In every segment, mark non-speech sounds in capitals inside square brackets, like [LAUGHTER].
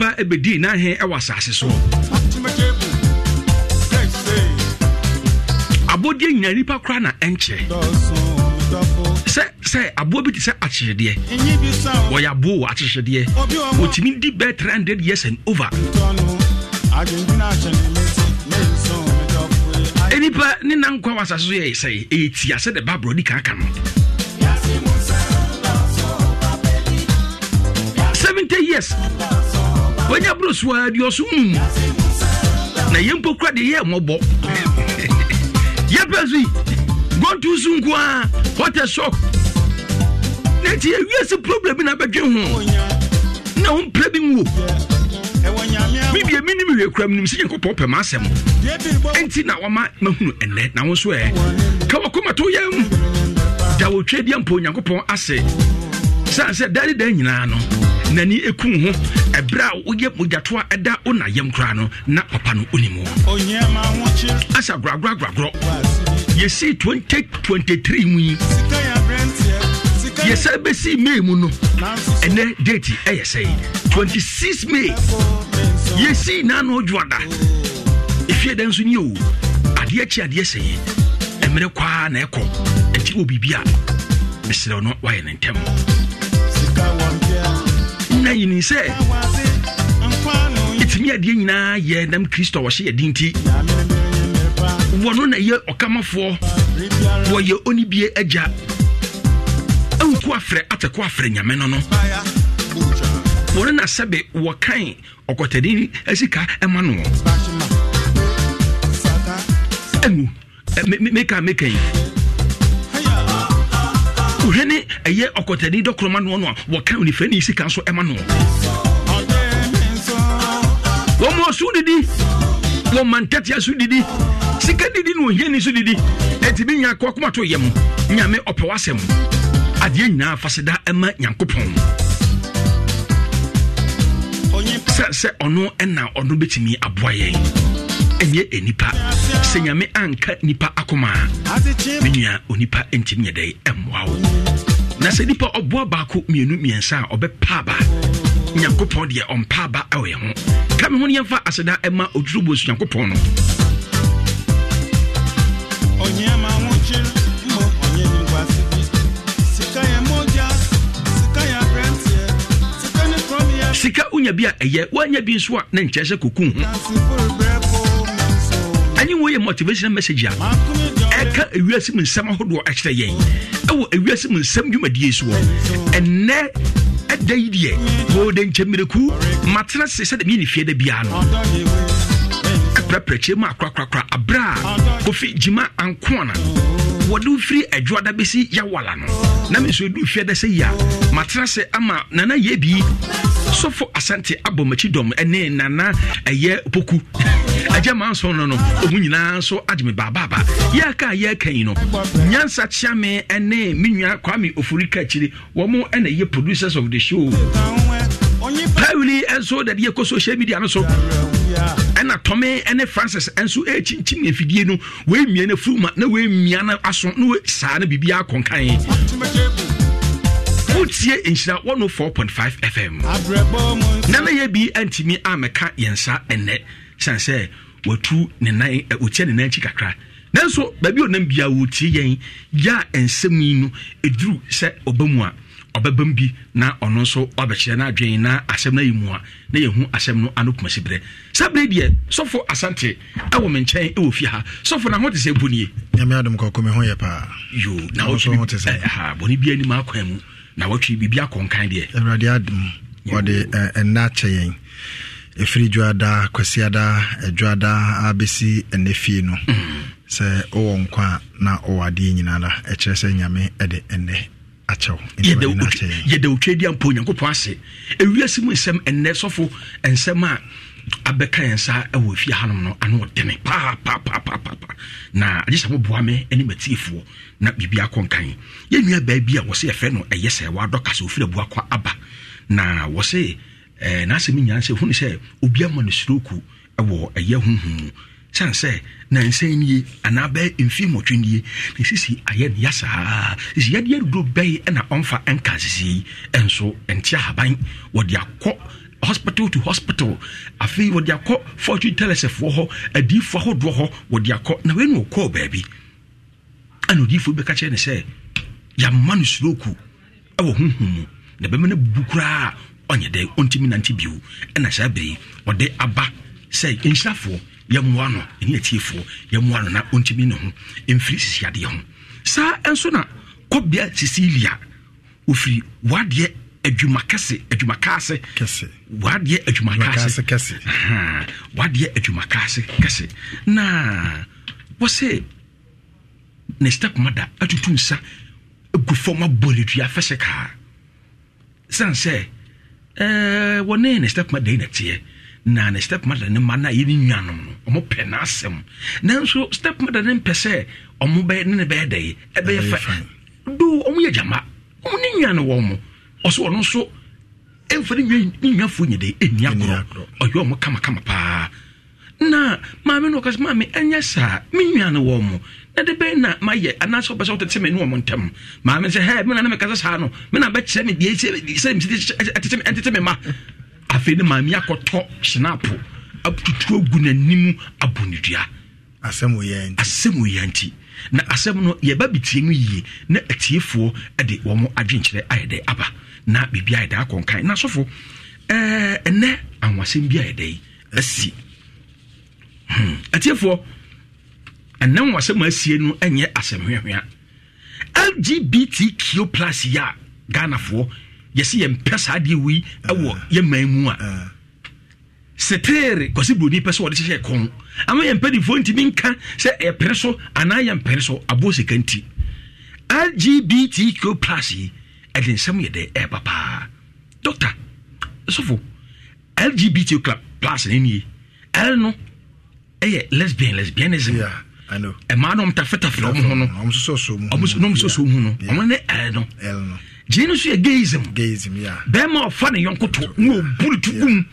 pa ɛbɛdii n'ahɛn ɛwɔ asase so abɔdeɛ nyina nipa koraa na ɛnkyerɛ sɛ sɛ aboa bi te sɛ akyehyedeɛ wɔyɛ aboɔ wɔ akyehyedeɛ wɔtumi di bɛɛ 300 years and over nipa ne nankwa wɔ asase so yɛ sɛ ɛyɛ e tia sɛ de baborɔ di kaaka no 70 years wanya boro so a deɛ ɔso na yɛ mpo kora deɛ yɛ mmɔbɔ [LAUGHS] yɛpɛ so yi gonto so nko a shock! sɔ na nti yɛwiase problem bi na bɛdwe ho na ho mpɛ bi nwo bibie menim wie kora mnim sɛ nyankopɔn pɛ maasɛm ɛnti na wama mahunu ɛnɛ na wo nso ɛ ka wɔkoma to yɛm dawotwa diɛ mpo onyankopɔn ase sane sɛ dade daa nyinaa no n'ani ɛkum ho ɛberɛ a woyɛ mogyatoa ɛda wo na no na papa no onimu asa goragoragoragorɔ yɛsii 2023 mu yi yɛsɛ bɛsii may mu no ɛnɛ date ɛyɛ sɛe 26 may yɛsii naa na ɔdwoada ɛfie dɛ nso nyɛ o adeɛ kyi adeɛ sɛe ɛmmerɛ kwaa na ɛkɔ ɛnti wɔ biribi a no woayɛ ne ntɛm nyinaa yini sɛ ɛtumi adeɛ nyinaa yɛ nam kristo a wɔhyɛ yɛdi nti wɔno na ɛyɛ ɔkamafoɔ wɔyɛ onibie agya awuku afrɛ atɛko afrɛ nyame no no wɔno na sɛbe wɔkan ɔkɔtɛde asika ɛma no wɔ ɛmu meka meka yi wohwɛ ne ɛyɛ ɔkɔtani dɔkorɔma noɔ no a wɔka onifirani yi sika nso ɛma noɔ wɔma ɔso didi wɔma ntatea so didi sika didi na ohiani so didi ɛnti bi nya koakoma to yɛ mu nyame ɔpɛ w'asɛm adeɛ nyinaa faseda ɛma nyankopɔn sɛ sɛ ɔno ɛna ɔno bɛtumi aboa yɛn ɛnyɛ enipa sɛ nyame anka nipa akoma a me onipa ntimi nyɛ dɛn ɛmmoa wo na sɛ nipa ɔboa baako mmienu mmiɛnsa a ɔbɛpa aba nyankopɔn deɛ ɔmpa aba ɛwɔ yɛn ho ka me ho no yɛmfa aseda ɛma oduru bosu nyankopɔn no onyama ho kyere mmɔ ɔnyɛ nimguase bi sika yɛ mogya sika yɛ aberanteɛ sika ne wonya bi a ɛyɛ woanya bi nso a na nkyerɛ sɛ kokum ho ɛne wɔyɛ motivational message a ɛka ewiase mu nsɛm ahodoɔ ɛkyerɛ yɛn ɛwɔ ewiase mu nsɛm dwumadie soɔ ɛnɛ ɛda yi deɛ golden kyɛmmireku matena se sɛdeɛ meyɛ ne fie da biara no prɛprɛkyerɛ mu akorakorakora aberɛ a kofi gyima ankoana wɔde wofiri adwoada bɛsi yawala no na menso ɛdu fie dɛ sɛ yi a matena sɛ ama nana yɛ bi sɔfo asante abɔ m'akyi dɔm ɛne nana ɛyɛ poku [LAUGHS] agya manson no no ɔmu nyinaa nso agye me baabaaba yɛaka a yɛaka yi no nyansa kyea me ne me nua kwame ofori ka akyiri wɔn ɛna yɛ producers of the show pawili nso dade yɛkɔ social media no so ɛna tɔme ɛne francis nso ɛkyinkyim afidie no wɔamia no afuruma na wɔamia no aso na saa no biribia akɔnkan wotie nhyira 104.5 fm na na yɛ bi antimi ameka yɛnsa ɛnnɛ kyɛn sɛ watu ne nan eh, wɔkyɛ ne nan akyi kakra nanso baabi onam bia wɔtie yɛn gya nsɛm yi no ɛduru sɛ ɔba mu a ɔbɛba mu bi na ɔno nso ɔbɛkyerɛ no na asɛm no ayi mu a na yɛhu asɛm no ano kumasi berɛ saa berɛ sɔfo asante ɛwɔ me nkyɛn ɛwɔ fie ha sɔfo na ho te sɛ bonie nyame adom kɔko me ho yɛ paa yo na wotwi eh, bɔne bia anim akwan mu na watwi biribi akɔnkan deɛ awurade adom wɔde ɛnna eh, kyɛ yɛn ɛfiri dwoadaa kwasiadaa adwoadaa abɛsi ɛnɛ fie no sɛ wowɔ nkwa a na ɔwɔ adeɛ nyinaa la ɛkyerɛ sɛ nyame ɛde ɛnɛ yɛda otwa di ampa onyankopɔn ase ewiase mu nsɛm ɛnɛ sɔfo nsɛm a abɛka yɛn sa ɛwɔ fie hanom no ano ɔdene paapaapaapaapa na agye sɛ moboa me ne matiefoɔ na biribi akɔ nkan yɛnnua baa bi a wɔ sɛ yɛfɛ no ɛyɛ sɛ waadɔ ka sɛ ɔfiri abua aba na wɔ sɛ ɛɛ eh, n'asɛm nyinaa sɛ hunu sɛ obi ama no stroke ɛwɔ ɛyɛ huhu san sɛ nansan nie anaa bɛyɛ mfe mmɔtwe nie na sisi ayɛ no yasaa sisi yadeɛ dodo bɛyɛ ɛna ɔmfa ɛnka sisi ɛnso ɛnte ahaban wɔde akɔ hospital to hospital afei wɔde akɔ fortune telesɛfoɔ hɔ adiifoɔ ahodoɔ hɔ wɔde akɔ na wei na wɔkɔɔ baabi ɛna odiifoɔ bɛka kyerɛ no sɛ yamma no soroku ɛwɔ honhom mu na bɛma no bu koraa ɔnyɛ dɛ ɔntumi nante bio ɛna saa bɛyi ɔde aba sɛ nhyirafoɔ yɛmmoa no ɛne atiefoɔ yɛmmoa no na ɔntumi ne ho mfiri sisiadeɛ ho saa nso na kɔbea sicilia ɔfiri wadeɛ adwuma kɛse adwuma kaase wadeɛ adwuma kaase kɛse wadeɛ adwuma kaase kɛse na wɔsɛ ne step mada atutu nsa egu fam abɔ ne dua fɛsɛ kaa sɛn Eh, wɔne ne step mother na teɛ na ne step mother ne ma no a yɛne nnuanom no ɔmo pɛ n'asɛm nanso step mother ne mpɛ sɛ ɔmo bɛyɛ ne ne bɛyɛ dɛ ɛbɛyɛ fɛ do ɔmo yɛ gyama ɔmo ne nua no wɔn mo ɔso ɔno nso ɛnfa ne nua ne nuafoɔ nyɛ dɛ ɛnia korɔ ɔyɛ ɔmo kamakama paa na maame no ɔka sɛ maame ɛnyɛ saa me nua no wɔn mo ɛde bɛn na mayɛ anaasɛ wopɛ sɛ wotete me ne wɔ mo ntam maame sɛ hɛ mena ne mekasa saa no mena bɛkyerɛ me deɛ sɛ ɛtete me ma afei ne maame akɔtɔ hyenapo atutu agu n'anim abɔ ne dua asɛm woyɛ nti na asɛm no yɛba bitie mu yie na atiefoɔ de wɔn adwenkyerɛ ayɛ dɛ aba na biribi ayɛ dɛ akɔnkan na asɔfo ɛɛ ɛnɛ anwasɛm bi ayɛ dɛ yi asi hmm. atiefoɔ And ɛnam wasɛm asie no ɛnyɛ asɛm hwehwea lgbtq plus yi uh, uh, uh. a ghanafoɔ yɛsɛ yɛmpɛ saa deɛ wei ɛwɔ yɛman mu a setere kwasi buroni pɛ sɛ wɔde hyehyɛ kɔn ama yɛmpɛdifoɔ ntimi nka sɛ yɛpere so anaa yɛmpere so aboɔ sika nti lgbtq plus yi ɛde nsɛm yɛ dɛ ɛɛba paa dɔkta lgbtq plus nini? nie l no ɛyɛ eh, lesbian lesbianism yeah ɛmaa na ɔmtafetafra ɔmo ho no ɔmsoso mu no ɔmo ne ɛɛ no gyee no so yɛ gayism bɛrima ɔfa ne yɔnkoto na ɔburu to um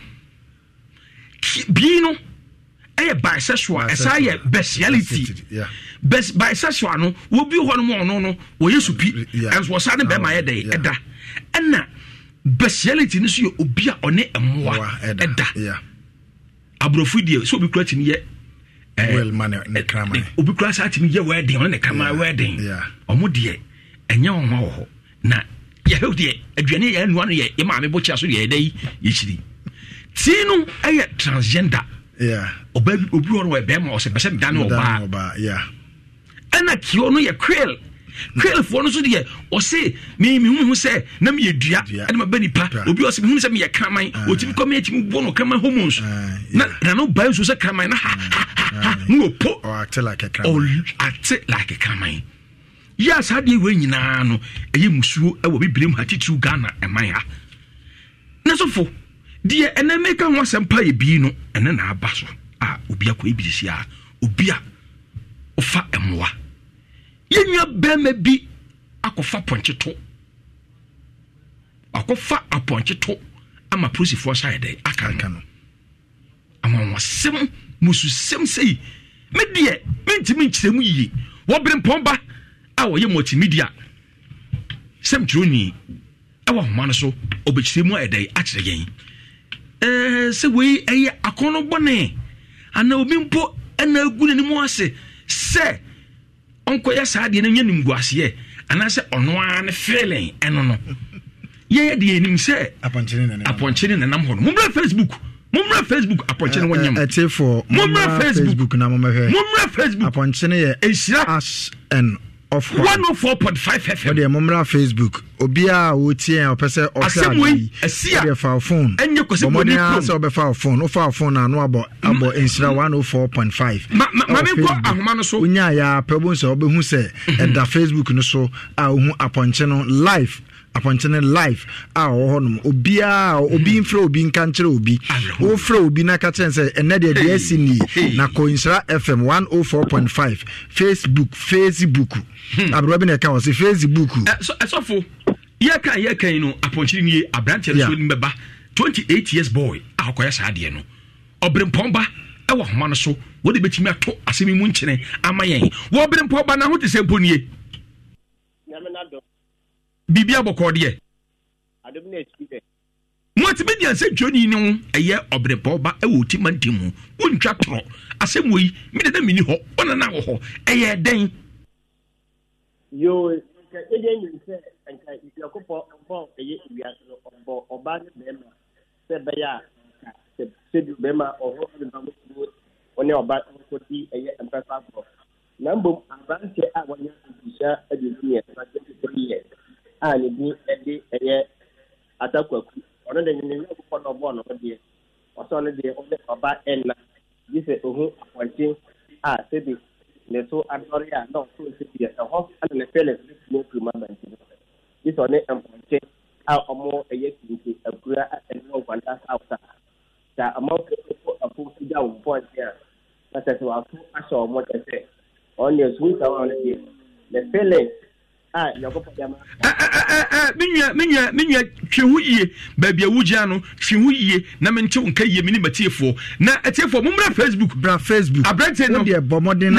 bii no ɛyɛ bisexual ɛsaa yɛ bestiality bisexual no wɔbi hɔ no mu ɔno no wɔyɛ supi ɛnso wɔsa ne bɛrima yɛ dɛ oh, ɛda ɛna bestiality no so yɛ obi a ɔne mmoa ɛda aborɔfo deɛ sɛ obi kura kyini yɛ Eh, well man ne eh, kraman obi kura saa tumi yɛ wedding ɔno ne kraman wedding ɔmo deɛ ɛnyɛ wɔn ho wɔ hɔ na yɛhɛ deɛ aduane yɛ nua no yɛ yɛ maame bɔ kyia so yɛ ɛdɛ yi yɛkyiri tii no transgender Yeah. obi wɔ no wɔ bɛrima ɔsɛ bɛsɛ dan ne Yeah. ɛna kio no yɛ quail kwelefoɔ no nso deɛ ɔse memehuhu sɛ na meyɛ dua ɛne maba nipa obi ɔse mehunu sɛ meyɛ kraman ɔtumi ah. kɔ meatumi bɔ no kraman homos ah, na nano bae nsuo sɛ kraman na ha mm. ah. ne ɔpo oh, ate like kraman yɛ saa deɛ wei nyinaa no ɛyɛ musuo wɔ bibire mu hatitiriw ghana ɛman ha ne sofo deɛ ɛnɛ meka ho asɛm pa yɛ bii no ɛne naaba so a obi akɔ ɛbirisi a obi a ɔfa mmoa yɛnua bɛrima bi akɔfa pɔnkye to akɔfa apɔnkye to ama polisifoɔ sayɛ dɛ akanka no amanwasɛm mususɛm sɛi me deɛ mentimi nkyerɛ mu yie wɔbere mpɔn ba a wɔyɛ multimedia sɛm kyerɛni ɛwɔ ahoma no so ɔbɛkyerɛ mu akyerɛ yɛn sɛ wei ɛyɛ akɔnɔ bɔne anaa obi mpo ɛna agu n'anim ase sɛ nkɔyɛ saa deɛ no nyɛ nimguaseɛ anaasɛ ɔno ara ne feeling ɛno no yɛyɛ deɛ yɛnim sɛ apɔnkyene nanam hɔ no mommra facebook mommra facebook apɔnkyene wɔ nyam mommra facebook na mommɛhwɛ mommra facebook apɔnkyene yɛ ɛhyira one oh four point five fm. wọ́n di ẹ̀mọ́mọ́ra facebook obi a wotie a ọ̀pẹ sẹ ọ̀sẹ̀ àdìyí ọ̀dì ẹ̀fà fóònù ọmọdé náà sẹ ọ̀bẹ fà fóònù ọ̀fà fóònù náà ọ̀nà abọ abọ nsira one oh four point five. maame nkọ ahoma no so. onye a yà pẹ̀lú sẹ ọbẹ̀ hu mm-hmm. sẹ ẹ̀dà facebook ni so a ohun apọ̀nkye no live apɔnkyene life a ah, ɔwɔ oh, hɔnom oh, obiaa obi ah, oh, hmm. mfrɛ obi nka nkyerɛ obi wofrɛ obi na ka kyerɛ sɛ ɛnɛ deɛ deɛ asi nii na kɔnhyira fm 104.5 facebook facebook hmm. aberɛba bi na ɛka wɔ se facebook ɛsɔfo yɛka yɛka yi no apɔnkyere nie aberanteɛ no so bɛba 28 years boy a ɔkɔyɛ saa deɛ no ɔberempɔn ba ɛwɔ ahoma no so wode bɛtumi ato asɛm yi mu nkyene ama yɛn wɔberempɔn ba no ho te sɛ mpo nie biribi abɔkɔ deɛ moatumi deɛ sɛ dwoni ne wo ɛyɛ ɔberepɔ ba ɛwɔ ɔti ma ntim ho wontwa torɔ asɛm wɔ yi mede na menni hɔ wona no wɔ hɔ ɛyɛ dɛn sɛ bɛyɛ a sɛdu bɛrima ɔhɔ ɔdeba wotuo ɔne ɔba nkɔdi ɛyɛ mpɛfa agorɔ na mbom aberanteɛ a wɔnyɛ abusua aduonu yɛ ɛfa sɛ a ne din de ɛyɛ atakwaku ɔno de nyina yɛ kɔkɔ na ɔbɔɔ ne ho deɛ ɔsɛ ɔno deɛ ɔde ɔba ɛnna gye sɛ ohu apɔnkye a sɛbi ne so adɔre a na ɔso sɛ deɛ ɛhɔ ana ne fɛ ne so ne kuruma bɛnti no gye sɛ ɔne mpɔnkye a ɔmo ɛyɛ kinti akura ɛne ɔnkwanta sausa sa amanfo ɛkɔ afo gya wɔn mpɔnkye a na sɛ sɛ wɔaso ahyɛ ɔmo kyɛ sɛ ɔno nsa wɔn deɛ ne fɛ Eh, eh, eh, menua twe ho yie baabi a wogyia no twe ho yie na menkyɛ wo nka yie me ne matiefoɔ na atiefoɔ mommra facebook bra facebook aberante nonanim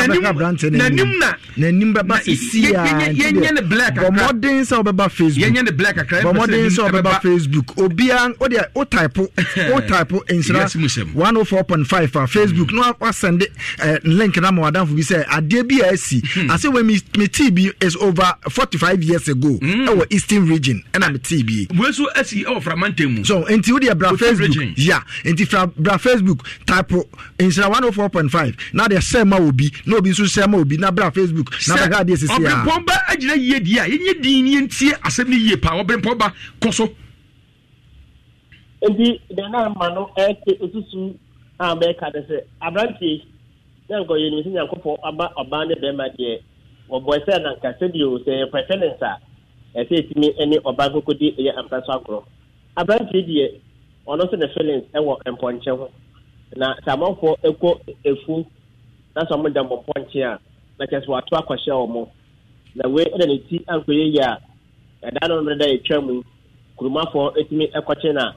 na n'anim bɛba sesiyɛnyɛ ne black bɔmmɔden sɛ wobɛba facebookyɛnyɛ ne black akrabɔmmɔden sɛ wobɛba facebook obia wodeɛ wotypo wotypo nsira 104.5 a facebook na wasɛnde link na ma wadamfo bi sɛ adeɛ bi a asi hmm. asɛ wɔ metii bi is over 40 forty five years ago mm. ɛwɔ eastern region ɛna mi tii bie. wei so ɛsi ɛwɔ framantan mu. so nti o de bra facebook ya nti bra facebook type nsira one oh four point five na de sɛ ma obi na obi nso sɛ ma obi na bra facebook na bɛ ha de sisi ya. ɔbɛn pɔnba agyina yie di a yɛn nye din yɛn tie asɛm ni yie paa ɔbɛn pɔnba kɔ so. nti deɛ naa ma no ɛte osusu a bɛɛ ka de sɛ aberanteɛ yɛn nkɔ yɛn nimisi nyankopɔn aba ɔbaa ne bɛrima deɛ. wɔbɔ sɛ sɛ yɛpɛ tenants a ɛsɛ yɛtumi ne ɔba di ɛyɛ ampa so agorɔ deɛ ɔno nso ne feelings mpɔnkye ho na sɛ amanfoɔ efu na sɛ a na kyerɛ sɛ wato akɔhyɛ na wee ɛda ne ti ankɔyɛ yie a ɛda no mmerɛ da yɛtwa mu kurumafoɔ tumi kɔkye no a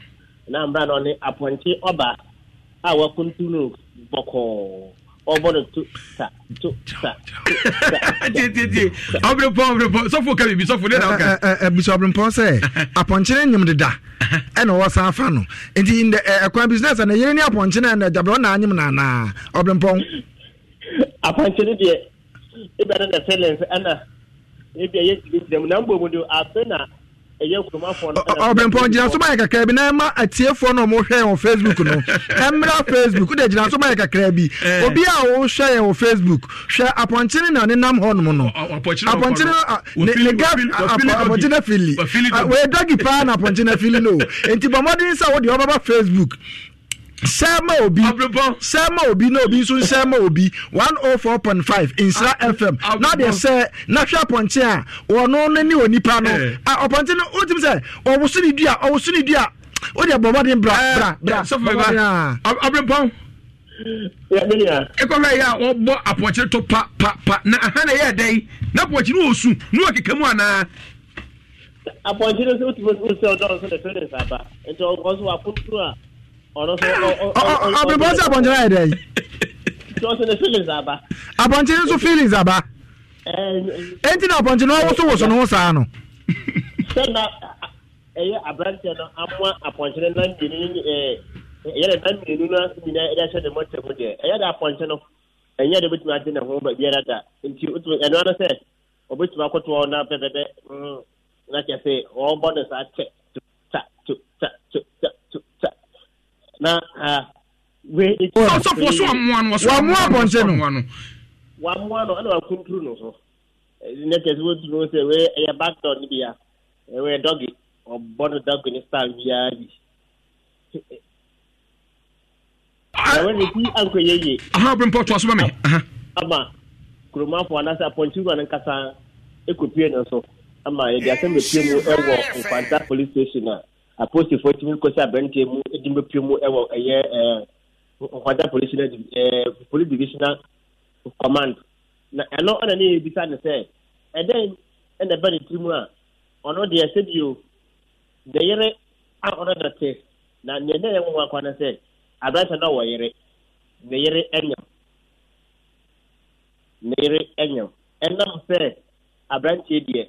na mbra no ne apɔnkye a busuabrempɔn sɛ apɔnkyene nyim deda ɛna ɔwɔ san fa no nti ɛkwan eh, eh, business a na yere ne apɔnkyene na agyabrɛ ɔna anyem no anaa apɔnkyene deɛ ebi na feelings ɛna ebi a yɛ mu na mbɔ mu do afei na ɛyɛ nkurumafo no. ɔbɛnpɔn gyina so mayɛ kakra bi na ɛma atiefoɔ no hwɛ yɛn wɔ facebook no ɛmira facebook de gyina so mayɛ kakra bi eh. obi a ɔhwɛ yɛn wɔ facebook hwɛ apɔnkyene na nenam hɔnom no apɔnkyene ne ne gap apɔnkyene fili wɔyɛ dɔgi paa na apɔnkyene fili no [LAUGHS] nti bɔmɔden sɛ wɔde ɔbɛba facebook sẹ́mà òbí sẹ́mà òbí náà òbí nso sẹ́mà òbí one oh four point five nsira ah, fm náà de sẹ́ n'ahwẹ́ pọ̀ntín a wọ́n no ní onípa no a ọ̀pọ̀ntín no ó ti mi sẹ́ ọ̀wọ́sùn dua ọ̀wọ́sùn ni dua ó de bọ̀bọ̀ de bra bra bra bọ̀bọ̀ de a. abiripɔn ekɔfɛ yi a wɔbɔ apɔkyere to pa pa pa na aha na yɛ dɛ na apɔkyere wɔ su na wɔ mu anaa. apɔkyere nso tumi nso ɔdɔ nso de fɛn saba nti ɔkɔ nso wa a ọbẹ̀bọ̀ sí abọ̀njẹ́ náà ẹ̀dẹ̀ yìí. abọ̀njẹ́ nso feelings aba. enti na abọ̀njẹ́ náà wọ́n so wọ̀ so ne ho saa no. sẹ́nà ẹ̀yẹ aberanteɛ no amoa apɔnkye no nan mmienu ɛɛ ɛyɛ de nan mmienu no nyinaa ɛde ahyɛ ne mɔtɛ mu deɛ ɛyɛ de apɔnkye no ɛnyɛ de bɛtumi agye ne ho biara da nti otumi ɛno ano sɛ ɔbɛtumi akoto hɔ na pɛpɛpɛ na kyɛ sɛ ɔbɔ ne saa kyɛ to ta to ta to ta na ɔsɔfoɔ ah, so wamoa no eh, eh, eh, wamoa ah. ah. abɔnte no wamoa no ɛna wakunturu na so ne kɛse wɔtumi wo sɛ wei ɛyɛ backdoor no bia ɛwɛ dɔge ɔbɔ no dɔge ne star biara bi ɛwɛne ti ankɔyɛ yie aha bere mpɔ toa so ma me ama kuromafoɔ anaasɛ nkasa ama police station apolisifoɔ tumi kɔsi abɛnteɛ mu di mbɛpie mu wɔ ɛyɛ ɛɛ eh, nkwadaa polisi na ɛɛ eh, police divisional command na ɛno ɛna ne yɛbisa ne sɛ ɛdɛn ɛna ɛbɛ ne tirim a ɔno deɛ sɛdeɛ ne yere a ɔno da te na ne ne yɛn wɔn akwa ne sɛ abɛnteɛ no a wɔ yere ne yere ɛnyam ne yere ɛnyam ɛnam sɛ abɛnteɛ deɛ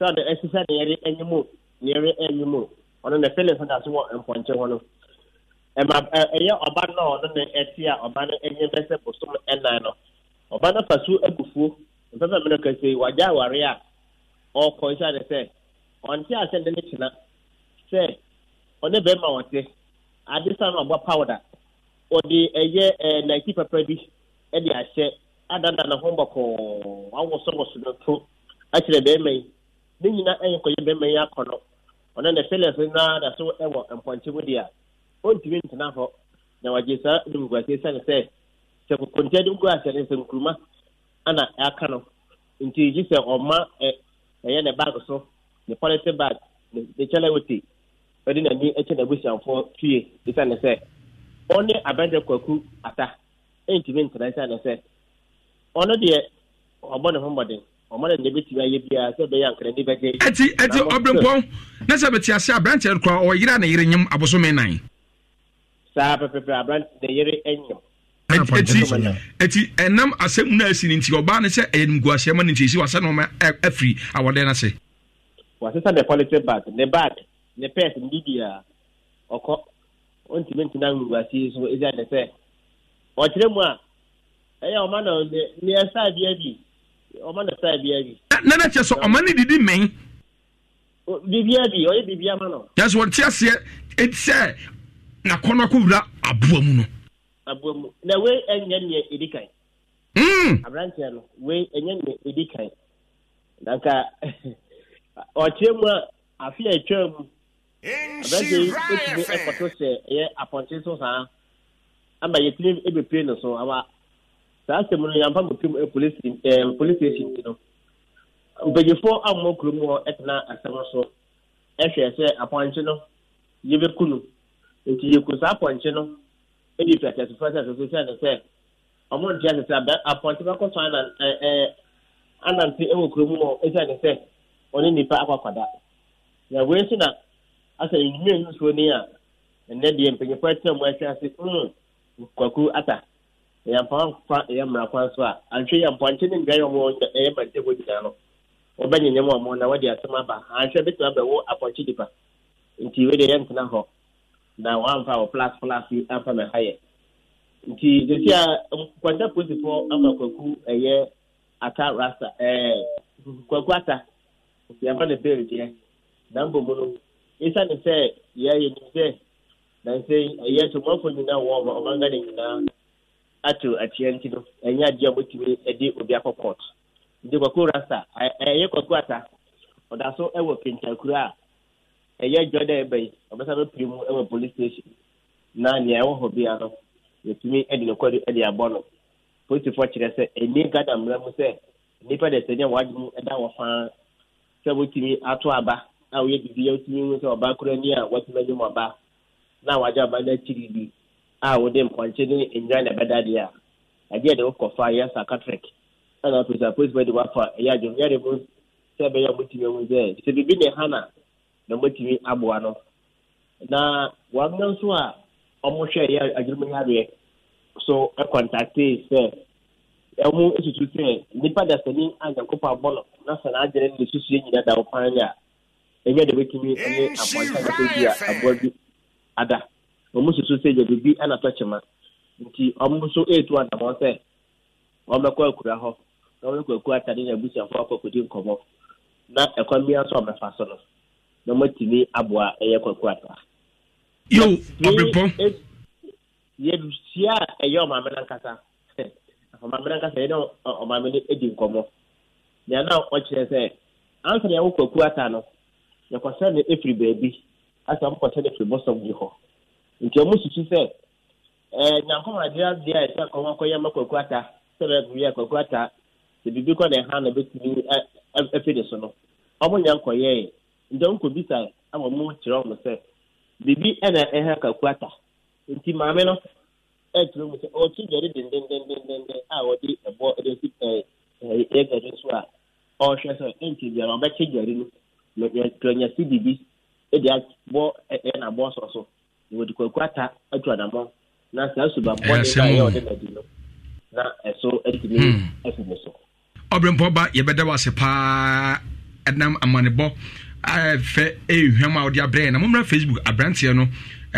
sɛ ɔno ɛsesa ne yere ɛnyam ne yere ɛnyam o. ɔno ne feelings eh, eh, eh, na so wɔ mpɔnkye hɔ no ɛma ɛyɛ ɔba no a ɔno ne ɛte a ɔba no ɛnyɛ bɛ sɛ bosom ɛnan no ɔba no fa so agu fuo mpɛfɛ mi no kɛse wagya aware a ɔkɔ nhyɛ sɛ ɔnte ase ne sɛ ɔne bɛrima ɔte ade ɔbɔ powder ɔde ɛyɛ ɛɛ naiti bi ɛde ahyɛ adada ne ho ne to akyerɛ bɛrima yi ne nyinaa ɛyɛ kɔyɛ yi ɔno na sellers no ara da so wɔ mpɔnkye mu deɛ a ɔntumi ntena hɔ na wɔgye saa nimguaseɛ sɛne sɛ sɛ kokonta de wogu ahyɛ no sɛ nkuruma ana ɛaka no nti gye sɛ ɔma ɛyɛ ne bag so ne policy bag ne kyɛlɛwote ɔde n'ani kyɛ n'abusuafoɔ fie esiane sɛ ɔne abɛnta kwaku ata e ntumi ntena esiane sɛ ɔno deɛ ɔbɔ ne ho mmɔden ne na sɛ mete ase aberanteɛ no kora ɔyera ne yere nyem abosome nan saa pɛpɛpɛ aberante ne yere nyem ɛti ɛti ɛnam asɛm no asi no nti ɔbaa no sɛ ɛyɛ nimgu aseɛ no nti ɛsi wasɛ no ma afiri awɔdɛn no se wasesa ne quality bag ne bag ne pɛs ne a ɔkɔ ɔntumi ntina nimgu aseɛ so ɛsia ne sɛ ɔkyerɛ mu a ɛyɛ ɔma no ne ɛsaa bi adi ɔma no saa bi na na kyerɛ sɛ ɔma no didi mmɛn biribiara bi ɔyɛ biribiara ma no. yasɔ wɔn ti aseɛ eti sɛ n'akɔnɔ ko wura aboa mu no. aboa mu na we ɛnyɛ nea edi kan. Hmm. aberanteɛ no We ɛnyɛ nea edi kan nanka ɔkyerɛ [LAUGHS] mu a afi a atwa mu aberanteɛ yi etumi ɛkɔtɔ sɛ ɛyɛ apɔnkye so saa ama yɛtumi ebepire ne so ama saa asɛm no yɛn afa mo pim eh, polisi ɛɛ eh, polisi station ti no. mpanyinfoɔ ammɔ kurom hɔ tena asɛm so hwɛ sɛ apɔnkye no yɛbɛku kunu nti yɛku saa apɔnkye no di fɛtɛsefo sɛ soso sɛ a sɛ ɔmo nte ase sɛ apɔnkye bɛkɔ so anante wɔ kurom hɔ sɛ sɛ ɔne nnipa akɔkɔda na wei nso na asɛ nnwuma nsuo ni a ɛnɛ deɛ mpanyinfo atena mu ahwɛ ase ata so a antwe yɛ ne ndwa yɛ hɔ nyinaa no wɔbɛnyanya mu ɔmo na wɔde asɛm aba anhwɛ bɛtumi abɛwo apɔnkye nipa nti wei deɛ yɛntena hɔ na wɔamfa wɔ plas plas yi amfa mɛha yɛ nti desi a nkwanta polisifoɔ ama kwaku ɛyɛ eh, ata rasta ɛɛ eh, kwaku ata yɛmfa ne bail deɛ na mbom no esiane eh, sɛ yɛayɛ nim sɛ nansɛ ɛyɛ atomafo nyinaa wɔ ɔmanga ne nyinaa ato akyeɛ nti no ɛnyɛ adeɛ a wɔtumi de obi akɔ court ndị rasta ɛyɛ kwakwo ata ɔda so ɛwɔ kentakura a ɛyɛ dwa dɛ ɛbɛn ɔbɛsa bɛpiri mu ɛwɔ police station na nea ɛwɔ hɔ bia no yɛtumi ɛde ne kɔdu ɛde abɔ no polisifoɔ kyerɛ sɛ ɛni gada mmerɛ mu sɛ nnipa de sɛdeɛ wɔade mu ɛda wɔ faa sɛ wotumi ato aba a woyɛ bibi a wotumi hu sɛ ɔba kora ni a watumi anim ɔba na wagye aba no akyiri bi a wode mpɔnkye ne nnwa na ɛbɛda deɛ a ɛdeɛ ɛna afei sɛ apolisifoɔ de wafa ɛyɛ adwuma yɛde mu sɛ ɛbɛyɛ a motumi ahu sɛ sɛ biribi ne ha na e na motumi aboa no na wɔamena nso a ɔmohwɛ ɛyɛ adwumayareɛ so ɛkɔntakte sɛ ɛho susu sɛ nnipa dasani a nyankopɔn abɔ no na sɛ n'adwene no ne susue nyina da wo pan a ɛnyɛ de bɛtumi ne aboantanasɛ bi a aboa bi ada ɔmo susu sɛ yɛ biribi anatɔ kyema nti ɔmo nso ɛɛtu adammɔ sɛ ɔmmɛkɔ akura hɔ na ɔne kwaku atade na abusuafoɔ akɔkɔdi nkɔmmɔ na ɛkwan bia nso ɔbɛfa so no na matumi aboa ɛyɛ ata yo e-, a ɛyɛ ɔmaame no ɔmaame [LAUGHS] ɔmaame no na ɔkyerɛ sɛ ansa na yɛwo ata no yɛkɔsɛ no ɛfiri baabi asɛ mokɔsɛ no ɛfiri bɔsɔm bi hɔ nti ɔmo susu sɛ nyankoma a ɛsɛ akɔyɛ ma ata sɛ sɛ biribi kɔ na ɛha na bɛtumi afiri so no ɔmo nya nkɔyɛɛ nti ɔmo kɔbisa ama ɔmo kyerɛ ɔmo sɛ ɛna ɛha nti maame no ɛturo mu sɛ a ɛbɔ ɛde ɛɛ ɛyɛ so a sɛ biara ɔbɛkye no na yɛtɔnya si biribi ɛde abɔ ɛɛ na abɔ sɔ so na wɔde kakuata ato adamɔ na saa suba bɔ ne ba yɛ na di no na ɛso ɛtumi ɛfi ɔbrɛmpɔ ba yɛbɛda wo ase paa ɛnam amanebɔ fɛ ɛhwam eh, a wode abrɛ na mommra facebook aberanteɛ no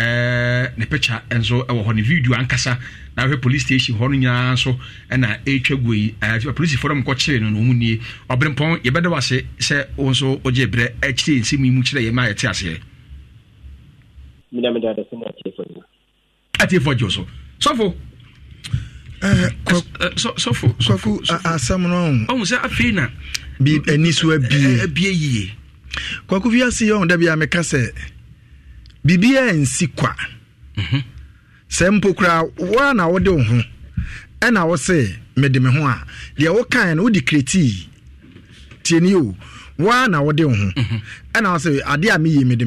eh, ne picture nso ɛwɔ hɔ ne video ankasa na ahwɛ police station hɔ no nyinaa nso ɛna ɛtwa gu yi eh, polisifoɔ no mkɔkyeree no na ɔmu nie ɔberempɔn yɛbɛda wo ase sɛ wo nso wogye berɛ akyire nsɛm yi mu kyerɛ yɛ ma yɛte aseɛ atiefoɔ gye wo so sɔfo Eh, eh, sɔfo eh, asɛm no ɔhu oh, afei na ani so yie kwako wiase ɔhu da meka sɛ biribiaa nsi kwa mhm. sɛ mpo koraa woa na wode wo ho ɛna wo se mede me ho a deɛ no kretii tieni o woa na wode wo ho mhm. ɛna wo sɛ adeɛ a meyie mede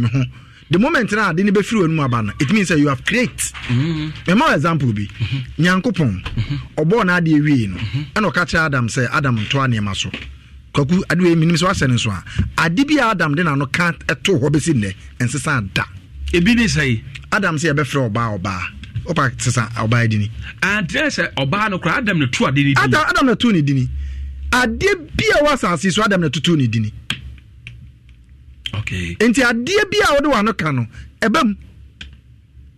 the moment na ade ne bɛfiri w'anum aba no it means that you have create mɛma mm-hmm. wo example bi mm-hmm. nyankopɔn mm-hmm. ɔbɔɔ no adeɛ wiei no ɛna ɔka kyerɛ adam sɛ adam ntoa nneɛma so kwaku adeɛ menim sɛ woasɛ no so a ade bi a adam de nano ka ɛtoo hɔ bɛsi nnɛ ɛnsesa da ebi ne sɛ adam sɛ yɛbɛfrɛ ɔbaa ɔbaa wopa sesa ɔbaa dini antrɛ sɛ ɔbaa no koraa adam no tu ade ne dini adam no tu ne dini adeɛ bia wɔ asase so adam no tutu ne dini nti adeɛ bi a wode wano ka no ɛbɛ mu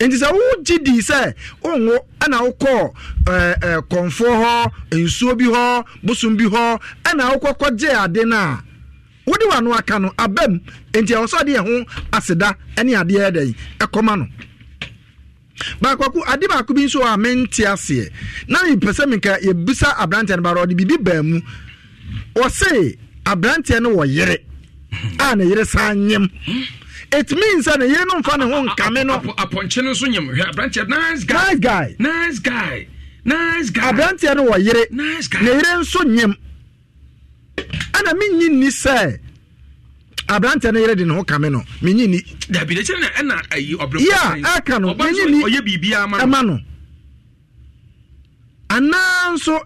nti sɛ wogye di sɛ wonwo ɛna wokɔ kɔnfoɔ hɔ nsuo bi hɔ bosom bi hɔ ɛna ade no a wode wano aka no aba mu nti ɛwɔ sɛ ho aseda ne adeɛ ɛkɔma no ade baako bi nso a mente aseɛ na mepɛ sɛ meka yɛbisa aberanteɛ no bara ɔde biribi baa mu aberanteɛ no wɔ yere a ah, ne yere saa nyem it means sɛ ne yere no mfa ne ho nkame no apɔnkye no nso nyem hwɛ aberanteɛ nice guy nice guy nice guy nice guy aberanteɛ no wɔ yere nice guy ne yere nso nyem ɛna menyi nni sɛ aberanteɛ no yere de ne ho kame no menyi ni dabi de kyerɛ na ɛna ayi ɔbrɛ yɛ a ɛka no menyi ni ɔyɛ biribiara ma no ɛma no anaa nso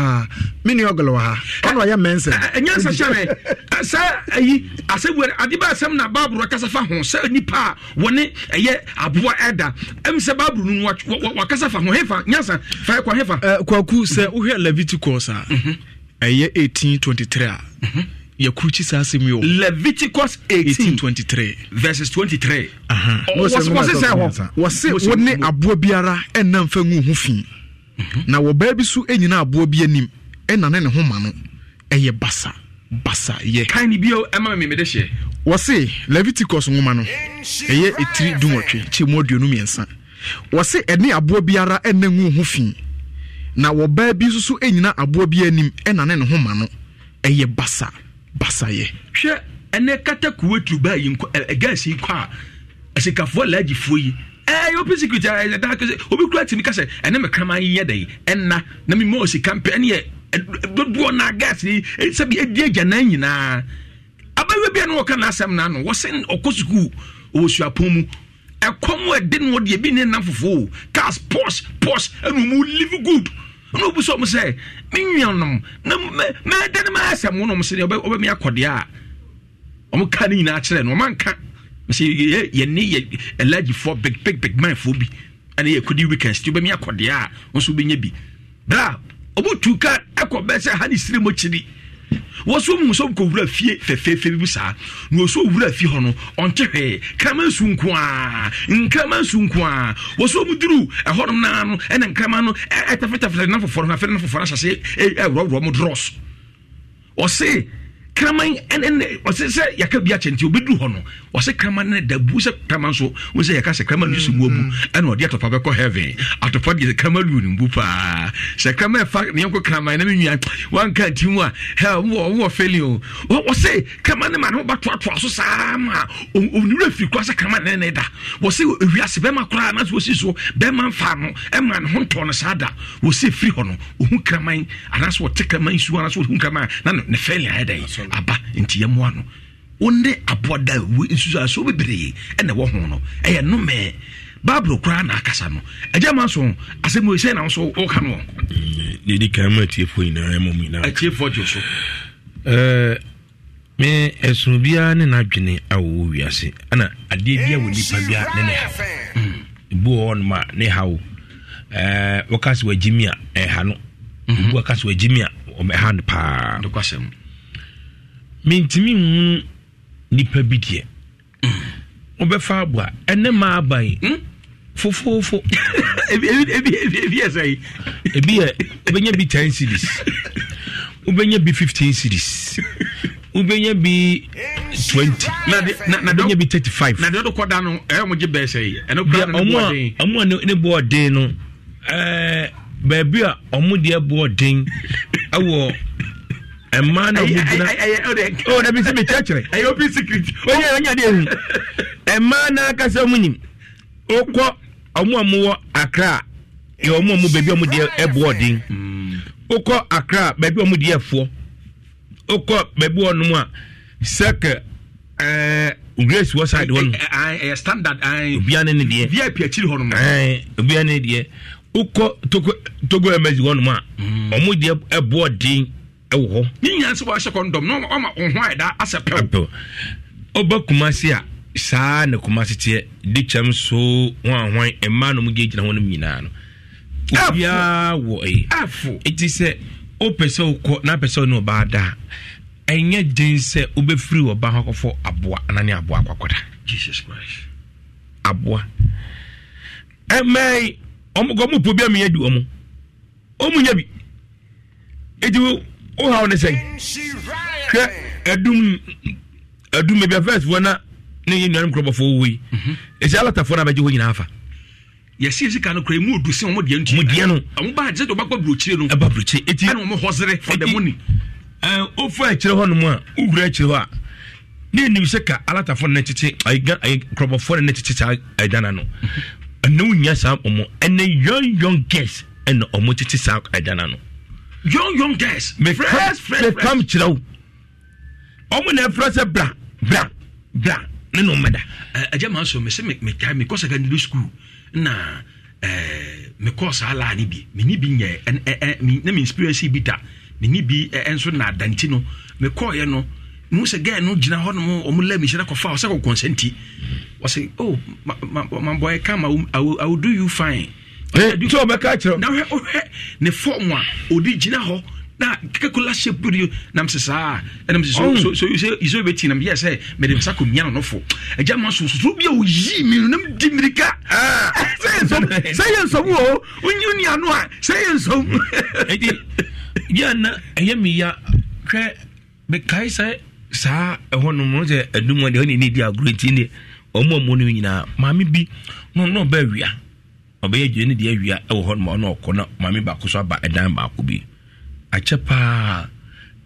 Ah, mene ɔgolo ha ɛna ɔyɛ mɛnsɛ ɛnyɛ eh, eh, eh, sɛ ayi asɛbua na baaboro kasa fa ho sɛ nipa a wɔne ɛyɛ aboa ɛda ɛm sɛ baaboro no wakasa fa ho hefa nyansa fa hefa kwaku sɛ wohwɛ leviticus a mhm. ɛyɛ 1823 a mhm. yɛkurukyi saa asɛm yi leviticus 1823 verses 23 wɔse sɛ hɔ wɔse wo ne aboa biara ɛnna mfa ngu ho fii na wɔbaa bi so nyina aboɔ bi anim ɛna ne ne ho ma no ɛyɛ basa basa yɛ kan bi ɛma me mede hyɛ wɔse leviticus nwoma no ɛyɛ ɛtiri dunwɔtwe kyi mu aduonu mmiɛnsa wɔse ɛne aboɔ biara ɛnna ngu ho fi na baa bi nso so nyina aboɔ bi anim ɛna ne ne ho ma no ɛyɛ basa basa yɛ hwɛ ɛnɛ katakuwa baa yi nkɔ ɛgɛɛsi nkɔ a asikafoɔ laagifoɔ yi ɛɛ open security ayɛ dɛ daa obi kura tìmi kasa ɛnɛ mi kraman yɛ dɛ yi ɛnna na mi mɔɔ sika mpɛ ɛni yɛ dodoɔ na gas yi sɛbi edi agya nan nyinaa abaayewa bi a no wɔka n'asɛm n'ano wɔsɛn ɔkɔ sukuu ɔwɔ suapɔn mu ɛkɔm a ɛde no deɛ bi ne nam fufuo cars posh posh ɛnu mu live good ɛnu obi sɛ ɔmo sɛ me nuanom na mɛ mɛ ɛdɛ ne mɛ asɛm wɔn na ɔmo sɛ ɔbɛ ɔbɛ mi akɔdeɛ a ɔmo ka ne nyinaa kyerɛ no ɔmo anka sɛ yɛne yɛ alagifoɔ big big big manfoɔ bi ɛne yɛkɔde weekend still bɛmi akɔdeɛ a nso wobɛnya bi bra ɔbɛtu ka akɔ bɛ sɛ ha ne sire mɔ kyiri mu sɛ mkɔwura fie fɛfɛɛfɛ bi saa na wɔso wura fie hɔ no ɔnte hwee krama nsu nko a nkrama nsu nko a wɔso mu duru ɛhɔnom naa no ɛna nkrama no ɛtafetafetafena foforɔ no afei no foforɔ ahyɛ sɛ ɛwurɔwurɔ mu drɔs ɔse kraman ɛne ɔsɛ sɛ yɛka bi akyɛ nti obɛduru hɔ no ɔsɛ kraman no dabu sɛ kraman so wo sɛ yɛka sɛ kraman no so mu abu mm-hmm. ɛna ɔde atɔpa bɛkɔ heaven atɔpa deɛ sɛ kraman lu no mbu paa sɛ kraman ɛfa ne yɛnkɔ kraman na menwia wanka nti mu a wowɔ feli o ɔsɛ kraman no ma ne wobatoatoa so saa ma ɔnura firi kora sɛ kraman ne ne da wɔsɛ ewiase bɛma koraa na sɛ wɔsi so bɛma mfa no ɛma ne ho ntɔ no saa da wɔsɛ firi hɔ no ɔhu kraman anaasɛ wɔte kraman su anaasɛ wɔhu kraman na ne feli ayɛ dɛn aba nti yɛmmoa no wone aboa da nsusuasoɔ bebree ɛna ɛwɔ ho no ɛyɛ nomee bible koraa na akasa no agya ma so asɛm ɔi sɛ nam so woka no dedi kan ma atiefoɔ nyinaa ma nyinaatiefoɔ gye so eh, me ɛsono biara ne n'adwene a wiase ana adeɛ bi a wɔ nipa biara ne ne haw ebi wɔ hɔnom a ne haw eh, wɔka sɛ wagyimi a ɛha no ebi wɔka sɛ wagyimi a ɔmɛha no paa mentumi nhunu nipa bi deɛ wobɛfa mm. abo a ɛne ma aba mm? [LAUGHS] yi fofoofo ebi yɛ sɛ ebi yɛ wobɛnya bi ten series wobɛnya bi fifteen series wobɛnya bi twenty wobɛnya bi thirty five. na deɛ ɔdo kɔ da no ɛyɛ ɔmo gye bɛɛ sɛ yi ɛno kura ne bɔ ɔden. ɔmo a ne bɔ ɔden no ɛɛ baabi a ɔmo deɛ bɔ ɔden [LAUGHS] ɛwɔ. ɛmaa na ɔmo gyina ɔ na bi se mi kyerɛkyerɛ ɛyɛ opi sikiri onye onye adi ehu ɛmaa na akasa ɔmo nyim okɔ ɔmo a mo wɔ akra yɛ ɔmo a mo beebi a mo ɛbu ɔden okɔ akra beebi a ɛfoɔ beebi ɔnom a sɛkɛ ɛɛ grace wɔ saadi hɔ standard ɛɛ obiara ne ne deɛ vip akyiri hɔ nom ɛɛ obiara ne deɛ togo togo hɔ nom a hmm. ɔmo ɛbu ɛwɔ hɔ ne nyinaa sɛ wɔahyɛ kɔndɔm na ɔma wo ho ayɛda asɛ pɛw ɔba kuma se a saa na kuma se de kyɛm so ho ahwan mmaa nyinaa no obiaa wɔ ɛti sɛ wopɛ sɛ wokɔ na pɛ sɛ wone ɔbaa da a ɛnyɛ gyen sɛ wobɛfiri ɔba ho akɔfɔ aboa anane aboa aboa ɛmɛi a meyɛ di ɔmu nya bi ɛti wohaw ne sɛn hwɛ adum adum ebi afɛɛsifoɔ na ne yɛ nnuane nkurɔbɔfoɔ wo yi mhm. ɛsɛ alatafoɔ no abɛgye hɔ nyinaa fa yɛsi sika no kura mu odu si wɔn deɛ ntu mu deɛ no wɔn ba agye sɛ wɔn burokyire no ɛba burokyire eti ɛna wɔn hɔsere for the money ɛɛ ofu akyire hɔ nom a owura akyire hɔ a ne nim sɛ ka alatafoɔ no n'ekyikyi ayi gan ayi kurɔbɔfoɔ no n'ekyikyi saa ɛdana no mhm. ɛna wɔn nyɛ saa wɔn ɛna young young girls ɛna wɔn tete saa ɛdana no young young girls. fresh fresh fresh. mekam kyerɛ wo ɔmo na ɛfrɛ sɛ bra bra bra ne no mmɛda. ɛjɛ maa sɔ me, mɛka mɛkɔ secondary school na ɛɛ mɛkɔ saa laa ne bi mɛ ni bi nyɛ ɛn ɛn ne me experience bi da mɛ ni bi so na adanti no Me mɛkɔ yɛ no mu sɛ gɛɛ no gyina hɔ nom ɔmo lɛ mɛhyɛ kɔfa ɔsɛ kɔ kɔnsɛnti ɔsɛ oh boy, come. I will, I will, i will do you fine. Eh? sɛ ɔbɛka kyerɛ na wohwɛ ne fɔm a ɔde gyina hɔ na kakula shape do nam se saa ɛnam se so so so iso beti na yɛ sɛ mede nsa kɔ mia no nofo agya ma so so bi a oyi mi no nam di mirika ah. [LAUGHS] sɛ [LAUGHS] sɛ yɛ nsɔm o onyi ni ano a sɛ yɛ nsɔm ɛdi [LAUGHS] yɛ na ɛyɛ mi ya hwɛ mekae sɛ saa ɛhɔ nom no sɛ adum deɛ ɔne ne di agorɔ nti ne ɔmo ɔmo no nyinaa maame bi no no ɔbɛ awia ɔbɛyɛ adwene no deɛ awia wɔ hɔ noma ɔna ɔkɔ na maame baako so aba ɛdan baako bi akyɛ paa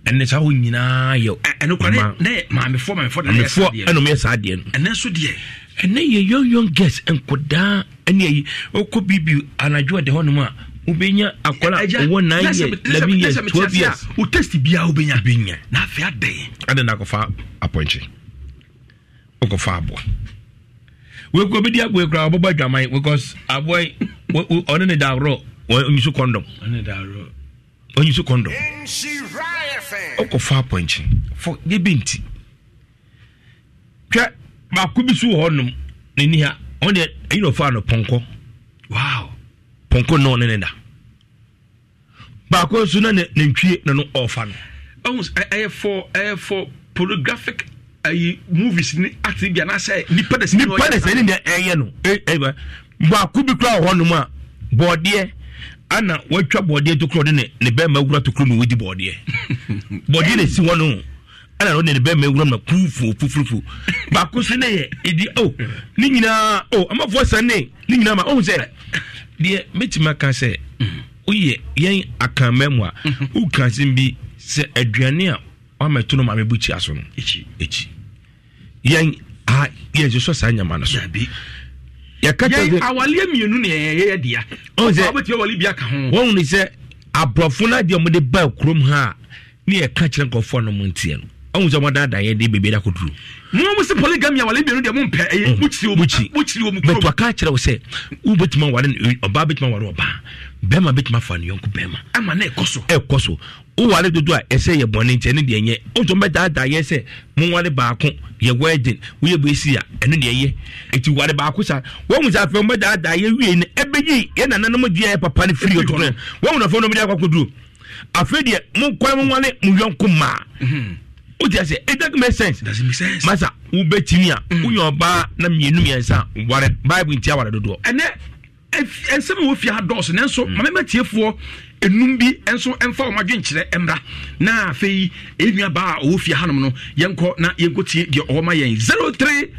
ɛnɛ saa hɔ nyinaa yɛ maamefoɔ ɛnomyɛ saa deɛ no ɛnɛ so deɛ ɛnɛ yɛ young young girls nkɔdaa ɛne ayi wokɔ bibi anadwo ɔde hɔnom a wobɛnya akɔla ɔwɔ nine years eleven years twelve years wo test biaa wobɛnya wobɛnya na afei adɛn adɛn na akɔfa apɔnkye wokɔfa aboa wekɔ bɛdi aboɛ koraa ɔbɛbɔ adwaman because aboɛ ɔne ne daworɔ ɔnyiso kɔndɔm ɔnyiso kɔndɔm ɔkɔfa apɔnkye fɔ yɛbi nti twɛ baako bi so wɔ hɔnom n'ani ha ɔno deɛ ɛyi na ɔfa no pɔnkɔ wow pɔnkɔ na ɔne ne da baako nso na ne ntwie na no ɔfa no ɛyɛ fɔ ɛyɛ fɔ pornographic ayi movies ni acti bi anaasɛ nipa de sɛni nipa de sɛni de ɛyɛ no ɛyɛ eh, eh, baako bi kura wɔ hɔnom a bɔɔdeɛ ana wɔatwa bɔɔdeɛ to kuro de ne ne bɛrima wura to kuro mu wɔdi bɔɔdeɛ [LAUGHS] bɔɔdeɛ na esi hɔ no ana wɔde ne bɛrima wura mu na kuufu fufurufu baako so ne yɛ edi o oh, ne nyinaa o oh, amafoɔ san ne ne nyinaa ma ohun sɛ deɛ mɛtumi aka sɛ woyɛ yɛn akanmɛ mu a mhm. wokan se bi sɛ aduane a wamɛto no maame bu kyia so no ekyi ekyi yɛn a yɛnhyehyɛ saa nyama no so yɛkatawaleɛ mmienu ne yɛyɛyɛ dea wobɛtumi wale bi aka ho wɔhu ne sɛ aborɔfo no adeɛ ɔmode baa kurom ha a ne yɛka kyerɛ nkɔfoɔ no mo nteɛ no ɔhu sɛ mɔdaadaa yɛde bebia da koduru mom sɛ polygamy awale mmienu deɛ mompɛ ɛyɛ mm. mokyiri wɔ mu kurom mɛtoa ka kyerɛ wo sɛ wobɛtumi aware ɔbaa bɛtumi aware ɔbaa bɛrima bɛtumi afa ne yɔnko bɛrima ama na ɛkɔ so ɛkɔ so woware dodo a ɛsɛ yɛ bɔne nkyɛ ne deɛ nyɛ wotɔ mɛdaadaa yɛ sɛ moware baako yɛ wedin woyɛ bɛsi a ɛno deɛ yɛ ɛti ware baako sa wahu sɛ afei mɛdaadaa yɛ wiei no ɛbɛyi yɛ nananom dua yɛ papa ni firi ɔtɔ no wahu nafo no mede akɔkɔduro afei deɛ mokwan moware mo yɔnko maa mhm. wote ase it doesn't make sense doesn't make sense masa wobɛtumi a mhm. woyɛ ɔbaa na mmienu mmiɛnsa ware bible tia wale dodo, ɛnɛ ɛnsɛm a wɔfie ha dɔɔso nanso ma mɛma tiefoɔ enum bi nso mfa wɔn adwenkyerɛ mmra na afei enua baa a ɔwɔ fie hanom no yɛnkɔ na yɛnkɔ tie deɛ ɔwɔ ma yɛn zero three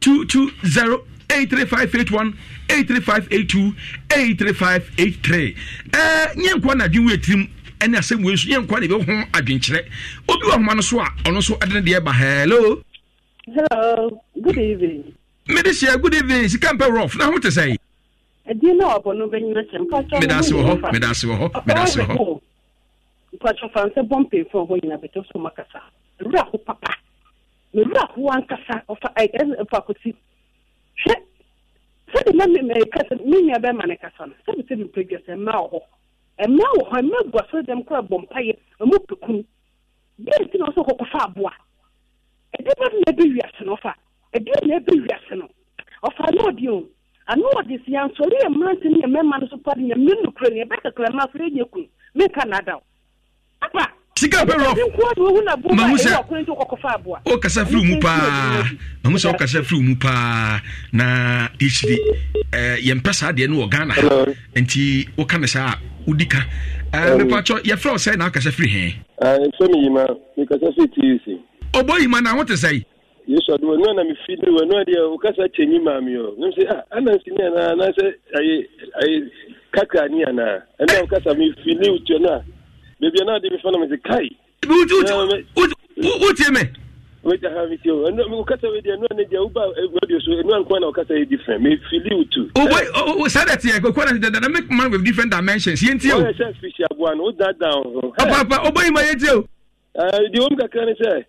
two two zero. 83581 83582 83583 ɛɛ nyɛ nkwa na adwene wo etirim ɛne asɛm wei nso yɛ nkwa na ebi ho adwenkyerɛ obi wɔ ahoma no so a ɔno nso ɛde ne deɛ ba hello. hello good evening. mede hyɛ good evening sika mpɛ rɔf na ho te yi ɛdin na ɔbɔ no bɛnyina kyɛ mpatwmedase wɔ hɔ medase wɔ hɔ medase wɔ hɔ mpatwɔ fa nsɛ bɔ mpɛmfo hɔ nyina bɛtɛ so makasa nwura ho papa mewura ho ankasa ɔfa kosi hwɛ sɛde na mekasa me nua bɛma ne kasa no sɛde sɛ mepɛdwa sɛ mma wɔ hɔ mma wɔ hɔ mma gua so dɛm kora bɔ mpayɛ ɔmu pɛkum bɛɛ nti na ɔsɛ ɔkɔkɔfa aboa ɛdeɛ bɛ na ɛbɛ wiase no ɔfa ɛdeɛ na ɛbɛ wiase no ɔfa na ɔdeɛ o ano wɔde si yanso yɛ mmerante ne yɛ mmarima no so pa de nyame ne yɛbɛ kakra ma afei yɛ kun me na da apa sika mahu sɛ wokasa firi mu paa mahu sɛ wokasa firi mu paa na ɛkyiri eh, yɛmpɛ saa deɛ no wɔ ghana nti woka ne saa wodi ka eh, yɛfrɛ wo sɛ na wokasa firi eh, ɔbɔ yima na wote yesu ɔde wɔnua ah, na mefi ne wɔnua deɛ wokasa kyɛ nyi maame ɔ nem sɛ anansi ne anaa anaasɛ ayɛ ayɛ kakra ne anaa ɛna wokasa mefi ne wotua no a baabi a na ade mefa eh, na mese kae wotie me wogya ha metie o wokasa wei deɛ ɛnoa ne deɛ woba radio so ɛnoa nkoa na wokasa yɛ different mefili wo tu saa dɛ teɛ kɔkɔ na dada make man with different dimensions yɛntie o sɛ fisi aboa no woda down oh, ho oh, papa wobɔyima yɛntie o eh, deɛ wɔm kakra ne sɛ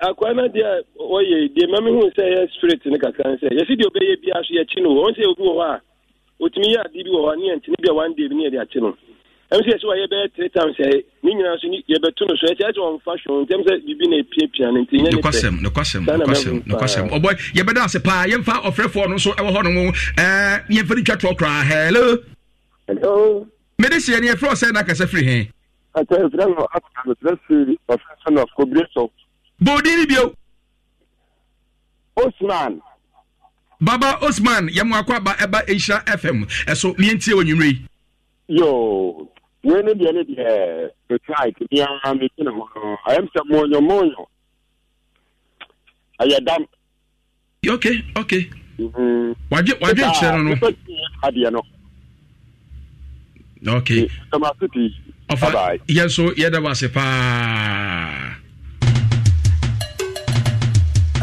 akwa na deɛ ɔyɛ deɛ mami hu sɛ ɛyɛ spirit ne kakra sɛ yɛsi deɛ ɔbɛyɛ bi aso yɛkyi no wɔn sɛ obi wɔ hɔ a otumi yɛ adeɛ bi wɔ hɔ ne yɛn ntini bi a wɔn deɛ bi ne yɛde akyi no ɛmu sɛ yɛsi wɔyɛ bɛyɛ three times ɛyɛ ne nyinaa so yɛbɛto no so ɛkyɛ ɛkyɛ wɔn fa so ntɛm sɛ biribi na epiapia ne nti nyɛ ne pɛ nokwasɛm nokwasɛm nokwasɛm ɔbɔ yɛbɛda ase paa yɛmfa ɔfrɛfoɔ no nso ɛwɔ bòdì ni Osman. Baba Osman yẹn mu ẹba Asia FM ẹ̀sọ́ ní ẹ̀ ń tiẹ̀ wọ̀ nyìnbó yìí. Yoo, wíwé ni deɛ ni deɛ retraite biara mi ti na hɔ no, ayé mi sɛ mọ̀nyọ̀ mọ̀nyọ̀, ɛyɛ dam. Ok, ok. Wàdí wàdí nkyɛn no. Nípa tí yẹn so yẹn dẹ wá sí paa.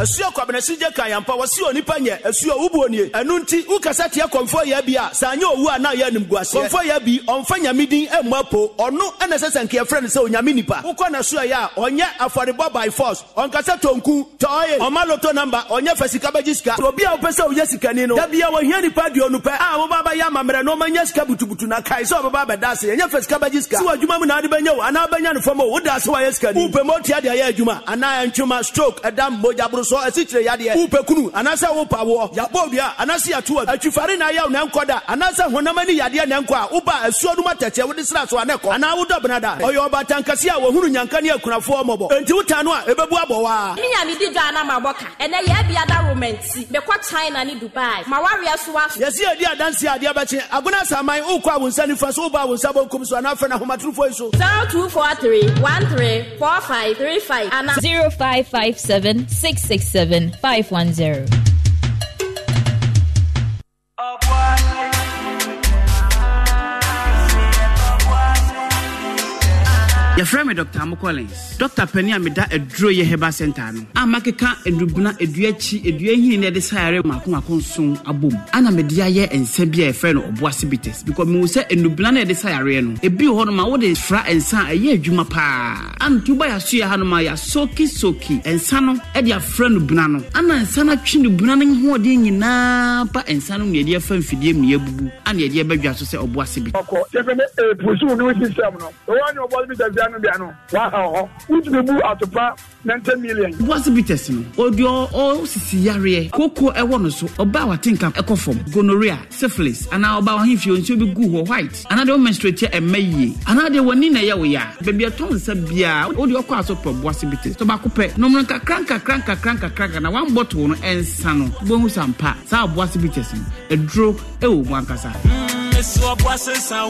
ɛsuo kwabenasi gye kan yampa wɔsi onipa nyɛ ɛsuo wubuo nie ɛnu nti wukasa tia kɔnfɔ yɛ bi a saa e nye owu a naa yɛ anim guaseɛ kɔnfɔ yɛ bi ɔnfa nyame din ɛmu apo ɔno ɛna sɛ sɛ nkeɛfrɛ ne sɛ onyame nipa wokɔ na suo yɛ a ɔnyɛ afɔrebɔ by force ɔnkasa tonku tɔɔye ɔma loto namba ɔnyɛ fa sika bɛgye sika obi a wopɛ sɛ woyɛ sikani no dabi a wɔhia nipa deɛ ɔnupɛ a wobaa bɛyɛ amammerɛ na ɔmanya sika butubutu na kae sɛ ɔbɛba bɛda ase ɛnyɛ e fa sika bɛgye sika sɛ wadwuma mu na wode bɛnyɛ wo anaa wobɛnya no fam o woda ase woayɛ sikani wopɛ ma otia de ayɛ adwuma anaa ɛntwoma stroke ɛda mmogya boro sɔ asikyire yadeɛ. wopɛ kunu anasɛ wopa awoɔ. yabɔ dua anasɛ yatu adu. atwifari na ayaw na nkɔ da anasɛ honam ani yadeɛ na nkɔ a woba asuo dum atɛkyɛ wode sra so anɛ kɔ. anaa wodɔ bena da. ɔyɛ ɔbatankasi a wɔhunu nyanka ne akunafoɔ mɔbɔ. enti wotan no a ebebu abɔ waa. mi yà mi di dwa anam abɔ ka ɛnɛ yɛ ebi ada romanti bɛkɔ china ne dubai ma waria so wa. yɛsi edi adansi adeɛ bɛkye agona asaman wokɔ awo nsa nifa so woba awo nsa bɔ nkom so anafɛ na ahomatorofo yi so. zero two four three one three four five three five ana. zero five five seven six six. 567 510. yɛfrɛ me dr amocolins dr pani a meda aduro yɛ heba center no a makeka adubuna aduakyi aduahini ne ɛde sayare maakomako nson abom ana mede ayɛ nsa bi a yɛfrɛ no ɔboasibites because mehu sɛ anubuna no ɛde sayareɛ no ebi wɔ hɔnom a wode fra nsa a ɛyɛ adwuma paa anto ba yɛaso yɛ hanom a yɛasokisoki nsa no ɛde afrɛ no buna no ana nsa no atwe no buna no hoɔden nyinaa ba nsa no ne yɛde afa mfidie mmea bubu ana yɛde ɛbɛdwa so sɛ ɔboasibites bia no bia no waha hɔ wotumi bu atopa nante million. buwase bitters no odi ɔsisi yareɛ koko ɛwɔ no so ɔbaa watenka ɛkɔ fam gonorrhea syphilis Ana oba wɔn ahemfie nsuo bi gu hɔ white Ana deɛ menstruate ɛmɛ yie anaa deɛ wɔn ni na ɛyɛ ya. yɛ a beebi ɛtɔn nsa biara odi ɔkɔ aso pɛ buwase bitters tɔba ko pɛ nomoro nkakra nkakra nkakra nkakra na wan bɔtɔ no ɛnsa no bohu sampa saa buwase bitters no ɛduro ɛwɔ mu ankasa. Mm,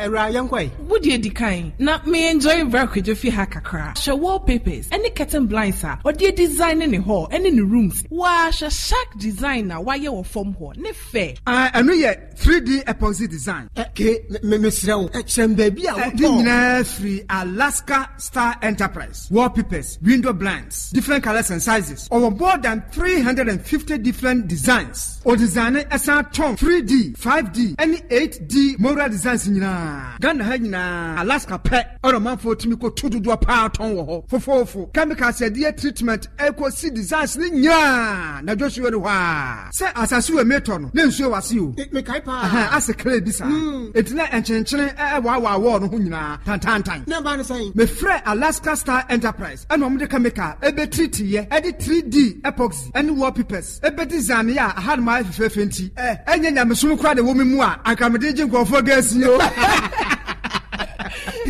ɛwura yɛn kɔ yi. wúdi edi kan na mi enjoy brakwidjo fi ha kakra hyɛ wallpapers ɛne curtain blinds a ɔde design ne hɔ ɛne ne rooms wɔahyɛ shark design a wayɛ wɔ fam hɔ ne fɛ. ɛnu yɛ 3 d epoxy design. ɛ me mmesirɛ wo ɛkyɛn beebi a wotɔ. ɛdi nyinaa firi alaska star enterprise wallpapers window blinds different colours and sizes ɔwɔ more than three hundred and fifty different designs o design ɛsan tɔn 3 d 5 d ɛne 8 d moral designs nyinaa nyinaa ghana ha nyinaa alaska pɛ ɛna ɔmanfoɔ tumi kɔ tu dodoɔ paa tɔn wɔ hɔ fofoofo chemicals yɛdeɛ treatment ɛkɔ si disaase ne nyinaa na dwosuo no hɔ a sɛ asase wɔ metɔ no ne nsuo wase o mekae paa ase kra bi saa ɛti hmm. na ɛnkyenkyene ɛwaawa wɔɔ no ho nyinaa tantantan ne ba ne sɛn mefrɛ alaska star enterprise ɛna ɔmde chemical ɛbɛtiritiiɛ ɛde 3d epoxy ɛne wallpapers ɛbɛdi zaneɛ a ahanom ayɛ fɛfɛɛfɛ nti ɛnyɛ nyamesom kora de wɔ me mu a anka gye nkurɔfoɔ gaasi o [LAUGHS]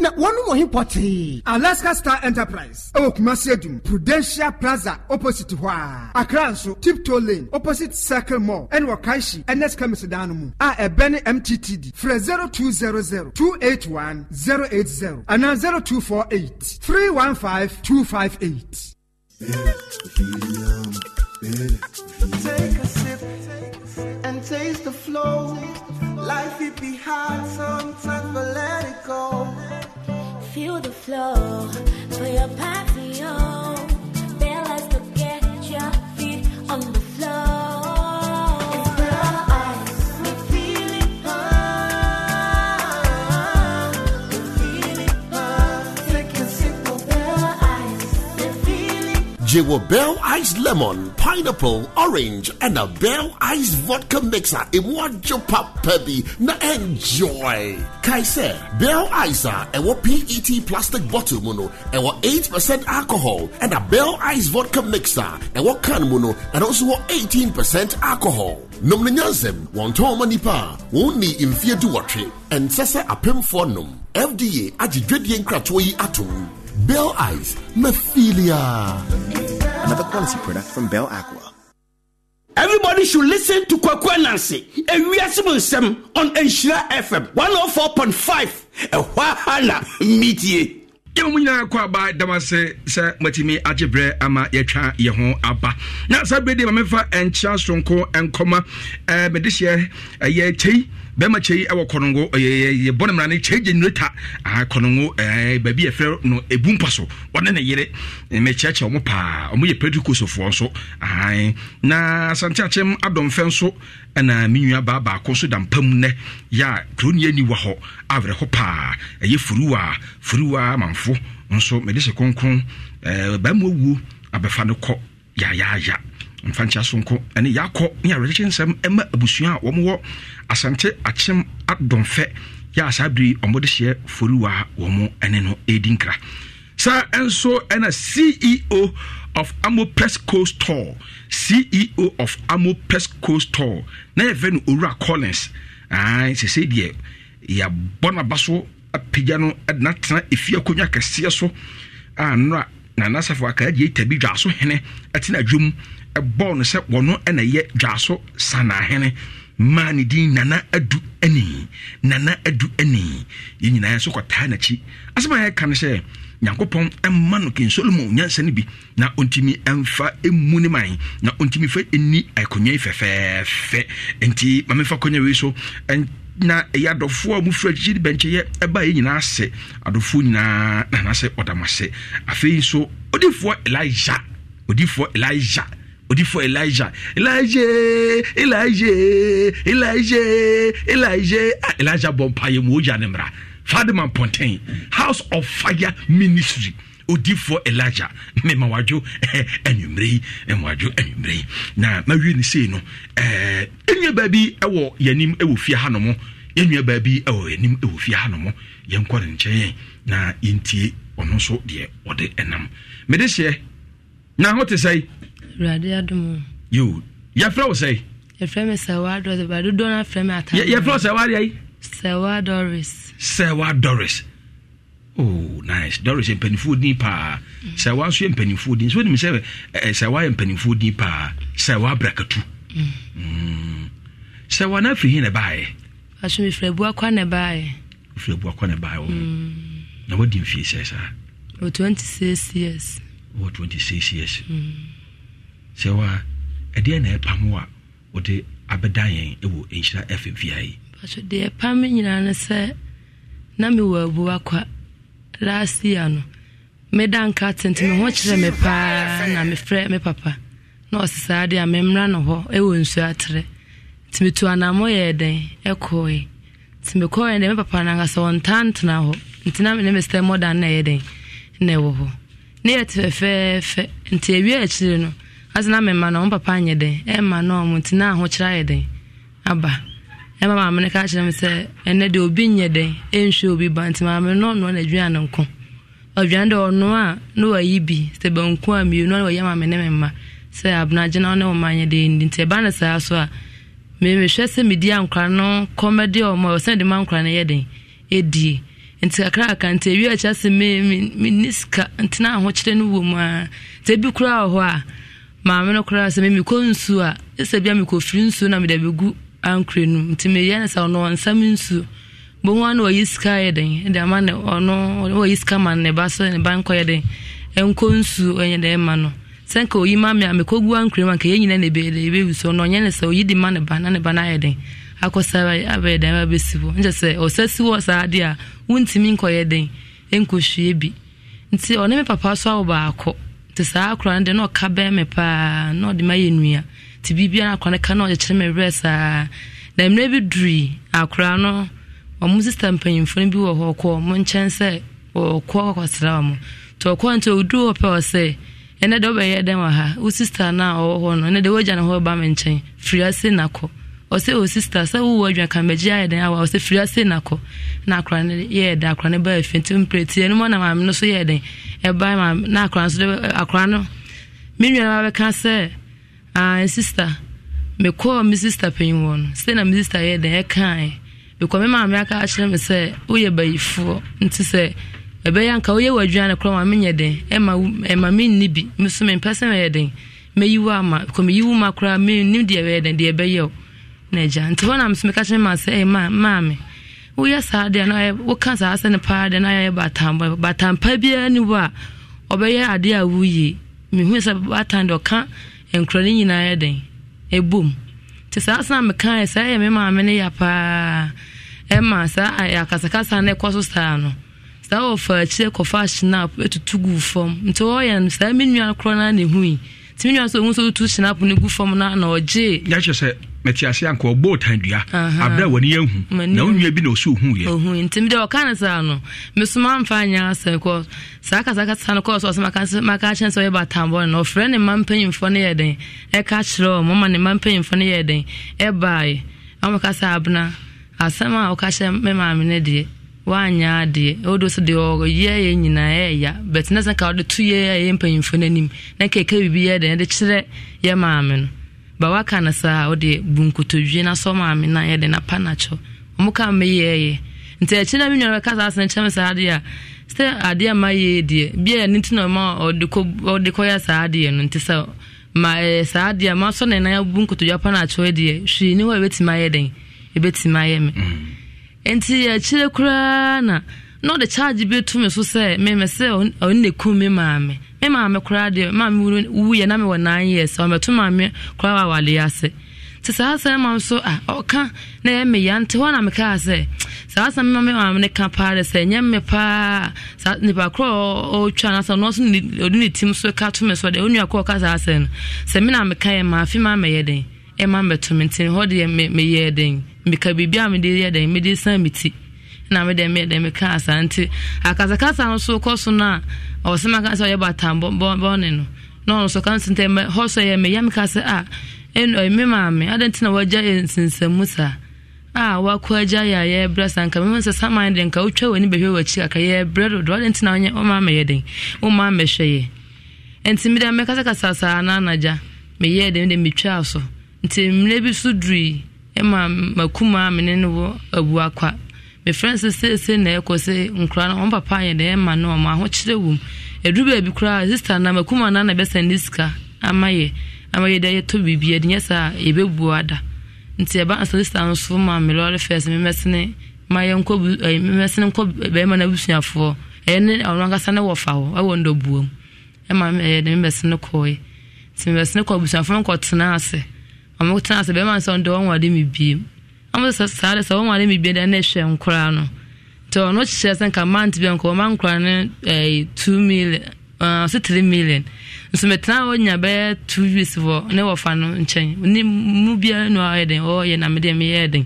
na wɔn mu hi pɔtee. alaska star enterprise ɛwɔ kumasi adum prudential plaza opposite hɔ a akra nso tiptoe lane opposite circle mall ɛna ɔkanhyi ns chemist dan no mu a ɛbɛn ne mttd frɛ zero two zero zero two eight one zero eight zero ana zero two four eight three one five two five eight. Take a sip and taste the flow. Life it be hard sometimes, but let it go. Feel the flow, for your patio. Jewel Bell Ice Lemon, Pineapple, Orange, and a Bell Ice Vodka Mixer in one pop pebi na enjoy. Kaiser Bell Ice And what e PET plastic bottle mono muno, ewo 8% alcohol, and a Bell Ice Vodka Mixer and what can mono and also what 18% alcohol. Nom nyansem, wonton manipa, woni imfie duwatwe, and sese apemfo nom. FDA agye dwadie nkratoɔ yi atom Bell Eyes, Mephilia. Another quality product from Bell Aqua. Everybody should listen to Kwakwa Nancy, a Wiasimun Sem on Enshira FM 104.5, a Wahana Media. yɛmu nyinaa kɔ damase dama sɛ sɛ ama yɛtwa yɛ ho aba na saa berɛ deɛ ma mefa ɛnkyea soronko nkɔma eh, mede hyɛ eh, ɛyɛ bɛrima kyɛ yi ɛwɔ kɔnɔngo ɛɛ yɛbɔ ne mmara no kyɛ generator aa kɔnɔngo baabi yɛfrɛ no ebu mpa so wɔne ne yere mɛkyɛkyɛ wɔn paa wɔn yɛ pentikosfoɔ nso aa na santeakyɛm adɔmfɛ nso ɛna me nua baa baako nso da mpam nɛ yɛ a kuroni ani wɔ hɔ awerɛhɔ paa ɛyɛ furuwa furuwa manfo nso mɛde hyɛ kronkron ɛɛ bɛrima wuo abɛfa no kɔ yaayaaya mfa nkyea so nko ɛne yɛakɔ ne awerɛkyekye nsɛm ɛma abusua a wɔmwɔ asante akyem adɔmfɛ yɛ asaa bere ɔmɔde hyɛ foriwa a wɔn ɛne no ɛredi nkra saa nso ɛna ceo of amo press co store ceo of amo press co store na yɛfɛ no owura collins ae sɛsɛ deɛ yɛabɔ n'aba so apagya no ɛde n'atena efi akonnwa kɛseɛ so a nnora na nasafo aka agye tabi dwa so hene ɛtena adwom ɛbɔɔ no sɛ wɔno ɛna yɛ dwaaso sanahene maa ne din nana adu ani nana adu ani yɛn nyinaa nso kɔtaa n'akyi asɛm a yɛka no sɛ nyankopɔn ɛma no kin solomon nyansa no bi na ɔntumi ɛmfa ɛmu ne man na ɔntumi fa ɛni akonnwa yi fɛfɛɛfɛ nti ma mefa kɔnya wei so na ɛyɛ adɔfoɔ a mufiri akyiri bɛnkyɛyɛ ɛba yɛ nyinaa sɛ adɔfoɔ nyinaa nanasɛ ɔdam ase afei nso odifoɔ elija odifoɔ elija odifo elijah elijah elijah elijah elijah ah, elijah bompaye mpaeɛ nemra. ogya ne mmara house of fire ministry odifo elijah mema wadwo anwummerɛ eh, yi mema wadwo anwummerɛ yi na mawie ne sei no ɛnua eh, baabi ɛwɔ yɛnim ɛwɔ fie ha no mo yɛnua baabi ɛwɔ yɛnim ɛwɔ fie ha no mo yɛnkɔ ne nkyɛn yɛn na yɛntie ɔno nso deɛ ɔde ɛnam mede hyɛ na ho te sɛ awurade adum. yoo yɛfrɛ wo sɛe. yɛfrɛ mi sɛwa doris ba dodo na frɛ mi ata. yɛfrɛ wo sɛwa de ayi. sɛwa doris. sɛwa doris oh nice doris yɛ mpanimfoɔ din paa sɛwa nso yɛ mpanimfoɔ din so nim sɛ ɛɛ sɛwa yɛ mpanimfoɔ din paa sɛwa abrakatu. Mm. sɛwa na afiri hin na baayɛ. asom efirɛ bua kwa na baayɛ. efirɛ bua kwa na baayɛ wɔn mm. na wadi mfie sɛ saa. o twenty six years. o twenty six years. Mm. sɛ wa ɛdeɛ na ɛpam a wɔde abɛda yɛn wɔ nhyira fm fia yi deɛ ɛpam nyinaa no sɛ na mewɔ abua kwa last year no meda nka tente me ho kyerɛ me paa na mefrɛ me papa na ɔse saa deɛ a memmra no hɔ ɛwɔ nsu aterɛ nti metu anammɔ yɛ dɛn ɛkɔɔe nti mekɔɔɛ deɛ me papa no ankasa ɔntantena hɔ nti na mene me sɛ mɔdan na ɛyɛ dɛn na ɛwɔ hɔ na yɛte fɛfɛɛfɛ nti awie akyiri no ase na mema na ɔmo papa anyɛ dɛn ɛma na ɔmo nti na ahokyerɛ ayɛ dɛn aba ɛma maame no ka kyerɛ me sɛ ɛnɛ deɛ obi nyɛ dɛn ɛnhwɛ obi ba nti maame no ɔnoa na aduane ne nko aduane deɛ ɔno a na wayi bi sɛ banku a mmienu na maame ne mema sɛ abenagye na ɔne ɔma anyɛ dɛn nti ɛba ne saa so a mmehwɛ sɛ medi ankora no kɔmɛde ɔmo a ɔsɛn de ma ankora no yɛ dɛn ɛdie nti kakraka nti ewi akyɛ sɛ me me me nisika ntina ahokyerɛ no wɔ mu a nti ebi kura wɔ hɔ a maame no koraa sɛ memekɔ nsuo a ɛsɛ bia mekɔfiri nsuo na mede bɛgu ankorɛ no nti meyɛ no sɛ ɔno ɔnsam nsuo bohu a na ɔyi sika yɛ den de ama ne ɔno ɔyi sika ma ne ba so ne ba nkɔ yɛ den ɛnkɔ nsuo ɛnyɛ dɛ ma no sɛ nka ɔyi ma me a mekɔgu ankorɛ mu a nka yɛ nyina ne bɛwu so ɔno ɔnyɛ ne sɛ ɔyi de ma ne ba na ne ba no ayɛ den akɔsa abɛyɛ dan abɛsi hɔ nkyɛ sɛ ɔsa si hɔ saa adeɛ a wontumi nkɔyɛ den ɛnkɔhwie bi nti ɔne me papa so awo baakɔ nti saa akora no deɛ na ɔka bɛn me paa na ɔde ma nnua nti biribia no akora no ka na ɔkyekyere me werɛ saa na mmerɛ bi duri akora no ɔmo sista mpanyimfo no bi wɔ hɔ ɔkɔ ɔmo nkyɛn sɛ ɔkɔ kɔsra ɔmo nti ɔkɔ nti ɔduru hɔ pɛ ɔsɛ ɛnɛ deɛ wobɛyɛ dɛn wɔ ha wo sista no a ɔwɔ hɔ no ɛnɛ deɛ wogya ne hɔ ba me nkyɛn firi ase na ɔsɛ o oh, sista sɛ wowɔ adwa kamagye ayɛ den awa ɔsɛ firi ase nakɔ na akora no yɛɛ da akora no baa afi nti mprɛ tiɛ no na maame no so yɛɛ den ɛbae maame na akora nso de akora no me nua ah, eh, no bɛka sɛ aa sista mekɔɔ me sista panyin eh, wɔ no sɛ na me sista yɛɛ den ɛkae mekɔ me maame aka akyerɛ me sɛ woyɛ bayifoɔ nti sɛ ɛbɛyɛ anka woyɛ w'adwuane korɔ ma menyɛ den ɛma ɛma menni bi meso mempɛ sɛ mɛyɛ den mɛyi wo ama kɔ meyi wo ma koraa mennim deɛ ɛbɛyɛ den deɛ ɛbɛyɛ o n'agya nti hɔ eh, na eh, mesomeka e kyerɛ eh, ma sɛ ma maame ah, woyɛ saa deɛ na woka saa sɛ no paa deɛ na yɛyɛ batampa batampa biara ni wo a ɔbɛyɛ adeɛ a woyie mehu sɛ batan deɛ ɔka nkura ne nyinaa yɛ den ɛbom nti saa sena mekaɛ saa yɛ me maame no ya paa ɛma saa akasakasa no ɛkɔ so saa no saa wɔfa akyirɛ kɔfa ahyena ɛtutu gu fam nti wɔyɛ no saa me nua korɔ no a ne hui nti me nua so ɔhu sɛ wotu hyena no gu fam no a ɔgyee mɛte ase anka ɔbɔ tandua abrɛ wɔne yɛhu na wonua bi na ɔsɛ ohu yɛ nti mede ɔka no saa no mesoma mfa nyɛ asɛ kɔ saa kasakasa no kɔɔ sɛ ɔsɛ maka kyɛn sɛ ɔyɛ batambɔ no ɔfrɛ ne ma mpanyimfoɔ no yɛ den ɛka kyerɛ ɔ mɔma ne ma mpanyimfoɔ no yɛ den ɛbaeɛ ɔmaka sɛ abena asɛm a woka kyɛ me maame no deɛ woanyɛ adeɛ wodo so deɛ ɔyɛ yɛ nyinaa ɛɛya but na sɛ ka wode to yɛ a ɛyɛ mpanyimfoɔ no anim na kɛka biribi yɛ den ɛde kyerɛ yɛ maame no ba waka no saa wode bu nkotodwe na sɔ maame na yɛde napa nakyɛ ɔmo ka meyɛɛyɛ nti akyi na me nua bɛka saa sene kyɛm saa adeɛ a sɛ adeɛ a mayɛ deɛ bia ne nti na ma ɔde kɔyɛ saa adeɛ no nti sɛ ma ɛɛ saa adeɛ a masɔ ne nan abu nkotodwe apa nakyɛ deɛ hwee ne hɔ ɛbɛtumi ayɛ den ɛbɛtumi ayɛ me nti akyire koraa na na ɔde charge bi tu me so sɛ memɛ sɛ ɔne ne kum me maame me maame koraa deɛ maame wuyɛ na mewɔ nine years ɔmɛto maame koraa wɔ awadeɛ ase nti saa asɛm ma nso a ɔka na ɛyɛ meya nti hɔ na mekaa sɛ saa asɛm ma me maame ne ka paa dɛ sɛ ɛnyɛ me paa saa nipa korɔ ɔtwa no asɛm na ɔso ɔde ne tim so ka to me so ɔde ɔnua korɔ ɔka saa asɛm no sɛ me na meka yɛ ma afi ma mɛyɛ den ɛma mɛto me nti hɔ deɛ meyɛ den meka biribi a mede yɛ den mede san me ti na me dɛm dɛm ka asa nti akasakasa no so kɔ so no a ɔsɛm aka ɔyɛ batam bɔne no na ɔno so ka nso ntɛ hɔ so yɛ me yam ka sɛ a me maame adɛn nti na wagya yɛ nsensamu saa a wakɔ agya yɛ a yɛbrɛ sa nka mema sɛ saman de nka wotwa w'ani bɛhwɛ w'akyi kaka yɛbrɛ dodoɔ adɛn nti na wonyɛ woma mɛyɛ den woma mɛhwɛ yɛ nti meda mɛkasakasa saa na anagya meyɛɛ dɛm dɛ metwaa so nti mmerɛ bi so durui ɛma makuma mene no wɔ abuakwa mefrɛ nso seesei na ɛkɔ sɛ nkora no ɔmpapa yɛ ɛma no ahokyerɛ wom baabi koraa sista na makuma na na bɛsa ne sika ama yɛ ama yɛ yɛtɔ biribi nyɛ yɛbɛbu ada nti ɛba sista no so ma me lɔre fɛs memɛsene ma yɛ nkɔ eh, memɛsene nkɔ bɛrima na busuafoɔ ɛyɛ ne ɔno ankasa ne wɔfa hɔ ɛwɔ ndɔbuom ɛma ɛyɛ dɛ memɛsene kɔɛ nti memɛsene kɔ busuafoɔ nkɔ mmiri ase ɔmo ase bɛrima ɔndɔ ama saa sɛ wɔn a ne mi bie da ne hwɛ nkora no nti ɔno kyerɛ sɛ nka mant bi nka ɔma nkora ne ɛɛ two million ɛɛ ɔsi three million nso mɛtena hɔ nya bɛyɛ two weeks wɔ ne wɔfa no nkyɛn ne mu bia no ɔyɛ den ɔyɛ na mɛdeɛ mɛyɛ den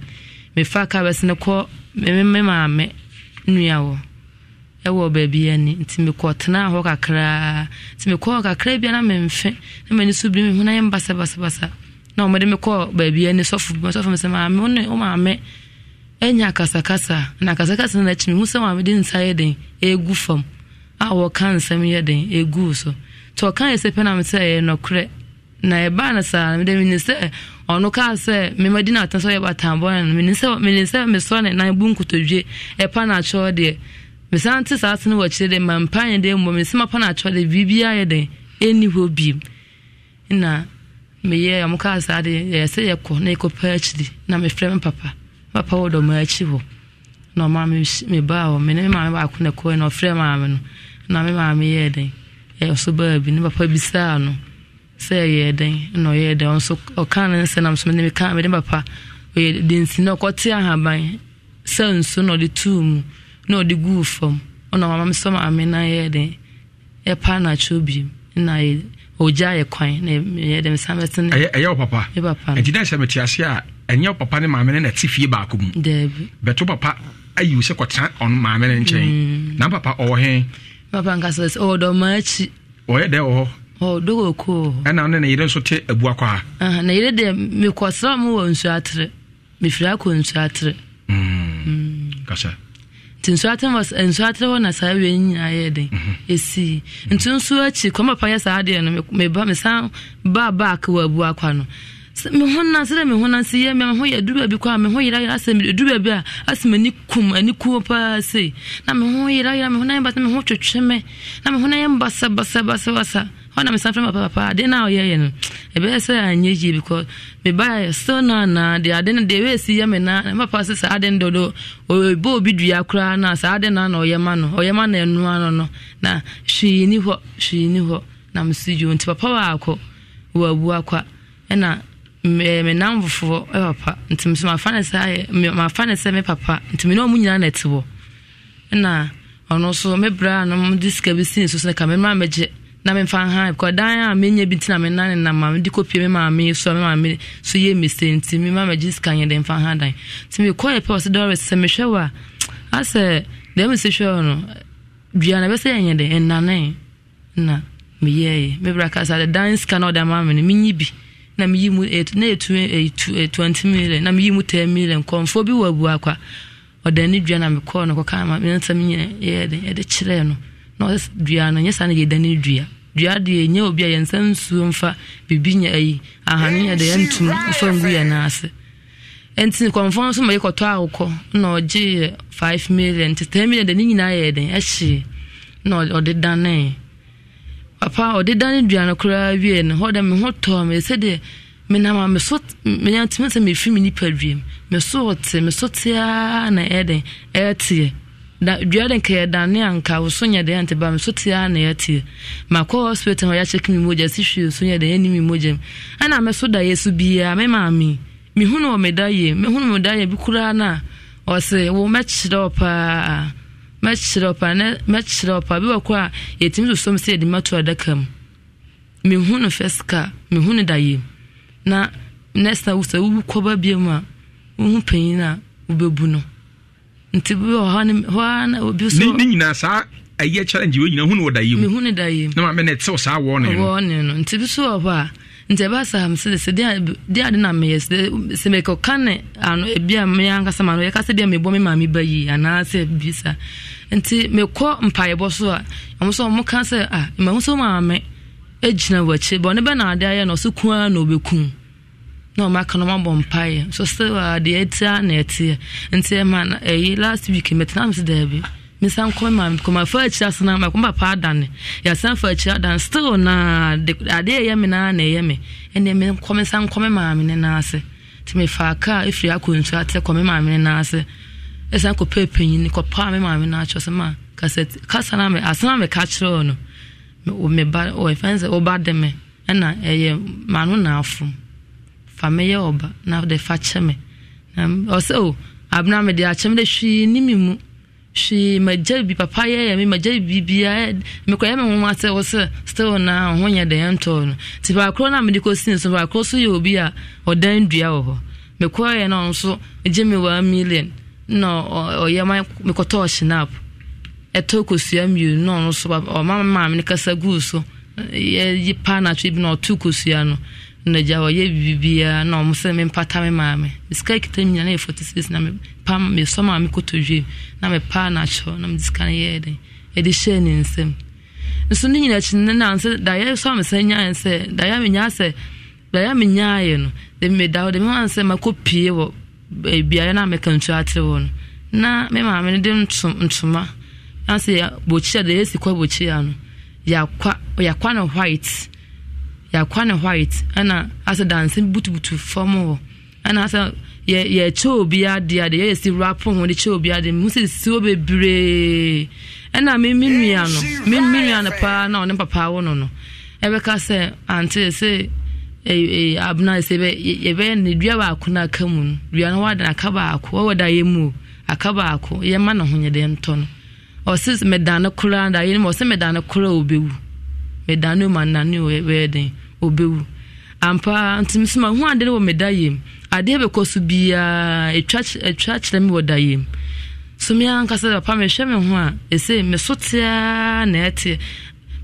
mɛfa ka bɛsi ne kɔ mɛmɛ maame nua wɔ ɛwɔ baabi ani nti mekɔ tena hɔ kakraa nti mekɔ hɔ kakraa bi na mɛmfɛ na mɛni so bi mi ho na yɛ na ɔmɔde me kɔɔ baabi ani sɔfo sɔfo mi sɛ maame wo ne wo akasakasa na akasakasa no akyi me hu sɛ maame de nsa yɛ den ɛgu fam a wɔka nsɛm yɛ den ɛgu so nti ɔka yɛ sɛ pɛ na me sɛ ɛyɛ nɔkorɛ na ɛbaa no saa na mede mene sɛ ɔno kaa sɛ memadi no atena sɛ ɔyɛ batambɔne no mene sɛ mesɔ ne nan bu nkotodwe ɛpa no akyɛw deɛ mesan te saa ase wɔ akyire dɛ mampa yɛ dɛ mmɔ mene sɛ mapa no akyɛw deɛ biribiaa yɛ den ɛnni hɔ biem na meyɛ a mokaa saa de yɛyɛ sɛ yɛkɔ na yɛkɔpɛ akyiri na mefrɛ me papa papa wɔ dɔm akyi hɔ na ɔma mebaa hɔ mene me maame baako na ɛkɔɛ na ɔfrɛ maame no na me maame yɛɛ den ɛso baa bi ne papa bisaa no sɛ ɛyɛɛ den na ɔyɛɛ den ɔnso ɔkaa ne nsɛ nam so mede mekaa mede papa ɔyɛ densi na ɔkɔte ahaban sɛ nsu na ɔde tuu mu na ɔde guu fam ɔna ɔma me sɛ maame na yɛɛ den ɛpa anatwo biom na yɛ ogya yɛ kwan na yɛde nsa bɛtene ɛyɛ wo papa nti na sɛ mete ase a ɛnyɛ wo papa ne maame no na ɛte fie baako mu daabi bɛto papa ayi wo sɛ kɔtena ɔno maame no nkyɛn mm. na papa ɔwɔ he papa nka sɛ ɔwɔ dɔmaa akyi ɔyɛ dɛ wɔ hɔ dɔwɔkuo ɛna ne ne yere nso te abua kɔ a na yere deɛ mekɔsra mu wɔ nsuatere mefiri akɔ nsuatere mm. mm. kasɛ nti nsuatere hɔ na saa wei nyinaa yɛ den ɛsii mhm. nti nso akyi kɔma pa yɛ saa adeɛ no mesan baa baak wɔ abu akwa no me ho na sɛ me ho si sɛ yɛ me ho yɛ duru baabi kɔ a me ho yera yera asɛ duru baabi a asɛ m'ani kum ani kuo paa sei na me ho yera yera me ho na yɛ basa me ho twetwe me na me ho yɛ mbasa basa basa basa ɔna mesa frɛ papapapa ade no a ɔyɛyɛ no ɛbɛyɛ sɛ anyɛ yie because mebaɛ still no anaa de ade no deɛ ɛbɛɛsi yɛ me na papa sɛ saa ade no dodo ɔbɔ obi dua koraa na saa ade no ana ɔyɛ no ɔyɛ no ɛnoa no no na hwee ni hɔ hwee ni hɔ na meso dwo nti papa waakɔ wɔabu akwa ɛna me eh, nam fofoɔ papa nti meso mafa ne sɛ mafa ne sɛ me papa nti me ɔmo nyinaa na ɛte hɔ ɛna ɔno nso me bra no mede sika bi si so so ne ka me mɛgye na memfa ha kɔdan a menya bi nti na mena ne nam a mede kɔpie me maame so me maame so yɛ mistake nti me mama gye sika nyɛ dɛ mfa ha dan nti mekɔɛ pɛ ɔ sɛ sɛ mehwɛ wo a asɛ dɛm sɛ hwɛ wo no dua na ɛbɛsɛ yɛnyɛ dɛ ɛnane na meyɛɛ mebra ka sɛ ade dan sika na ɔde ama me no menyi bi na meyi mu na ɛtu 20 million na meyi mu ten million kɔmfoɔ bi wɔ abua kwa ɔda ne dua na mekɔɔ no kɔka ma mensɛm nyɛ yɛɛ dɛ ɛde kyerɛɛ no na ɔsɛ dua no nyɛ saa na yɛda ne dua dua deɛ ɛnyɛ obi a yɛnsa nsuo mfa biribi nya ayi ahane yɛ deɛ yɛntum mfa ngu yɛn ase nti kɔmfɔ nso ma yɛkɔtɔ awokɔ na ɔgye five million nti ten million deɛ ne nyinaa yɛ den ɛhyee na ɔde danee papa ɔde dane dua no koraa wie no hɔ dɛ me ho tɔɔ me sɛdeɛ menam a meso menya ntumi sɛ mefiri me nipa dwiem meso ɔte meso teaa na ɛyɛ den e dua de nka yɛdane anka wo so nyɛ deɛ ante ba me so te na yɛteɛ makɔ hospital hɔ yɛakyɛke me mogya se hwee so nyɛ deɛ ɛni me mogya m ɛna me so da yɛ so biaa me maame mehunu wɔ meda yɛ mehunu meda yɛ bi koraa no a ɔse wo mɛkyerɛ wɔ paa mɛkyerɛ wɔ paa nɛ mɛkyerɛ wɔ paa bi wɔ kɔ a yɛtumi soso m sɛ yɛde mato adaka mu mehunu first car mehunu da yɛ na next time wo sɛ wowu kɔba biam a wohu panyin a wobɛbu no nti bi wɔ hɔ hɔ na obi so. ne nyinaa saa ɛyɛ challenge wo nyinaa hu ne wɔ da yi mu. mehu ne da yi mu. na maame na ɛte saa wɔɔne no. wɔɔne no nti bi so wɔ hɔ a nti ɛba saa mi sɛ sɛ de ade na meyɛ sɛ sɛ mɛkɛ ɔka ne ano ebi a meya ankasa ma no yɛka sɛ deɛ mebɔ me maame ba yi anaa bi sa nti mekɔ mpaebɔ so a ɔmo sɛ ɔmo ka sɛ ah mahu sɛ maame egyina wɔ akyi bɔn ne bɛ na ade ayɛ na ɔso kun ara na obekum na ɔmo aka na ɔmo abɔ mpaeɛ so still uh, a deɛ ɛtia na ɛtia nti ɛma eh, na eh, ɛyi last week mɛtena mi si dɛbi misan kɔ ma kɔma fa akyiri ase na ma kɔma pa adane yasan fa akyiri adane still na de adeɛ ɛyɛ mi na na ɛyɛ mi ɛna mi nkɔ misan kɔ mi maame ne nan ase ti mi fa kaa efiri akɔntu atɛ kɔ mi maame ne nan ase ɛsan e kɔ pɛ panyin kɔ pa mi maame na atwa sɛm a kasɛti kasa na e mi asena mi ka kyerɛ ɔno mi ba ɔyɛ fɛn sɛ ɔba de mi ɛna ɛyɛ maano na afom fa mɛyɛ ɔba na de fa kyɛ me ɔsɛ o oh, abena mede akyɛm dɛ hwee ne me mu hwee magya bi papa yɛyɛ me magya bibia mekɔyɛ me nwoma sɛ wo sɛ still na ho nyɛ dɛ yɛntɔɔ no nti baakoro no a mede kɔsini so baakoro so yɛ obi a ɔdan dua wɔ hɔ mekɔɔyɛ no ɔno so gye me waa million na ɔyɛ ma mekɔtɔɔ shinap ɛtɔ kosua mmienu na ɔno so ɔma maame no kasa guu so yɛ pa natwe bi na ɔtoo kosua no na gya ɔyɛ biribiara na ɔmo sɛ mempata me maame sika kita nyina na yɛ 46 na mepam mesɔ maame kɔtɔ wiem na mepa no na mede sika no yɛɛ den ɛde hyɛɛ ne nsam nso ne nyina akyi ne na sɛ daeɛ sɔ a mesɛ nyaɛ sɛ daeɛ menyaa sɛ daeɛ menyaayɛ no de meda hɔ de mema sɛ makɔpie wɔ biaeɛ no a ntu atere wɔ no na me maame no de ntoma na sɛ bɔkyia deɛ yɛsi kɔ bɔkyia no yɛakwa yɛakwa no white yɛakwane white ɛna asɛ danse butubutu fam hɔ ɛna asɛ yɛkyɛ obi ade ade yɛyɛ si rapo ho de kyɛ obi ade mu sɛ siwo bebree ɛna me me nua no me me nua no paa na ɔne papa awo no no ɛbɛka sɛ ante sɛ ee eh, eh, abena sɛ bɛ yɛbɛyɛ ne dua baako na aka mu no dua no wada aka baako ɔwɔ da yɛ mu aka baako yɛma ne ho nyɛ deɛ ntɔ no ɔsɛ mɛdan no koraa da yɛ no mu ɔsɛ mɛdan no koraa obɛwu mɛdan no mu anane o ɛbɛyɛ den obɛwu ampa nti mesɛ ma ho ade ne wɔ me da yam adeɛ bɛkɔ so biaa ɛtwa kyerɛ me wɔ da yam so me ankasa de papa mehwɛ me ho a ɛsɛ meso teaa na ɛteɛ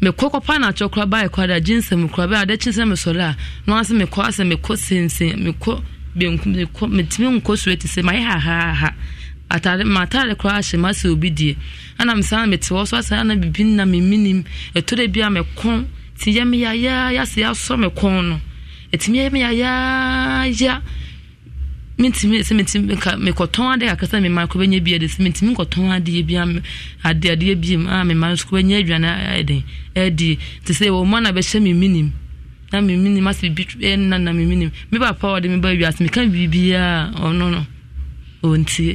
mekɔ kɔpa na akyɛ kora baɛ kora de agye nsɛm kora bɛ ade kyensɛ mesɔre a na ase mekɔ asɛ mekɔ sensen mekɔ benkum mekɔ metumi nkɔ so ati sɛ mayɛ hahaha atare matare koraa ahyɛ ma asɛ obi deɛ ana mesan mete hɔ so asɛ ana bibi nna meminim ɛtɔ dɛ bi a meko nti yɛ me yaya yɛasɛ yɛasɔ me kɔn no ɛtumi yɛ me yaya ya mentumi sɛ mentumi mekɔtɔn ade kakra sɛ mema kɔ bɛnya bia de sɛ mentumi nkɔtɔn adeɛ bia ade adeɛ bia mu a mema nso kɔ bɛnya aduane ɛden ɛdie nti sɛ ɛwɔ mu ana bɛhyɛ me minim na me minim asɛ bibi ɛnna na me minim me papa a ɔde me ba wiase meka biribiaa ɔno no ɔntie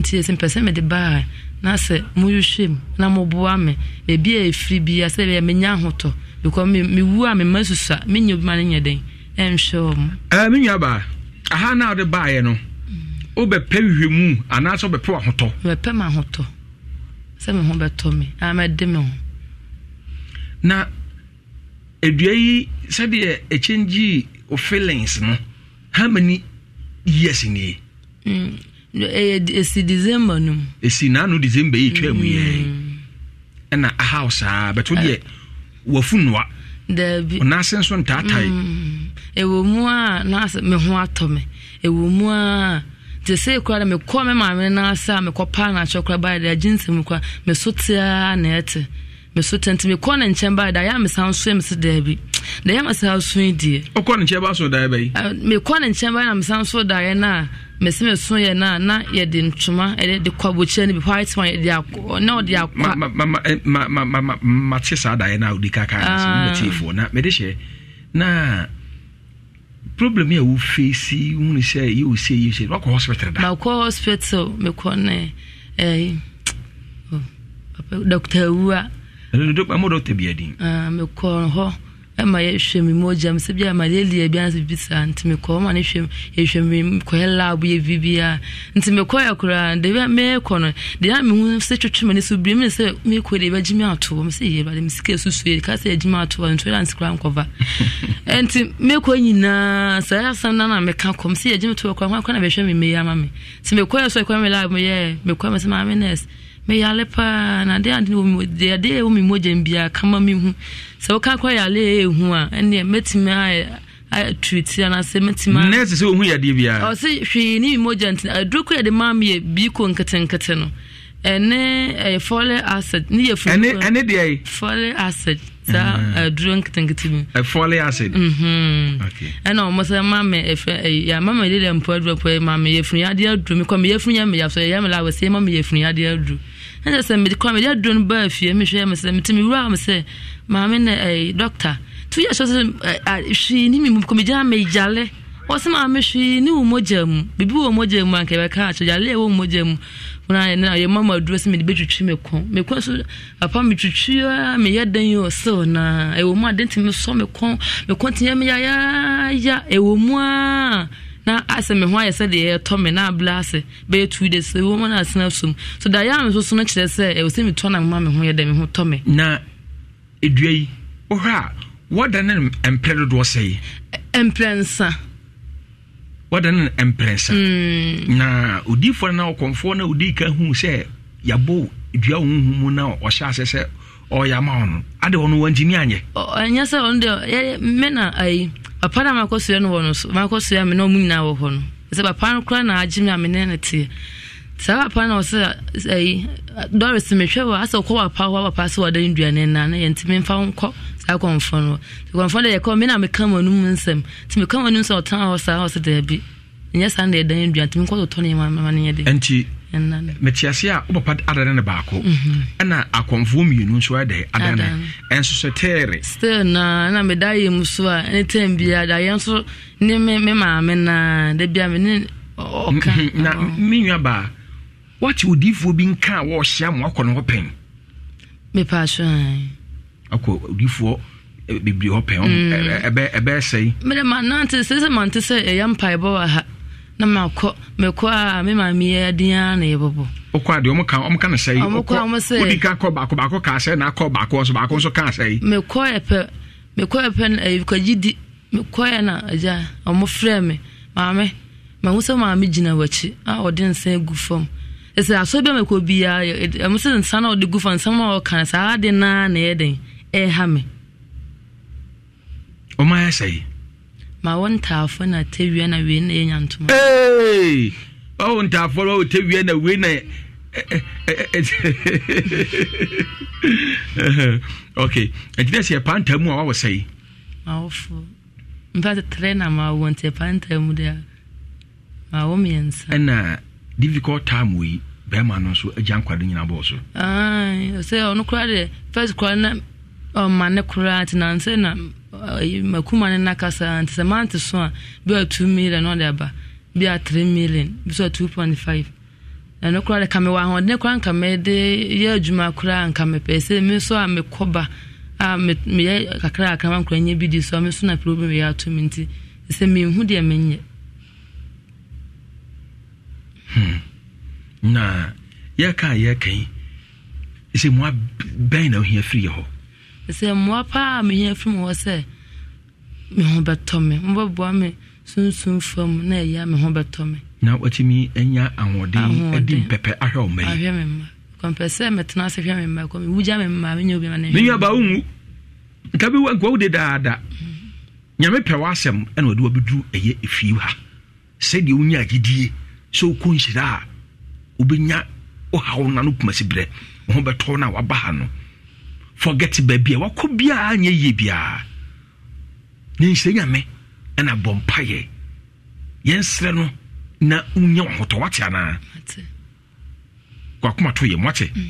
nti ɛsɛ mpɛ sɛ mede baa na sɛ moyɛhwɛ mu na moboa me baabi a ɛfiri bia sɛ bɛyɛ menya ahotɔ because me me wu a me ma susa me nyɛ bi ma ne nyɛ den ɛnhwɛ wɔn. ɛɛ mi nua baa aha na ɔde baa yɛ no o bɛ pɛ wiwi mu anaasɛ o bɛ pɛ ahotɔ. mɛ pɛ ma ahotɔ sɛ mi ho bɛ tɔ mi a ah, mɛ de mi ho. na edua yi sɛdeɛ ɛkyɛngyi o feelings no how many years ni ye. Mm. ɛsi eh, eh, december no mu. esi naanu december yi twɛ mu yɛ ɛna mm. aha saa bɛtɔ deɛ. Uh, eh. Wafunua noa ɔnaase nso ntaatae mm. ɛwɔ mu a naasɛ me ho atɔ me ɛwɔ mu a te sei kora da mekɔ me maame no ase a mekɔpaa naakyɛ kora baɛ de agye nsɛm kora meso teaa na ɛte meso te nti mekɔ ne nkyɛn baɛ de ayɛ a mesa nsoɛ me se daabi da yɛ mesa so yi deɛ ɔkɔ ne nkyɛn ba so daeɛ bɛyi mekɔ ne nkyɛn baɛ na mesa nso daeɛ no a mesi mi sun yɛ na na yɛde ntoma yɛde de kɔ abokyia no bi hɔ ayetuma yɛde akɔ na ɔde akɔ. Eh, ma ma ma ma ma ma ma ma te saa daeɛ na odi kaka so mo ti fo na mɛ de hyɛ na problem yɛ wo feesi hun sɛ yi o se yi o se wakɔ hospital da. makɔ hospital mekɔ ne ɛɛ dɔkita awua. ɛlɛnudɔ amu dɔkita bi yɛ din. Ah, mekɔ hɔ. ma yɛhwɛ me mogya mesɛ bia malaria bia sɛ biribi saa nti mekɔ ma no hwɛ yɛhwɛ kɔyɛ lab yɛ biribia nti mekɔyɛ koraa da bia no de a mehu sɛ twetwe m'ani so bire mene sɛ mekɔ de bɛgye me ato hɔ mesɛ yɛ bade mesika susue ka sɛ agye me ato hɔ ntolerance koraa nkɔva nti mekɔ nyinaa saa asɛm no na meka kɔ mesɛ yɛgye me to hɔ kora na bɛhwɛ me mmɛyi ama me nti mekɔyɛ so ɛkɔ me lab meyɛ mekɔ me sɛ maame nurse mɛyale paa na adeɛ ade adeɛ ɛwɔ mi mogya kama mi ho sɛ woka kɔ yale ɛyɛ e ehu a ɛnneɛ mɛtumi ayɛ hwee ne mi nti aduro kɔ yɛ de maa mi yɛ nketenkete no ɛne ɛyɛ e, fole acid ne yɛ funu acid saa aduro nketenkete bi acid ɛna wɔn sɛ maame ɛfɛ ɛyɛ yɛ de aduro pɔ yɛ yɛ funu yadeɛ aduro mi kɔ mi yɛ funu yɛ yɛ yɛ la aduro. ɛna sɛ mede kɔ mede aduro no baa fie mehwɛ me sɛ metimi wura me sɛ maame ne ɛy dɔkta to yɛ hyɛ sɛ eh, ah, hwii ne mimu kɔmegyina megyale ɔsɛ maame hwii ne wo mogya mu biribi wɔ mogya mu anka bɛka akyɛ gyale ɛwɔ mogya mu na yɛ mama duro sɛ mede bɛtwitwi me kɔn me kɔn so papa metwitwi a meyɛ dan yi ɔsew na ɛwɔ mu a dɛnti mesɔ me kɔn me kɔn teɛ me yayaya ɛwɔ mu a na asɛ me ho ayɛ sɛ deɛ ɛtɔ me na abla ase bɛyɛ two days ɛwɔ mu no asena som so da yɛ a me so so no kyerɛ sɛ ɛwɔ sɛ metɔ na mema me ho yɛ dɛ me ho tɔ me na ɛdua yi wohwɛ a wɔda ne mprɛ dodoɔ sɛ yi mprɛnsa wɔda ne mprɛnsa mm. na odiifoɔ no na ɔkɔmfoɔ na odi ka hu sɛ yɛbɔ dua wo hu mu na ɔhyɛ asɛ sɛ ɔyɛ ama wo no ade ɔno wantimi anyɛ ɛnyɛ sɛ ɔno deɛ mena ayi papa na makɔsua no wɔ no so makɔsua me na ɔmu nyinaa wɔ hɔ no sɛ papa no kora na agye me a me ne ne teɛ saa papa na ɔsɛ ayi doris mehwɛ wɔ asɛ ɔkɔ papa hɔ papa sɛ wɔda ne duane na na yɛntimi mfa nkɔ saa kɔmfɔ no kɔmfɔ no yɛkɔ me na meka ma no mu nsɛm nti meka ma no mu sɛ ɔtena hɔ saa ɔsɛ daabi ɛnyɛ saa na yɛda ne duane ntimi nkɔ totɔ ne ma ma no yɛ de metiase a wo adane no baako mhm. ɛna akɔmfoɔ mmienu nso ɛdɛ adane ɛnso sɛ teere still na meda yɛ mu so a ɛne tam biaa da yɛ nso ne me maame na da bia mhm, mhm. na baa woate odiifoɔ bi nka a wɔɔhyia mo akɔ no hɔ pɛn so akɔ odiifoɔ eh, bebree hɔ pɛn mm. mede manante sɛ sɛ mante sɛ ɛyɛ mpaebɔ wɔ ha na makɔ mekɔ a me ara na yɛbɔbɔ wokɔ a deɛ ɔmka ɔmka no sɛi wodi ka kɔ baako baako kaa na akɔ baako so baako nso kaa sɛi mekɔ ɛpɛ na ɛkɔgye di na agya ɔmo me maame mahu sɛ maame gyina w'akyi a ɔde nsa agu fam ɛsɛ a biaa ɛmo sɛ nsa no a ɔde gu fam nsɛm na ɛyɛ den ma wo ntaafo na tewia na wei na yɛnya ntoma ɔwo ntaafo na wo tewia na wei na e, e, e, [LAUGHS] ok nti dɛ sɛ yɛpa ntaa mu a wawɔ sɛe mawofo mpa trɛ na mawɔ nti yɛpa ntaa mu de a mawo mmiɛnsa ɛna difficult time wei bɛrima no nso agya nkwado nyina bɔɔ so sɛ ɔno koraa deɛ first koraa na ɔma ne koraa nti nansɛ na makuma no nakasa nti sɛ mante so a bi a two million ɔde aba bi a three million bi so a two point five ɛno koraa de kame wɔ ahoɔden koraa nka mɛde yɛ adwuma koraa nka mɛpɛ sɛ me so a mekɔba a meyɛ kakra a ma nkora nyɛ bi di so a me so na problem yɛ ato me nti sɛ menhu deɛ menyɛ hmm. na yɛka a yɛka yi ɛsɛ mu abɛn na ohia firi yɛ hɔ sɛ mmoa paa a mehia firi mu hɔ sɛ me ho bɛtɔ me mobɛboa me sunsun fam na ɛyɛ me ho bɛtɔ me na watumi anya ahoɔden adi mpɛpɛ ahwɛ wo mma yi me mma kɔmpɛ sɛ metena ase hwɛ me mma kɔ mewugya me mma menyɛ obi ma ne menyɛ ba wo nwu nka bi wankwa wode daada nyame pɛ w'asɛm ɛna wɔde wabɛduru ɛyɛ ɛfie ha sɛdeɛ wonya agyedie sɛ wokɔ nhyira a wobɛnya wohaw na no pumasi berɛ wo ho bɛtɔ no a waba ha no forget baabi a wakɔ biara nyɛ yie biara ne nhyɛ nyame ɛna bɔ mpayɛ yɛnsrɛ no na wonya wahotɔ wate anaa kwakoma to yɛ mwate mm,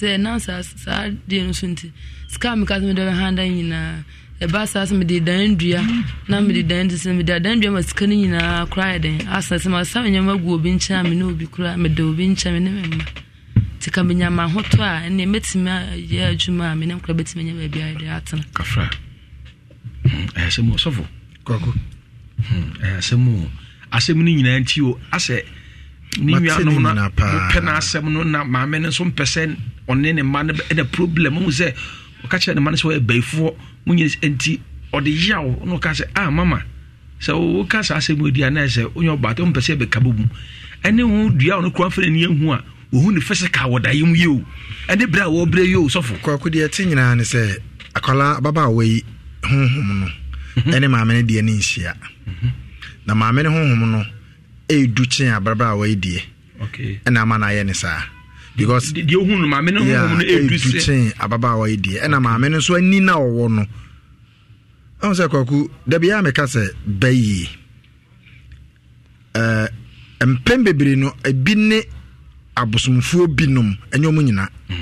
sɛ na saa deɛ no so nti sika meka sɛ mede bɛhanda nyinaa ɛba saa sɛ mede dan dua na mede dan nti sɛ mede adan dua ma sika no nyinaa koraa yɛ den asa sɛ masa nyɛma gu obi nkyɛn a me obi koraa mede obi nkyɛn me ne me nti ka menya ma ho to a ɛnɛ mɛtumi ayɛ adwuma a mene nkora bɛtumi anya baabi ayɛde atena kafra ɛyɛ sɛm ɔsɔfo kɔko ɛyɛ asɛm asɛm no nyinaa nti o asɛ ne nuanom no wopɛ no asɛm no na maame no nso mpɛ sɛ ɔne ne mma no ɛna problem mu sɛ ɔka kyerɛ ne mma no sɛ wɔyɛ baifoɔ mu nyɛ nti ɔde yia na ɔka sɛ ah mama sɛ woka saa asɛm ɔdi a na ɛsɛ wonyɛ ɔbaata wompɛ sɛ e ɛbɛka bɔ mu ɛne ho dua wo no kora mfa no ani ahu a wɔhu ne physical wɔdayem yi o ɛne berɛ a wɔbrɛ yi o sɔfo Oku deɛ ɛte nyinaa ne sɛ akwala baba a wɔyi honhom no mhm. ɛne maame no deɛ ne nhyia mhm. na maame no honhom no ɛɛdu kyee abrabra a wɔyi deɛ ɛna ama no ayɛ ne saa because maame ababa a wɔyi deɛ ɛna maame no nso ani na ɔwɔ no ɛhu sɛ ọkụ dabi a meka sɛ bɛyie mpɛn bebree no ebi ne abosomfoɔ binom ɛnyɛ ɔmo nyinaa mm.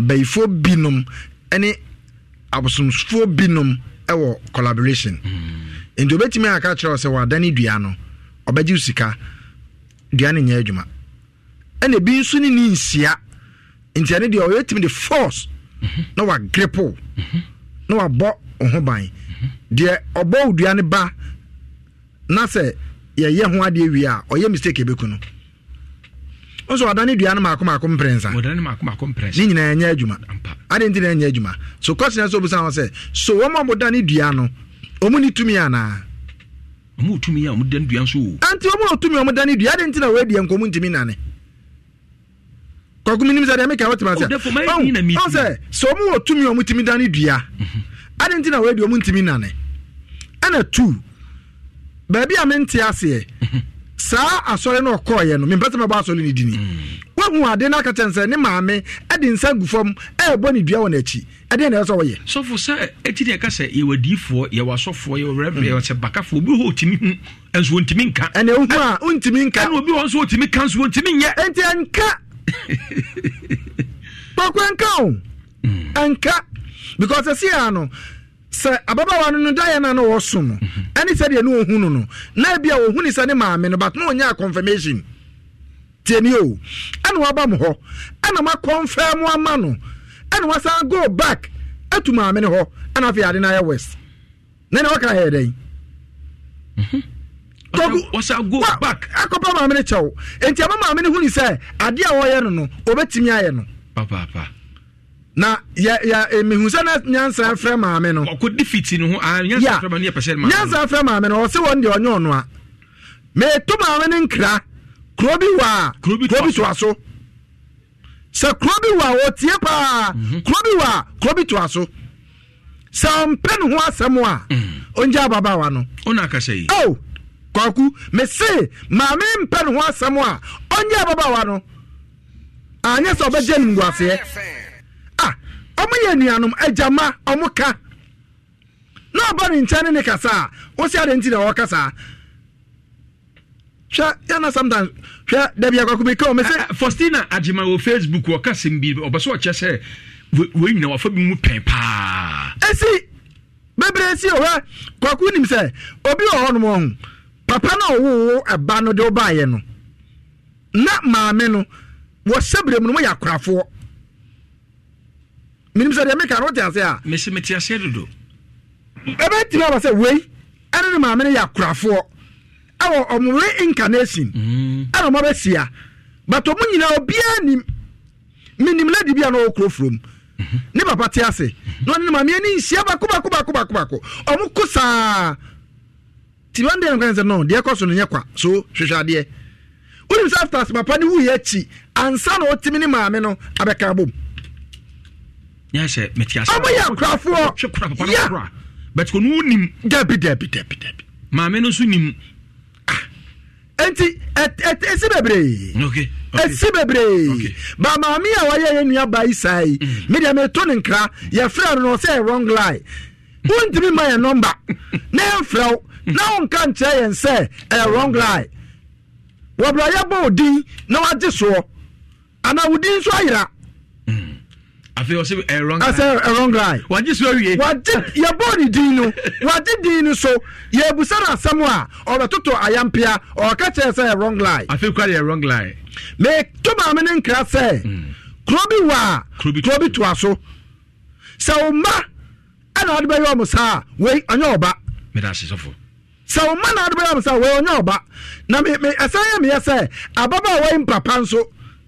abayifoɔ binom ɛne abosomfoɔ binom ɛwɔ collaboration mm. nti obetumi aka kyerɛ sɛ wadane dua no ɔbɛgye sika dua no nyɛ adwuma ɛna ebi nso ne ne nsia nti ɛne deɛ ɔyɛ timi de force mm-hmm. na wagripo mm-hmm. na wabɔ ho ban mm-hmm. deɛ ɔbɔ dua no ba na sɛ yɛyɛ ho adeɛ wie a ɔyɛ mistake ebeku no nso ɔdane dua no maako maako mprɛnsa ne nyinaa ɛnyɛ adwuma ade nti na ɛnyɛ adwuma so kɔsena sɛ obusa ho sɛ so wɔn a wɔdane dua no ɔmu ne tumi anaa ɔmu tumi a ɔmu dane dua anti ɔmu tumi ɔmu dane dua ade nti na wɔadi nkɔmu ntumi nane kɔkɔ minim sɛ deɛ meka wɔtema sɛ ɔn sɛ sɛ ɔmu wɔ tumi ɔmu tumi dane dua mhm. ade nti na wɔadi ɔmu ntumi nane ɛna tu baabi a mente aseɛ saa asɔre no ɔkɔɔyɛ no mempɛ sɛ mɛbɔ asɔre no dini hmm. woahu ade no aka kyɛn sɛ ne maame ɛde nsa gu fam ɛɛbɔ ne dua wɔ n'akyi ɛdeɛ na ɛyɛ sɛ wɔyɛ sɔfo sɛ ɛti ne ɛka sɛ yɛwɔ adiyifoɔ yɛwɔ asɔfoɔ yɛwɔ rɛbrɛ hmm. yɛwɔ sɛ bakafoɔ obi hɔ ɔtumi hu ɛnso ɔntumi nka ɛne wohu a wontumi nka ɛne obi hɔ nso ɔtumi ka nso ɔntumi nyɛ ɛnti ɛnka tɔkɔ [LAUGHS] ɛnka o hmm. ɛnka because ɛsi a no sɛ ababaawa no no no wɔso no mhm. ɛne sɛdeɛ ne ɔhu no no na bia ɔhu ne sɛ ne maame no na ɔnyɛ a confirmation tieni o ɛna waba mo hɔ ɛna moakɔmfɛm ama no ɛna wasan go back atu maame no hɔ ɛna afei ade no ayɛ waka dɛn mhm. maame no kyɛw enti ama maame no sɛ adeɛ a wɔyɛ no no ɔbɛtumi na eh, mehu sɛ na nyansa frɛ maame no ɔkɔde fiti no ho ah, nyansa frɛ maame no ɔse wɔn deɛ ɔnyɛ ɔno a meto maame no nkra kuro bi wɔ a kuro bi toa so sɛ kuro bi wɔ a wɔtie paa mhm. kuro bi wɔ a kuro bi toa so sɛ ɔmpɛ no ho asɛm a mhm. ɔngye ababaawa no ɔna akasa yi o kwaku mese maame mpɛ no ho asɛm a ɔngye ababaawa no anyɛ sɛ ɔbɛgye animguaseɛ ɔmo yɛ nuanom agyama ɔmo ka na ɔba ne nkyɛn ne ne kasa a wosi adi nti na ɔwɔ kasa hwɛ yɛna sometimes hwɛ dabi akwako bi ka ɔmo sɛ. faustina agyima wɔ facebook ɔka sɛm bi ɔbɛ so ɔkyɛ sɛ wɔn nyinaa wafa bi mu pɛn paa. esi bebree si ɔwɛ e kwako nim sɛ obi wɔ hɔnom ɔho papa na ɔwowo ɛba no de ɔbaayɛ no na maame no wɔhyɛ bere mu no mo yɛ akorafoɔ menim sɛ deɛ meka no wote ase a mese mete aseɛ dodo ɛbɛtumi aba sɛ wei ɛne ne maame no yɛ akorafoɔ ɛwɔ ɔmo reincarnation mm. ɛna ɔmo abɛsia but ɔmo nyinaa obiara nim menim ladi bi a na ɔwɔ kuro furom mhm. ne papa te ase mhm. na ɔne ne maame ani nhyia baako baako baako baako baako ɔmo ko saa ti wɔn deɛ nkwan sɛ no deɛ kɔ so no nyɛ kwa so hwehwɛ adeɛ wonim sɛ after papa ne wuyɛ akyi ansa na ɔtumi ne maame no abɛka abom yɛhyɛ mɛti ase. ɔmɔ yɛ nkurɔfoɔ. hwɛ kura papa no kura bɛtɛ ko n'u nim. dɛbi maame no nso nim. Ah. nti ɛsi bebree. okay ɛsi bebree ba maame a wayɛ yɛ nua ba yi saa yi mi mm. deɛ mi to ne nkra yɛfrɛ no sɛ wrong line wontumi ma yɛ nɔmba [LAUGHS] na yɛmfrɛ wo na wonka nkyerɛ yɛn sɛ ɛyɛ wrong line wɔbrɛ yɛbɔ wo din na wagye soɔ anaa wo din nso ayera afei ɔsɛ ɛrɔn eh, line ɛsɛ ɛrɔn eh, line wagye so awie wagye yɛbɔ ne din no [LAUGHS] wagye din no so yɛbusa no asɛm a ɔbɛtoto ayampea ɔka kyerɛ sɛ ɛrɔn eh, line afei kora yɛ ɛrɔn line meto maame ne nkra sɛ hmm. kuro bi wɔ a kuro bi toa so sɛ wo mma ɛna ade bɛyɛ ɔmo saa wei ɔnyɛ ɔba sɛ wo mma na ade bɛyɛ ɔmo saa wei ɔnyɛ ɔba na ɛsɛ yɛ meyɛ sɛ ababaawa yi mpapa nso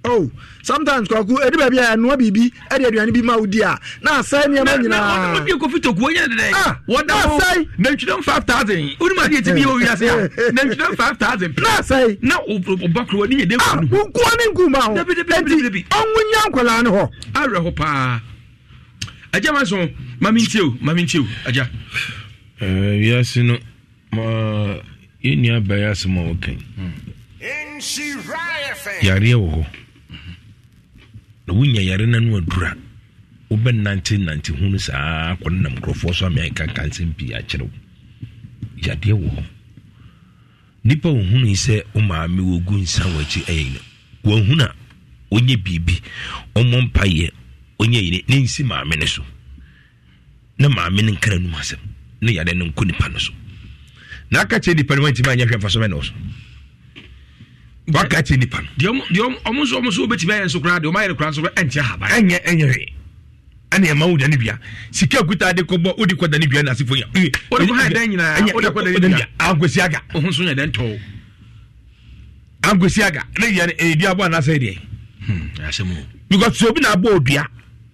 oh sometimes kwaku ɛdi baabi a ɛnua biribi ɛdi aduane bi ma ah, wo di a na asɛe nneɛma nyinaa. na ɔdi kofi tokuo yɛ dɛ. wɔda wo na ntwiram five thousand wuli ma di eti bi yɛ owi ase a na ntwiram five thousand. na asɛe. na ɔba kuro ni yɛ den kunu. Ah, a nkuwa ni nkuma o eti ɔnwunya nkwadaa ni hɔ. awurɛ hɔ paa agya ma sɔn maami n tiɛw maami n tiɛw agya. ɛɛ eh, wiase no maa yɛn nua bɛyɛ asɛm a wɔkɛn. yareɛ wɔ hɔ na wonya yare na no adura wobɛnante nante ho no saa akɔne nam nkurɔfoɔ so ama ɛkanka nsɛm pii akyerɛ wo yadeɛ wɔ hɔ nnipa wɔhunu sɛ wo maame wɔgu nsa wɔ akyi ɛyɛ no wɔahunu a ɔnyɛ biribi ɔmmɔ mpayɛ ɔnyɛ yere ne nsi maame no so na maame no nkra num asɛm ne yare no nkɔ nipa no so na aka kyerɛ nipa no wantimi anyɛ hwɛ mfa so mɛ ne wo so Wakati nipa no deɛ ɔmo nso ɔmo nso wobɛtumi ayɛ nso koraa deɛ ɔmo ayɛ no koraa nso ɛnkyɛ haba ɛnyɛ ɛnyɛ hwee ɛna ɛma wo dane bia sika kuta de kɔbɔ wode kɔ dane bia na asefo nya wode kɔ ha dan nyinaa wode kɔ dane bia ankwasi aga wo ho nso nyɛ dɛn tɔw ankwasi aga ne yɛ no ɛdi abɔ anaasɛ deɛ hmm, because sɛ obi na abɔ odua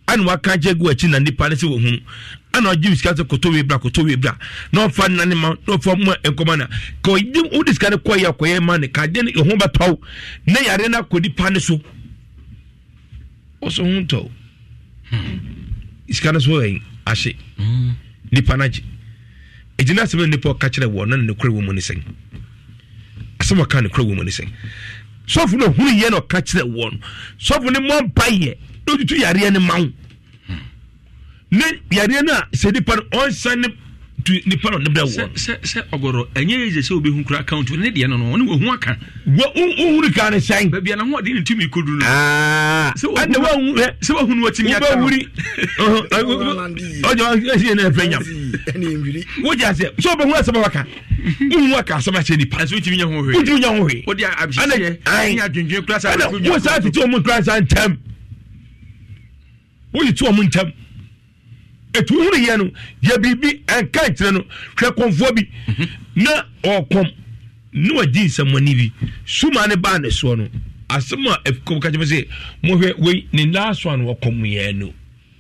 ɛna waka kyɛ gu akyi na nipa ne sɛ wɔhunu ana ɔgye sika sɛ koto wei koto wei na ɔfa nna ma na ɔfa mu a nkɔma no ka ɔdi wode sika no kɔyɛ akɔyɛ ma no ka adeɛ no ɛho bɛtɔ wo na yare no akɔ nipa no so ɔsɛ ho ntɔ wo sika no so ɛi ahye nipa no agye asɛm no nipa ɔka kyerɛ wɔ na ne nokorɛ wɔ mu ne sɛn asɛm ɔka nokorɛ wɔ mu ne sɛn sɔfo no hunu yɛ na ɔka kyerɛ wɔ no sɔfo no mɔ mpa yɛ na ɔtutu yareɛ no ma wo ne yareɛ no a sɛ nipa no ɔnsa ne tu nipa no ne bɛ wɔ. sɛ ɔgɔrɔ ɛnyɛ yɛ sɛ sɛ obi hun account ne deɛ no no ɔne ohun aka. wɔ ohun kan ne sɛn. bɛbi ɛna ɔden ne tumi kodu no. aa ah, ɛna wɔn hɛ sɛ wɔn hun wɔti mi ata. wobɛ wuri ɔjɔ ɛsi yɛ ne fɛn yam. wogya sɛ sɛ ɔbɛ hun asɛm waka. wohun waka asɛm akyɛ nipa. ɛsɛ wotumi nya ho hwee. wotumi tete wɔn kura sa ntɛm. woyi to wɔn ɛtu hunu yɛ no yɛ biribi ɛnka nkyerɛ no hwɛ kɔnfoɔ bi mhm. na ɔkɔm ne wadi nsɛmmɔne bi suma ne baa ne soɔ no asɛm a ɛkɔm ka kyerɛ sɛ mohwɛ wei ne naa a no ɔkɔm yɛ no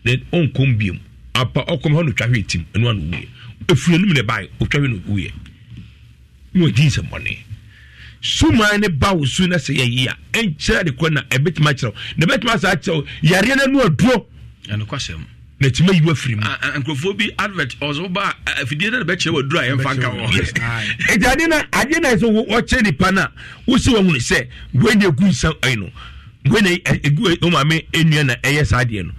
na ɔnkɔm biom apa ɔkɔm hɔ no twa hwɛ tim ɛno ano wuyɛ ɛfiri anim ne bae ɔtwa hwɛ no wuyɛ ne wadi nsɛmmɔne suman ne ba wo su na sɛ yɛ yia ɛnkyerɛ de kɔ na ɛbɛtumi akyerɛw na ɛbɛtumi asa akyerɛw yareɛ no anu aduro ɛnokwasɛm na tuma yi wa firi mu. nkurɔfoɔ bi advert ɔsɔ ba afidie na bɛkyerɛ wɔ duro a yɛn fa nka wɔ. eti adi na adi na sɛ ɔkyerɛ nipa na wosi wɔn wuli sɛ wei na egu nsa ayi no wei na egu maame enua na ɛyɛ saa adeɛ no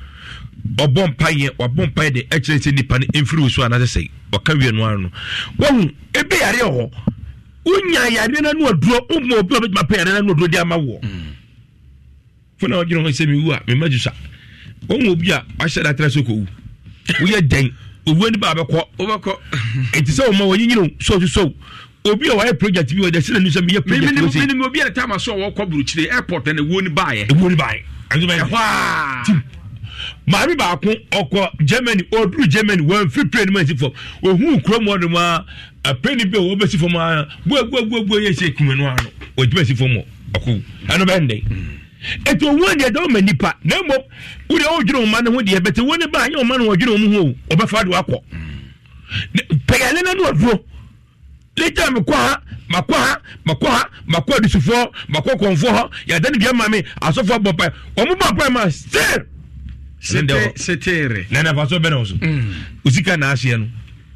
ɔbɔ mpa yɛ ɔbɔ mpa yɛ de ɛkyerɛ sɛ nipa no efiri wosu anaasɛ sɛ ɔka wie no ano no wɔn ebi yare wɔ wonya yare na no aduro ɔmo obi a ma pa yare na no aduro de ama wɔ mm. funa ɔgyina hɔ sɛ mi wu a mi ma ju sa wɔn obi a wahyɛ da tẹrɛ so kɔ wu woyɛ dɛn owu ani baa bɛkɔ wobɛkɔ nti sɛ wɔn wɔn yinyini sɔwosɔw obi a wayɛ project bi wɔ dɛ sinɛ nisɛm yɛ project bi wɔ se minimu obi a ta ma sɔ wɔkɔ burukyire airport na ewu ni baa yɛ ewu ni baa yɛ ɛhwaa maame baako ɔkɔ germany ɔduru germany wɔn fi plane mu ɛsi fam ohun kurom ɔdum a apɛni bi a wɔbɛsi fam a buabuabuabua yɛ ɛsɛ kumanu ano wɔdum ɛsi fam wɔ ɛkow ɛno bɛn dɛ ɛti owu deɛ da ɔma nipa na mmom wodeɛ wodwene woma no ho deɛ bɛti wo ne ba anyɛ ɔma no wɔdwene ɔmu ho o ɔbɛfa de wakɔ pɛyɛne no no aduro leta mekɔ ha makɔ ha makɔ ha makɔ adusufoɔ makɔ kɔnfoɔ hɔ yɛda no dua ma me asɔfoɔ bɔ pae ɔmo bɔ pae ma still sɛtere nanafa so bɛne wo so mm. wo na ahyeɛ no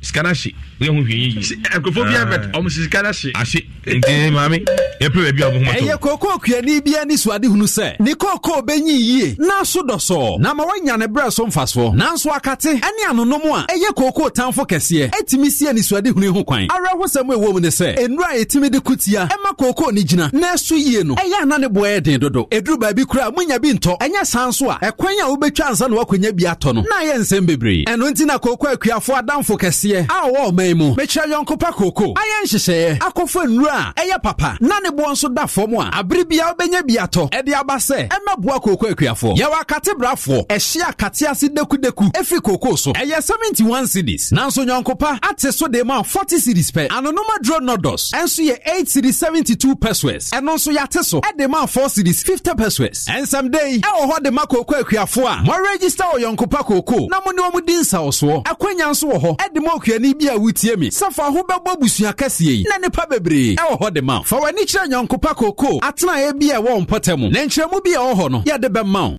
sika no ahye yɛhu hwee yi akɔfo bi abɛt ah. ɔmo sisika na hye ahye nti maame yɛpɛ baabi a ɔmo ho ɛyɛ kookoo kuani bia ne suade hunu sɛ ne kookoo bɛnyi yie na so dɔsɔɔ na ma wanya ne berɛ so mfasoɔ nanso akate ɛne anonom a ɛyɛ kookoo tamfo kɛseɛ ɛtumi sie ne suade hunu ho kwan awerɛho sɛm a ɛwɔ mu ne sɛ nnura a yɛtumi de kutia ɛma kookoo ne gyina na ɛso yie no ɛyɛ ana ne boɔ den dodo ɛduru baabi koraa munya bi ntɔ ɛnyɛ saa nso a ɛkwan a wobɛtwa ansa na woakɔnya bi atɔ no na ayɛ nsɛm bebree ɛno nti na kookoo akuafoɔ adamfo kɛseɛ a ɔwɔ ɔman dan mu mekyerɛ yɔnko pa kooko ayɛ nhyehyɛeɛ akɔfa nnura a ɛyɛ papa na ne boɔ nso da fam a abere bia wobɛnya bi atɔ ɛde aba sɛ ɛmɛboa kooko akuafoɔ yɛwɔ akate brafoɔ ɛhye akate ase dekudeku ɛfiri kooko so ɛyɛ 71 cities nanso yɔnko pa ate so de ma 40 cities pɛ anonoma duro nodos ɛnso yɛ 8 cities 72 pesos ɛno nso yɛate so ɛde ma 4 cities 50 pesos ɛnsɛm dɛn ɛwɔ hɔ de ma kooko akuafoɔ a mo register wɔ yɔnko pa kooko na mo ne ɔmo di nsawosoɔ ɛkwanya nso wɔ hɔ ɛde ma okuani bi a wuti tie me sɛ fa ho bɛbɔ busua kɛseɛ yi na nipa bebree ɛwɔ hɔ de ma fa w'ani kyerɛ nyankopa kookoo atenaeɛ bi a ɛwɔ mpɔtɛ mu na nkyerɛmu bi a ɛwɔ hɔ no yɛde bɛma wo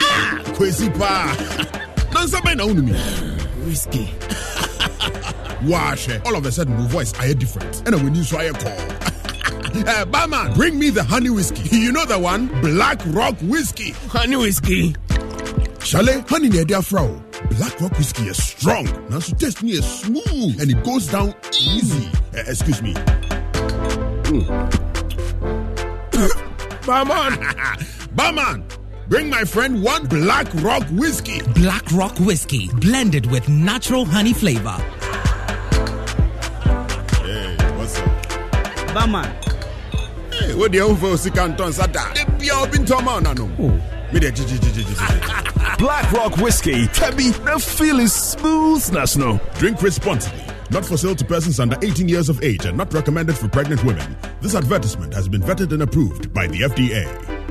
ah, kwesi paa nansa bɛn na wonomi whisky [LAUGHS] wahwɛ all of a sudden wo voice ayɛ different ɛna w'ani nso ayɛ kɔɔ uh, [LAUGHS] barman, bring me the honey whiskey. You know the one? Black Rock Whiskey. Honey whiskey. Shale, honey near dear frau. Black Rock whiskey is strong. Now, so taste me is smooth and it goes down easy. Uh, excuse me. Mm. [COUGHS] Barman! [LAUGHS] Barman! Bring my friend one Black Rock whiskey. Black Rock whiskey, blended with natural honey flavor. Hey, what's up? Barman. Hey, what the hell for Sikanton Sata? The Biobin Toman, I know. Oh there, Black Rock Whiskey. Tabby, the feel is smooth, national. Drink responsibly. Not for sale to persons under 18 years of age and not recommended for pregnant women. This advertisement has been vetted and approved by the FDA.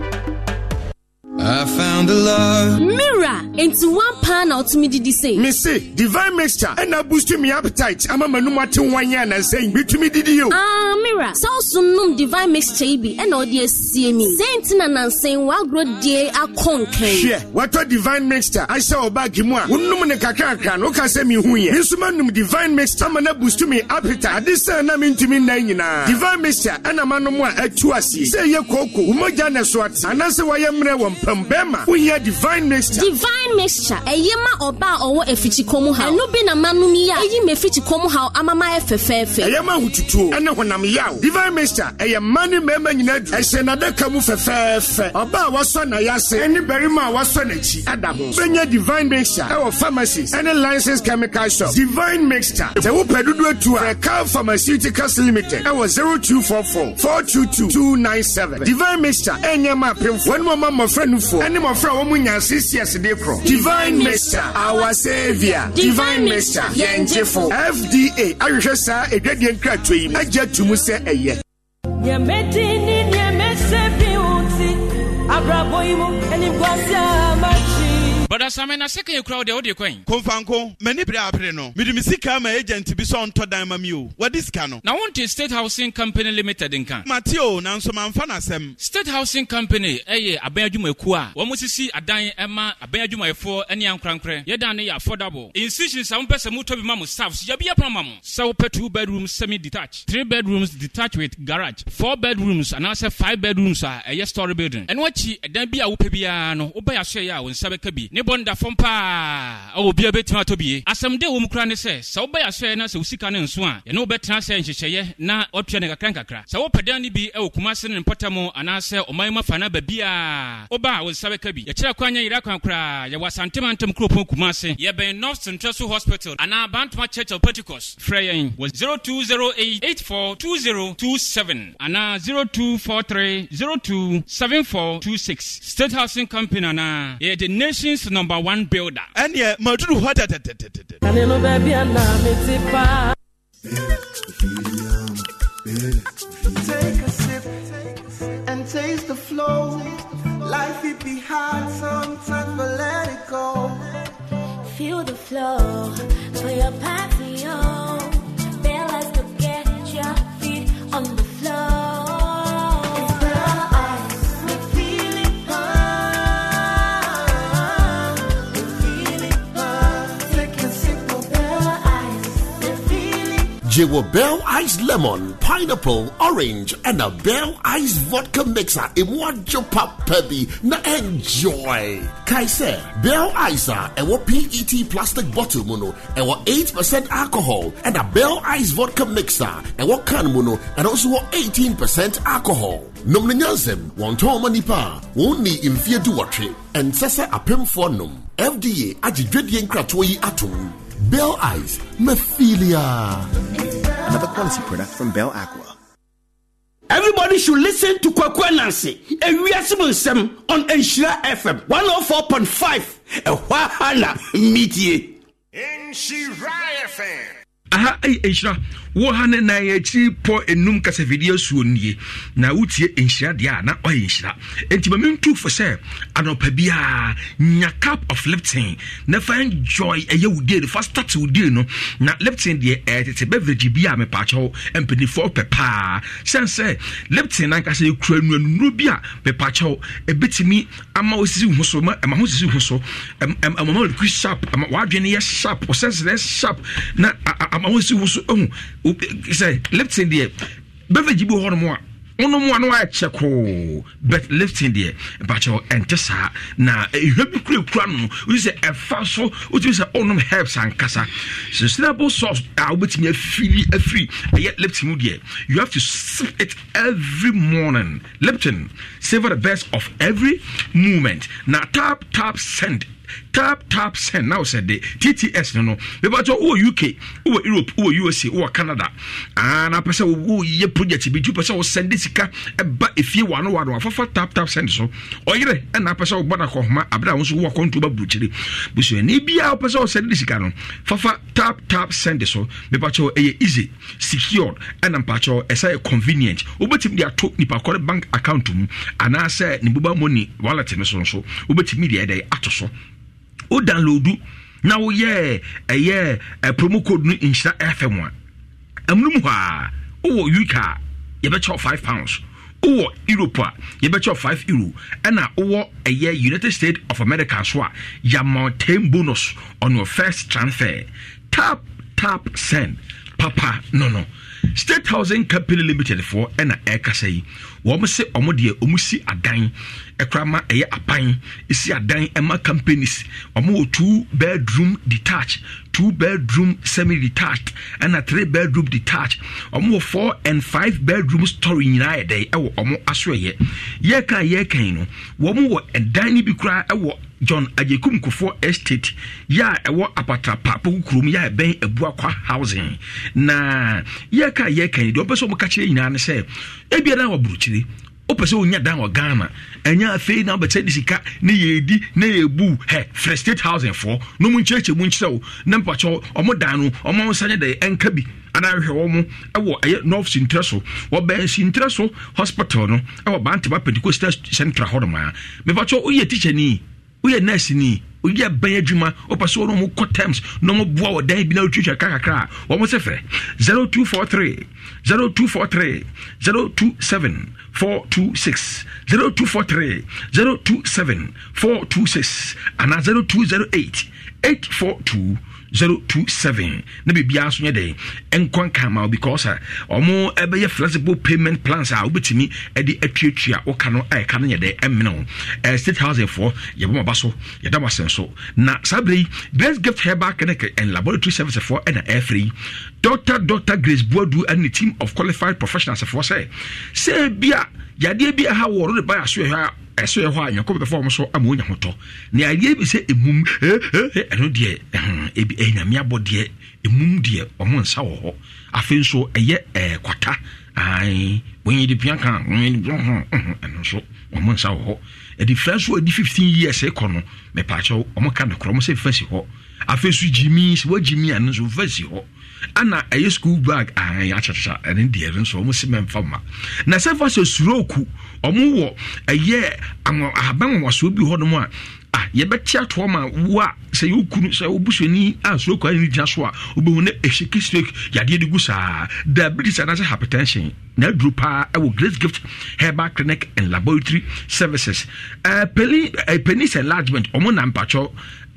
I found the love. Mirror, into one pan out me did say. Me say, divine mixture, and I boost me appetite. I'm a manumati one yan and saying, be to me did you. Ah, Mirror, so soon divine mixture be, and all dear see me. Saintin and unsaying, while grow dear, I conquer. Yeah, what a divine mixture. I saw back Gimwa, Unumana Kakaka, no Casemi Huya. Insumanum divine mixture, I'm an abus to me appetite. This time I'm into me nine. Divine mixture, and a manumwa at Tuasi. Say your cocoa, Umojana Swats, and answer why I'm pam bɛrima wohia divine mixture divine mixture ɛyɛ ma ɔba a efiti afikyikɔ ha. haw ɛno bi na manu nom yi a ɛyi ma afikyikɔ mu haw ama ma yɛ fɛfɛɛfɛ ɛyɛ ma ahotutuo ɛne honam yaw divine mixture ɛyɛ ma ne mmarima nyinaa du ɛhyɛ n'adaka mu fɛfɛɛfɛ ɔba a wasɔ n'ayase ɛne barima a wasɔ n'akyi ada ho bɛnya divine mixture ɛwɔ pharmacies ɛne license chemical shop divine mixture sɛ wopɛ dodo atu a ɛka pharmaceuticals limited zero two two four four four two two nine seven. divine mixture ɛnyɛ ma apemfo wɔn mu ama mmɔfra amanfoɔ ɛne mmɔfra a wɔn nya ccs de korɔ divine mixture our saviour divine mixture yɛn gyefo fda ahwehwɛ saa edwadie nkratoɔ yi agye to mu sɛ ɛyɛ. nyamedi ni nyamesɛ bi wo abrabɔ yi mu animguasia bɔda same na sɛ kan yɛkura wo deɛ wode kwan komfanko m'ani bere abere no mede me sika ma agent bi sɛ ɔntɔ dan ma mi o wɔde sika no na wonte state housing company limited nka mate o nanso mamfa no asɛm state housing company ɛyɛ eh, aban adwumakuo a wɔn sisi adan eh, ma aban adwumayɛfoɔ eh, ne ankorankorɛ yɛdan no yɛ affordable institutions a wopɛ sɛ motɔ bi ma mo staff so yɛbi yɛpra ma mo sɛ wopɛ two bedrooms semi detached three bedrooms detached with garage four bedrooms anaasɛ five bedrooms a ɛyɛ story building ɛno akyi ɛdan bi a wopɛ biara no wobɛyɛ asoɛyɛ a wo nsa bɛka ne bɔ ndafɔm paa a obiara bɛtumi atɔ bie asɛm de wɔ mu kora ne sɛ sɛ wobɛyɛ asɔe na sɛ wo sika no nso a ɛne wobɛtena sɛ nhyehyɛeɛ na ɔtua ne kakra nkakra sɛ wopɛ dan no bi wɔ kuma se ne mpɔta mu anaasɛ ɔman mu afa no aba bi a woba a wo nsa bɛka bi yɛkyerɛ kwan nyɛ yera kwan koraa yɛwɔ asantem antam kuropɔn kuma ase yɛbɛn north central so hospital anaa bantoma church of pentecost frɛ yɛn wɔ 0208842027 anaa 0243027426 state housing company anaa yɛyɛ the nations number one builder. ɛneɛ maduru hɔ tɛtɛtɛtɛtɛ And taste the flow. Life it be hard sometimes, but let it go. Feel the flow for your patio. bell Ice Lemon, Pineapple, Orange, and a Bell Ice Vodka Mixer in one jumpa pebi na enjoy. Kaise, Bell Ice ewo PET plastic bottle muno, ewo 8% alcohol, and a Bell Ice Vodka Mixer ewo can mono and also 18% alcohol. Nom ninyansem, wonton manipa, woni imfie duwatre, and sese apemfo nom. FDA, ajidwedie nkratoyi atom. Bell Eyes, Mephilia. Another quality product from Bell Aqua. Everybody should listen to Kwaku Nancy, a Wiasimun on Enshira FM 104.5, a Wahana Media. Enshira FM. Aha, Enshira. wo ha ne nan akyiri pɔ enum kasafidie suo nie na wotie nhyira deɛ a na ɔyɛ nhyira enti ma mentu fo sɛ anɔpa biara nya cup of lipton na fa enjoy ɛyɛ wo deal fa start wo deal no na lipton deɛ ɛtete beverage bi a mepaakyɛw mpanimfoɔ pɛ paa sɛn sɛ lipton nankasa yɛ kura nuanuro bi a mepaakyɛw ɛbɛtumi ama osisi ho so ma ɛma ho sisi ho so ɛma ma liquid sharp ama wadwene yɛ sharp ɔsɛnsɛn yɛ sharp na ama ho sisi ho so ehu sɛ lipton deɛ beverage bi hɔnom a wonom a na waɛkyɛ koo but lipton deɛ bakyɛ ɛnte saa na ɛhwɛ bi kurakura no no wosi sɛ ɛfa so wotumi sɛ wonom herbs ankasa sustainable sauce a wobɛtumi afiri afiri ɛyɛ lipton mu deɛ you have to sip it every morning lipton savor the best of every movement na tap tap send tap tap send now sɛ the tts no no We bɛbatɔ oh uk oh europe oh usa oh canada ana pɛ oh ye project bi nti wopɛ sɛ wosɛnde sika But ɛba ɛfie wano wano wafafa tap tap send so ɔyerɛ ɛna pɛ sɛ wobɔ no akɔhoma aberɛ a wo nso wowɔ akɔnto ba burukyire busuani biaa wopɛ sɛ wosɛnde sika no fafa tap tap send so We bɛbatɔ ɛyɛ easy secured ɛna mpakyɛ ɛsɛ yɛ convenient wobɛtumi de ato nipakɔre bank account mu anaasɛ ne boba moni wallet no so nso wobɛtumi deɛ ɛdɛ ato so wo download na woyɛ ɛyɛ promo code no nhyira fm a ɛmunom hɔ a wowɔ uk a yɛbɛkyɛw 5 pounds wowɔ europe a yɛbɛkyɛw 5 euro ɛna wowɔ ɛyɛ united states of america so a yɛama 10 bonus on your first transfer tap tap send papa no no state housing company limited foɔ ɛna ɛrekasa yi wɔn sɛ wɔn deɛ wɔn si adan ɛkora ma ɛyɛ apan esi adan ɛma companies wɔn wɔ two bedroom detached two bedroom semi detached ɛna three bedroom detached ɔmo wɔ four and five bedroom story nyinaa yɛ dɛ ɛwɔ ɔmo asoɛyɛ yɛka yɛka yi no wɔn wɔ ɛdan ne bi koraa ɛwɔ john agyekum kofoɔ estate yɛ a ɛwɔ apatrapa poku kurom yɛ a ɛbɛn abuakwa housing na yɛka yɛka yi deɛ ɔmpɛ sɛ ɔmo ka kyerɛ nyinaa ne sɛ ebiara wɔ burukyire wopɛ sɛ wonya dan wɔ ghana ɛnyɛ afei na wobɛkyɛ de sika ne yɛdi na yɛbu hɛ frɛ state housing foɔ no mu nkyerɛkyɛ mu nkyerɛ wo na mpakyɛ ɔmo dan no ɔma wo nsanyɛ dɛ ɛnka bi anahwehwɛ wɔ mo ɛwɔ ɛyɛ north sintrɛ so wɔbɛn sintrɛ so hospital no ɛwɔ bantaba pentecost central hɔ nomaa mepakyɛ woyɛ tikyɛ nii woyɛ nurse ni woyɛ bɛn adwuma wopɛ sɛ wɔne ɔmo kɔ terms na ɔmo boa wɔ dan bi na wotwitwa ka kakra a wɔmo sɛ frɛ 0243 0243 027 426 0243 027 426 anaa 0208 842 027 na biribiara so nyɛ dɛ nkɔ nkama because ah, ɔmo ɛbɛyɛ flexible payment plans a wobɛtumi de atuatua woka no a ɛka no yɛ dɛ ɛmene wo state housing foɔ yɛbɔ maba so yɛda mo asɛn so na saa berɛ yi best gift herbal clinic and laboratory service foɔ ɛna ɛfrɛ yi Doctor Doctor grace boadu and the team of qualified professionals foɔ sɛ sɛ bia yadeɛ bi aha wɔ no de ba yɛ aso ɛhɔ a ɛso yɛ hɔ a nyankopɔn bɛfa ɔmo so ama onya hotɔ na adeɛ bi sɛ emum eh, eh, eh, ɛno deɛ ebi enyame abɔ deɛ emum deɛ ɔmo nsa wɔ hɔ afei nso ɛyɛ ɛɛ ayi wɔnyi de pia kan wɔnyi de pia kan ɛno nso ɔmo nsa wɔ hɔ ɛdi fira nso ɛdi fifteen years ɛkɔ no mɛpaakyɛw ɔmo ka no korɔ ɔmo sɛ fɛ si hɔ afei nso gyimi sɛ wɔgyimi ano nso fɛ si hɔ ana ɛyɛ school bag ayi akyakya ɛne deɛ no nso ɔmo si mɛmfa ma na sɛ fa sɛ suroku ɔmo wɔ ɛyɛ ahaban wasoɔ bi hɔ nom a yɛbɛte atoɔ ma wo a sɛ yɛwokunu sɛ wobusoni a sorokwa ne gyina so a wobɛhu ne ɛhyɛki stroke yadeɛ de gu saa diabetes anaasɛ hypertension na aduru paa ɛwɔ great gift herbal clinic and laboratory services uh, penis enlargement ɔmo na mpakyɛw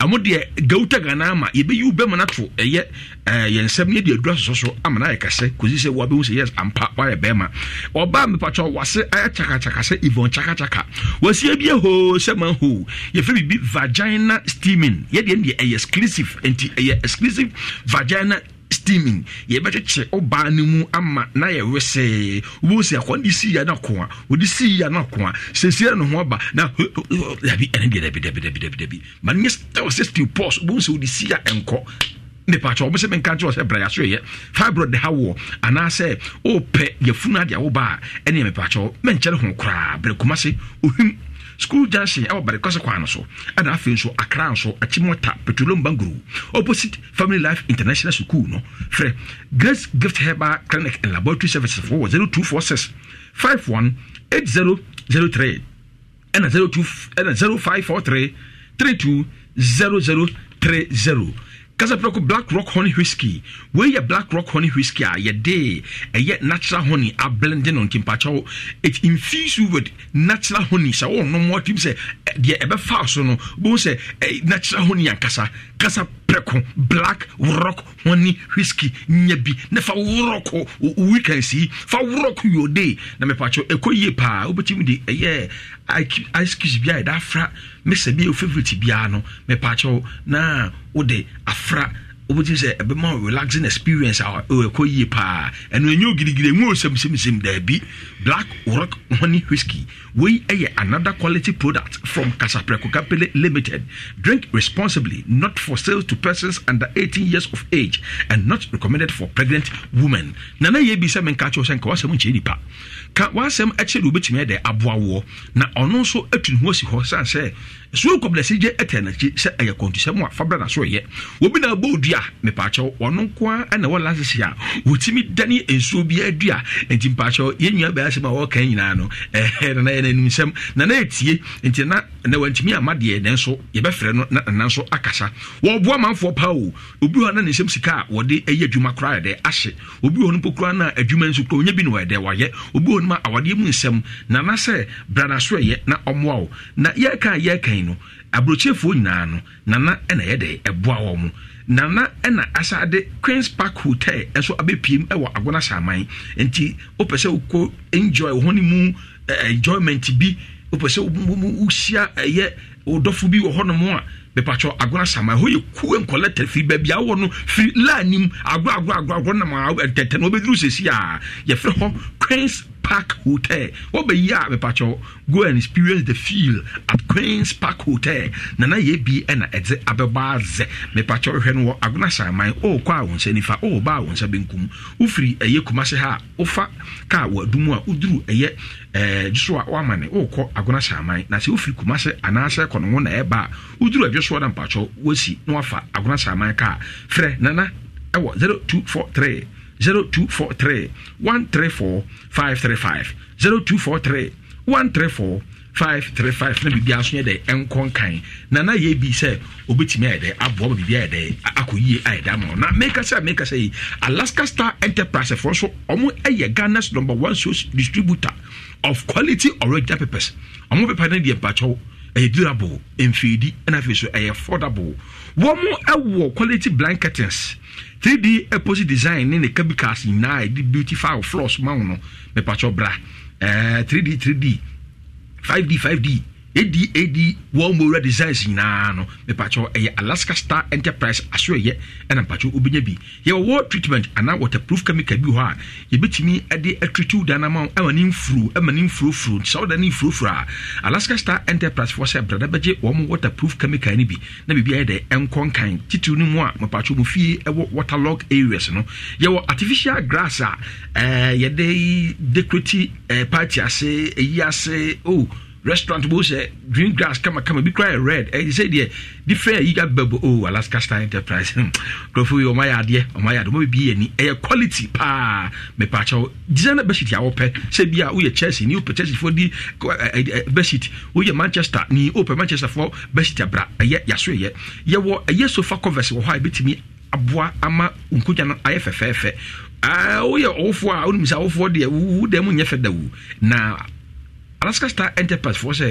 ɛmo deɛ gauta ghana ama yɛbɛyi wo bɛma no ato ɛyɛ eh, yɛ nsɛm no adura soso so ama no ayɛ kɛsɛ kɔsi sɛ woabɛhu sɛ yes ampa woayɛ bɛma ɔbaa mepatwa wase ayɛkyakakyaka sɛ ivon kyakakyaka wasie bi ahoo sɛ ma hoo yɛfɛ biribi vagina steaming yɛdeɛ no deɛ ɛyɛ exclusive enti ɛyɛ exclusive vagina steaming yɛbɛkyekyere ɔbaa no mu ama na yɛ wesee wosi akɔ ne si ya no ako a wɔde si ya no ako a sɛsiɛ no ho aba na dabi ɛne deɛ dabi dabi dabi dabi dabi ma ne sɛ wɔ sɛ stew pos wohu sɛ wɔde si ya ɛnkɔ mepatwa ɔmo sɛ menka nkyerɛ sɛ brɛ yasoyɛ Fibro de ha woɔ anaasɛ wopɛ yɛfunu adeɛ woba a ɛneɛ mepatwa menkyɛre ho koraa brɛ kuma ohim school junction ɛwɔ barikɔsɛ kwan no so ɛna afei nso akra nso akyimɔta petroleum bangoro opposite family life international school no frɛ grace gift herbal clinic and laboratory services fo wɔ 0246 51 8003 ɛna 02 ɛna 0543 32 0030 kasa prɛko black rock honey whisky wei yɛ black rock honey whisky a yɛde eh, ɛyɛ natural honey ablende no ntimpakyɛw it infused with natural honey sɛ wɔnom watim sɛ deɛ ɛbɛfa so oh, no wobɛhu sɛ eh, eh, oh, natural honey ankasa kasa prɛko black rock honey whisky nya bi na fa worɔko oh, weekend sii fa worɔko your day na mepakyɛw ɛkɔ yie paa wobɛtumi de ɛyɛ ice cubes bi a yɛde afra mixer bi favorite ofavorite biara no mepaakyɛw na wode afra wobɛtumi sɛ ɛbɛma relaxing experience a ɛkɔ yie paa ɛno ɛnyɛ ogidigidi ɛnwu osɛmsɛmsɛm daabi black rock honey whisky wei ɛyɛ another quality product from kasaprɛko kapele limited drink responsibly not for sale to persons under 18 years of age and not recommended for pregnant women nana yɛ bi sɛ menka kyɛw sɛ nka wasɛm nkyɛ nipa ka w'asɛm akyɛ deɛ wobɛtumi ɛdɛ aboawoɔ na ɔno nso atu ne ho asi hɔ san sɛ so kɔmlɛse gye ɛtɛ n'akyi sɛ ɛyɛ kɔntusɛm a fabra na so yɛ obi na bɔ odua mepaakyɛw ɔno nko a ɛna wɔ lasese a wɔtumi dane nsuo bi adua e nti mpaakyɛw yɛn nua bɛyɛ asɛm a wɔka nyinaa no ɛhɛ nana yɛ n'anim nsɛm nana etie nti na na wɔntumi ama deɛ nanso yɛbɛfrɛ no na nana nso akasa wɔɔboa manfoɔ paa o obi hɔ na ne nsɛm sika a wɔde ɛyɛ adwuma koraa yɛ dɛ ahye obi hɔ no mpo na adwuma nso koraa onye bi na wɔyɛ dɛ obi hɔ no ma awadeɛ mu nsɛm nana sɛ branaso yɛ na ɔmoa o na yɛka yɛka kan no aburokyefoɔ nyinaa no nana ɛna yɛ de ɛboa wɔn mo nana ɛna asade queens park hotel ɛso abɛpiem ɛwɔ agona saman nti wopɛ sɛ wokɔ enjoy wɔn mu enjoyment bi wopɛ sɛ wohyia ɛyɛ wodɔfo bi wɔ hɔnom a mepatwɛ agona sama ɛhɔ yɛ kue nkɔlɛ tɛ firi baabi awɔ no firi laanim agorɔ agorɔ agorɔ agorɔ nam tɛtɛ no wɔbɛduru sɛsi a yɛfrɛ hɔ queens Park Hotel. What be Wobɛyi a mepakyɛw go and experience the feel at Queen's Park Hotel. Nana ye bi ɛna ɛdze abɛbaa zɛ. Me hwɛ no wɔ Agona Saman. Ɔɔkɔ a wo nsa nifa, ɔɔba a wo nsa benkum. Wofiri Kumase ha a ka kaa dumwa udru a woduru ɛyɛ ɛɛ dwoso a wama ne ɔɔkɔ Na sɛ wofiri Kumase anasa Kɔnɔngo na ɛba a woduru adwoso na mpakyɛw wosi na wafa Agona Saman kaa. Frɛ Nana ɛwɔ zero two four three. 0243 134 535 0243 134 535 na biribi aso yɛ dɛ ɛnkɔ nkan na na yɛ bi sɛ obetumi ayɛ dɛ aboa ma biribi ayɛ dɛ akɔ yie ayɛ dɛ ama na mekasa mekasa yi alaska star enterprise foɔ so ɔmo ɛyɛ ghana's number one source distributor of quality original papers ɔmo pepa no deɛ mpakyɛw ɛyɛ durable mfeedi ɛna afei so ɛyɛ affordable wɔn ɛwɔ quality blanketins. 3d epoxy design ne ne chemicals nyinaa yɛde beautify floors ma wo no mepakyɛ bra uh, 3d 3d 5d 5d ADAD ɛdi wɔn designs nyinaa no mepatsɔ ɛyɛ alaska star enterprise aso asoɛyɛ ɛna mepatsɔ obinya bi yɛwɔ wɔ treatment anaa waterproof chemical bi hɔ a yɛbɛtumi ɛde ɛtwitiw dan ama wɔn ɛma ne nfuru ɛma ne nfurufuru saa ɔda ne nfurufuru a alaska star enterprise fɔ sɛ brada bɛgye wɔn mu waterproof chemical no bi na biribi ayɛ dɛ ɛnkɔ nkan titiri no mu a mepatsɔ mu fie ɛwɔ waterlog areas no yɛwɔ artificial grass a ɛɛ yɛde decorative ɛɛ party ase ɛyi ase Oh, restaurant bó sɛ green grass kamakama bi kora yɛ red ɛyɛ sɛ deɛ different yi aba bo o alaska star enterprise nkurɔfoɔ yi ɔmo ayɛ adeɛ ɔmo ayɛ adeɛ ɔmo bi yɛ ni ɛyɛ quality paa mɛpaakyɛw designer bedsheet a wɔpɛ sɛ bi a chelsea ni wopɛ chelsea foɔ di bedsheet woyɛ manchester ni wopɛ manchester foɔ bedsheet abra ɛyɛ yaso yɛ yɛwɔ ɛyɛ sofa covers wɔ hɔ a ebitumi aboa ama nkonnwa no ayɛ fɛfɛɛfɛ ɛɛ woyɛ ɔwofoɔ a onim sɛ awofoɔ deɛ wo dɛm nyɛ fɛ da wo na alaska star enterprise foɔ sɛ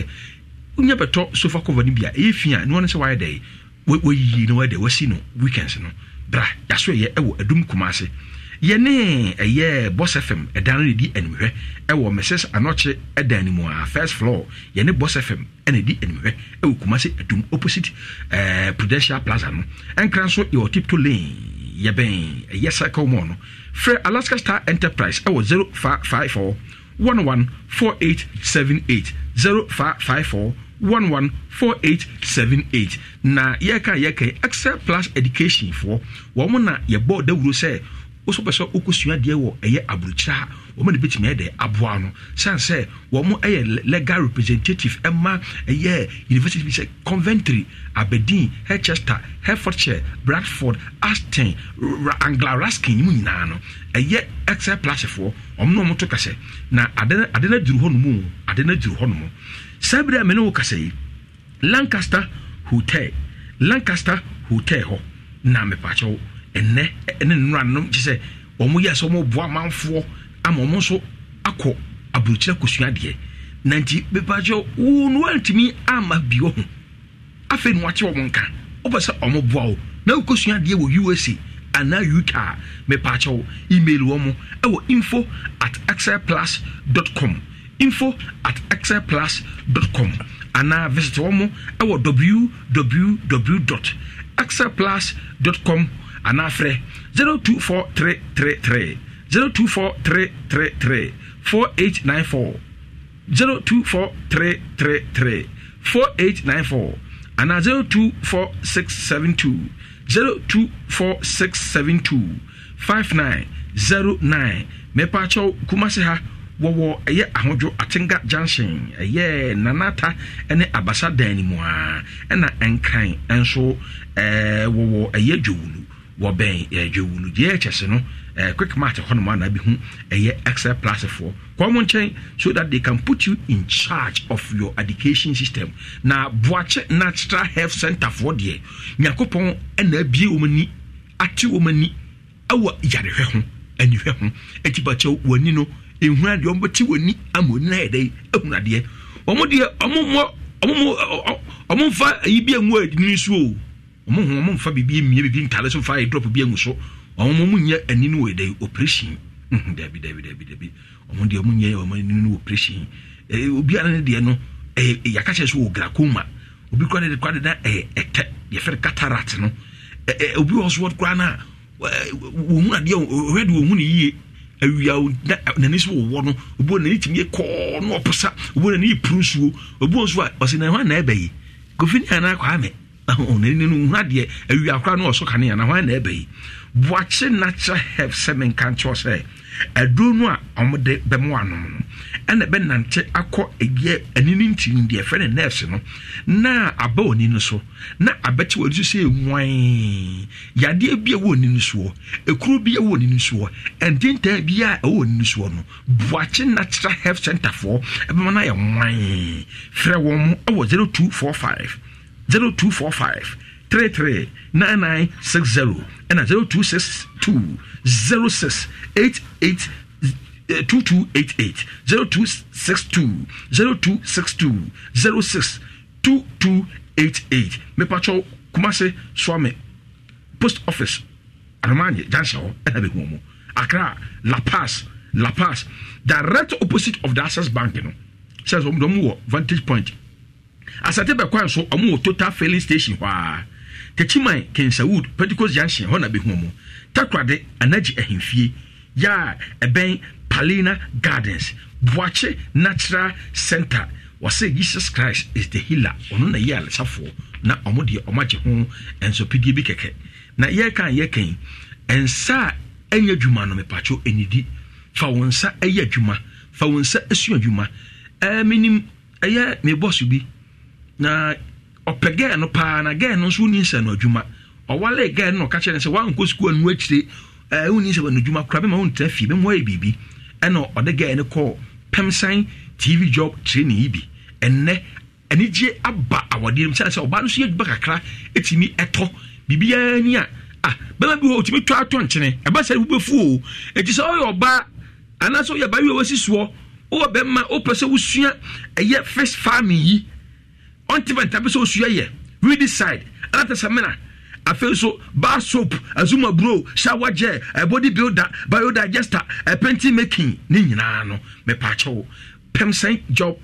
wonya bɛtɔ sofa cover no bia ɛyɛ fi a ne wɔne sɛ wayɛ dɛ wɔyiyi no wɔyɛ dɛ wɔasi no weekends no bra yɛaso ɛyɛ ɛwɔ adum kuma ase yɛne ɛyɛ bos fm ɛdan no ne di animhwɛ ɛwɔ mrs anɔkye ɛdan no mu a first floor yɛne bos fm ɛna di animhwɛ ɛwɔ kuma se adum opposite ɛɛ eh, prudential plaza no ɛnkra nso yɛwɔ tipto lane yɛbɛn ɛyɛ cycle mall no frɛ alaska star enterprise ɛwɔ zero five five four 11 4878 0554 11 4878 na yɛka yɛka excel plus education for wɔn na yɛbɔ dawuro sɛ wosɔ pɛ sɛ wokɔsua deɛ wɔ ɛyɛ aburukyira wɔn ne bɛtumi ɛde aboa no san sɛ wɔn yɛ legal representative ɛma ɛyɛ university bi sɛ coventry aberdeen herchester Herefordshire, bradford aston angla raskin mu nyinaa no ɛyɛ excel plasefoɔ wɔn na wɔn to kasɛ na ade ade na duru hɔ nom ade na duru hɔ nom saa bere a mene wo kasɛ yi lancaster hotel lancaster hotel hɔ na mepaakyɛw ɛnɛ ɛne nnura no kyɛ sɛ wɔn yɛ sɛ wɔn boa amanfoɔ ama ɔmo nso akɔ aburukyire akosua adeɛ na nti bepakyɛ wɔn no antumi ama bi wɔ ho afei na wakyɛ wɔn nka ɔbɛ sɛ ɔmo boa o na okosua adeɛ wɔ usa anaa uk a mepakyɛ wo email wɔ mo ɛwɔ info at excelplus dot com info at excelplus dot com anaa visit wɔn mo ɛwɔ www dot excelplus dot com anaa frɛ zero two four three three three. 02433 4894 02433 4894 anaa 024672 024672 5909 mepakyɛw kumase ha wɔwɔ ɛyɛ ahodwo atenga junction ɛyɛ nanata ne abasa dan no mu a ɛna nkran nso ɛɛ eh, wɔwɔ ɛyɛ dwowulu wɔbɛn ɛɛ dwowulu deɛ ɛkyɛ se no uh, quick match hɔnom ana bɛhu ɛyɛ excel plasefoɔ kɔn mo nkyɛn so that they can put you in charge of your education system na boakye natural health center foɔ deɛ nyankopɔn ɛna eh, abie wɔn ani ate wɔn ani ɛwɔ yarehwɛ ho anihwɛ ho etibakyɛw eh, wɔn ani no ehun adeɛ wɔn bɛti wɔn ani ama wɔn ani ayɛ dɛ ehun adeɛ wɔn deɛ wɔn mo wɔn wɔn mfa ayi bi engu adi ni nsuo wɔn ho wɔn fa bibi emie bibi ntaade so mfa ayi drop bi engu so ɔmo mu nyɛ ani no wɔ dɛ operation dabi dabi dabi dabi ɔmo deɛ ɔmo nyɛ ɔmo ani no wɔ operation ɛɛ obiara ne deɛ no ɛɛ yaka kyerɛ so wɔ glaucoma obi kora ne de kora de da ɛɛ ɛtɛ yɛfɛ cataract no ɛɛ obi wɔ so wɔ kora na wɔn mu adeɛ ɔhɛ de wɔn mu ne yie awia n'ani so wɔwɔ no obi wɔ n'ani tumi kɔɔ na ɔposa obi wɔ n'ani yɛ puru nsuo obi wɔ nso a ɔsi na ɛhɔn na ɛbɛ yi kofi ne yɛn na akɔ amɛ ɔhɔn n'ani no hu adeɛ awia akora na ɔso kanea na ɛhɔn na ɛbɛ yi buakye natural help sɛ menka sɛ aduro no a wɔde bɛmo anom no ɛna bɛnante akɔ ɛyɛ anini ntini deɛ fɛ ne nɛɛse no na aba wɔ ni so na abɛkye wɔ ni so sɛ ɛnwan yadeɛ bi a ɛwɔ ni no soɔ ekuro bi a ɛwɔ ni no soɔ ɛntintan bi a ɛwɔ ni soɔ no buakye natural health center foɔ ɛbɛma no ayɛ nwan frɛ wɔn ɛwɔ zero two four five zero two four five three three nine nine six zero ɛna zero two six two zero six eight eight. 2288 0262 0262 06 2288 mepatwɛ kumase soame post office anomanye junction hɔ ɛna bɛhu mu akra la paz la paz direct opposite of the access bank no sɛ sɛ ɔmdɔm wɔ vantage point asate bɛkwan so ɔmo wɔ total failing station hɔ a kakyiman kensawood pentecost junction hɔ na bɛhu mu takorade anagye ahemfie yɛa ɛbɛn palina gardens boakye natural center wɔsɛ jesus christ is the healer ɔno na yɛ alesafoɔ na ɔmo deɛ ɔmo agye ho nsɔpidie bi kɛkɛ na yɛka yɛkɛn nsa a ɛnyɛ adwuma no mepatwo ɛnidi fa wo nsa ɛyɛ adwuma fa wo nsa ɛsua adwuma ɛɛ menim ɛyɛ me bi na ɔpɛ gɛɛ no paa na gɛɛ no nso woni nsɛ no adwuma ɔwale gɛɛ no ɔka kyerɛ no sɛ wankɔ sukuu anu akyire ɛɛ woni nsɛ no adwuma kora bɛma wontena fie bɛma wɔyɛ biribi ɛna ɔde gɛɛ no kɔɔ pɛmsan tv job training yi bi ɛnɛ anigye aba awɔdeɛ mu sɛ sɛ ɔbaa no nso yɛ adwuma kakra ɛtumi ɛtɔ biribiara ni a ah bɛma bi hɔ ɔtumi twa atɔ nkyene ɛba sɛ wobɛfu o ɛti sɛ ɔyɛ ɔbaa anaasɛ ɔyɛ baa yi a wɔsi soɔ wowɔ bɛma wopɛ sɛ wosua ɛyɛ first farming yi ɔnte bɛnta bi sɛ osua yɛ redecide ɛnata samina afei nso bar soap azuma bro shower gel body builder biodigester painting making ne nyinaa no mepaakyɛw pɛmsɛn job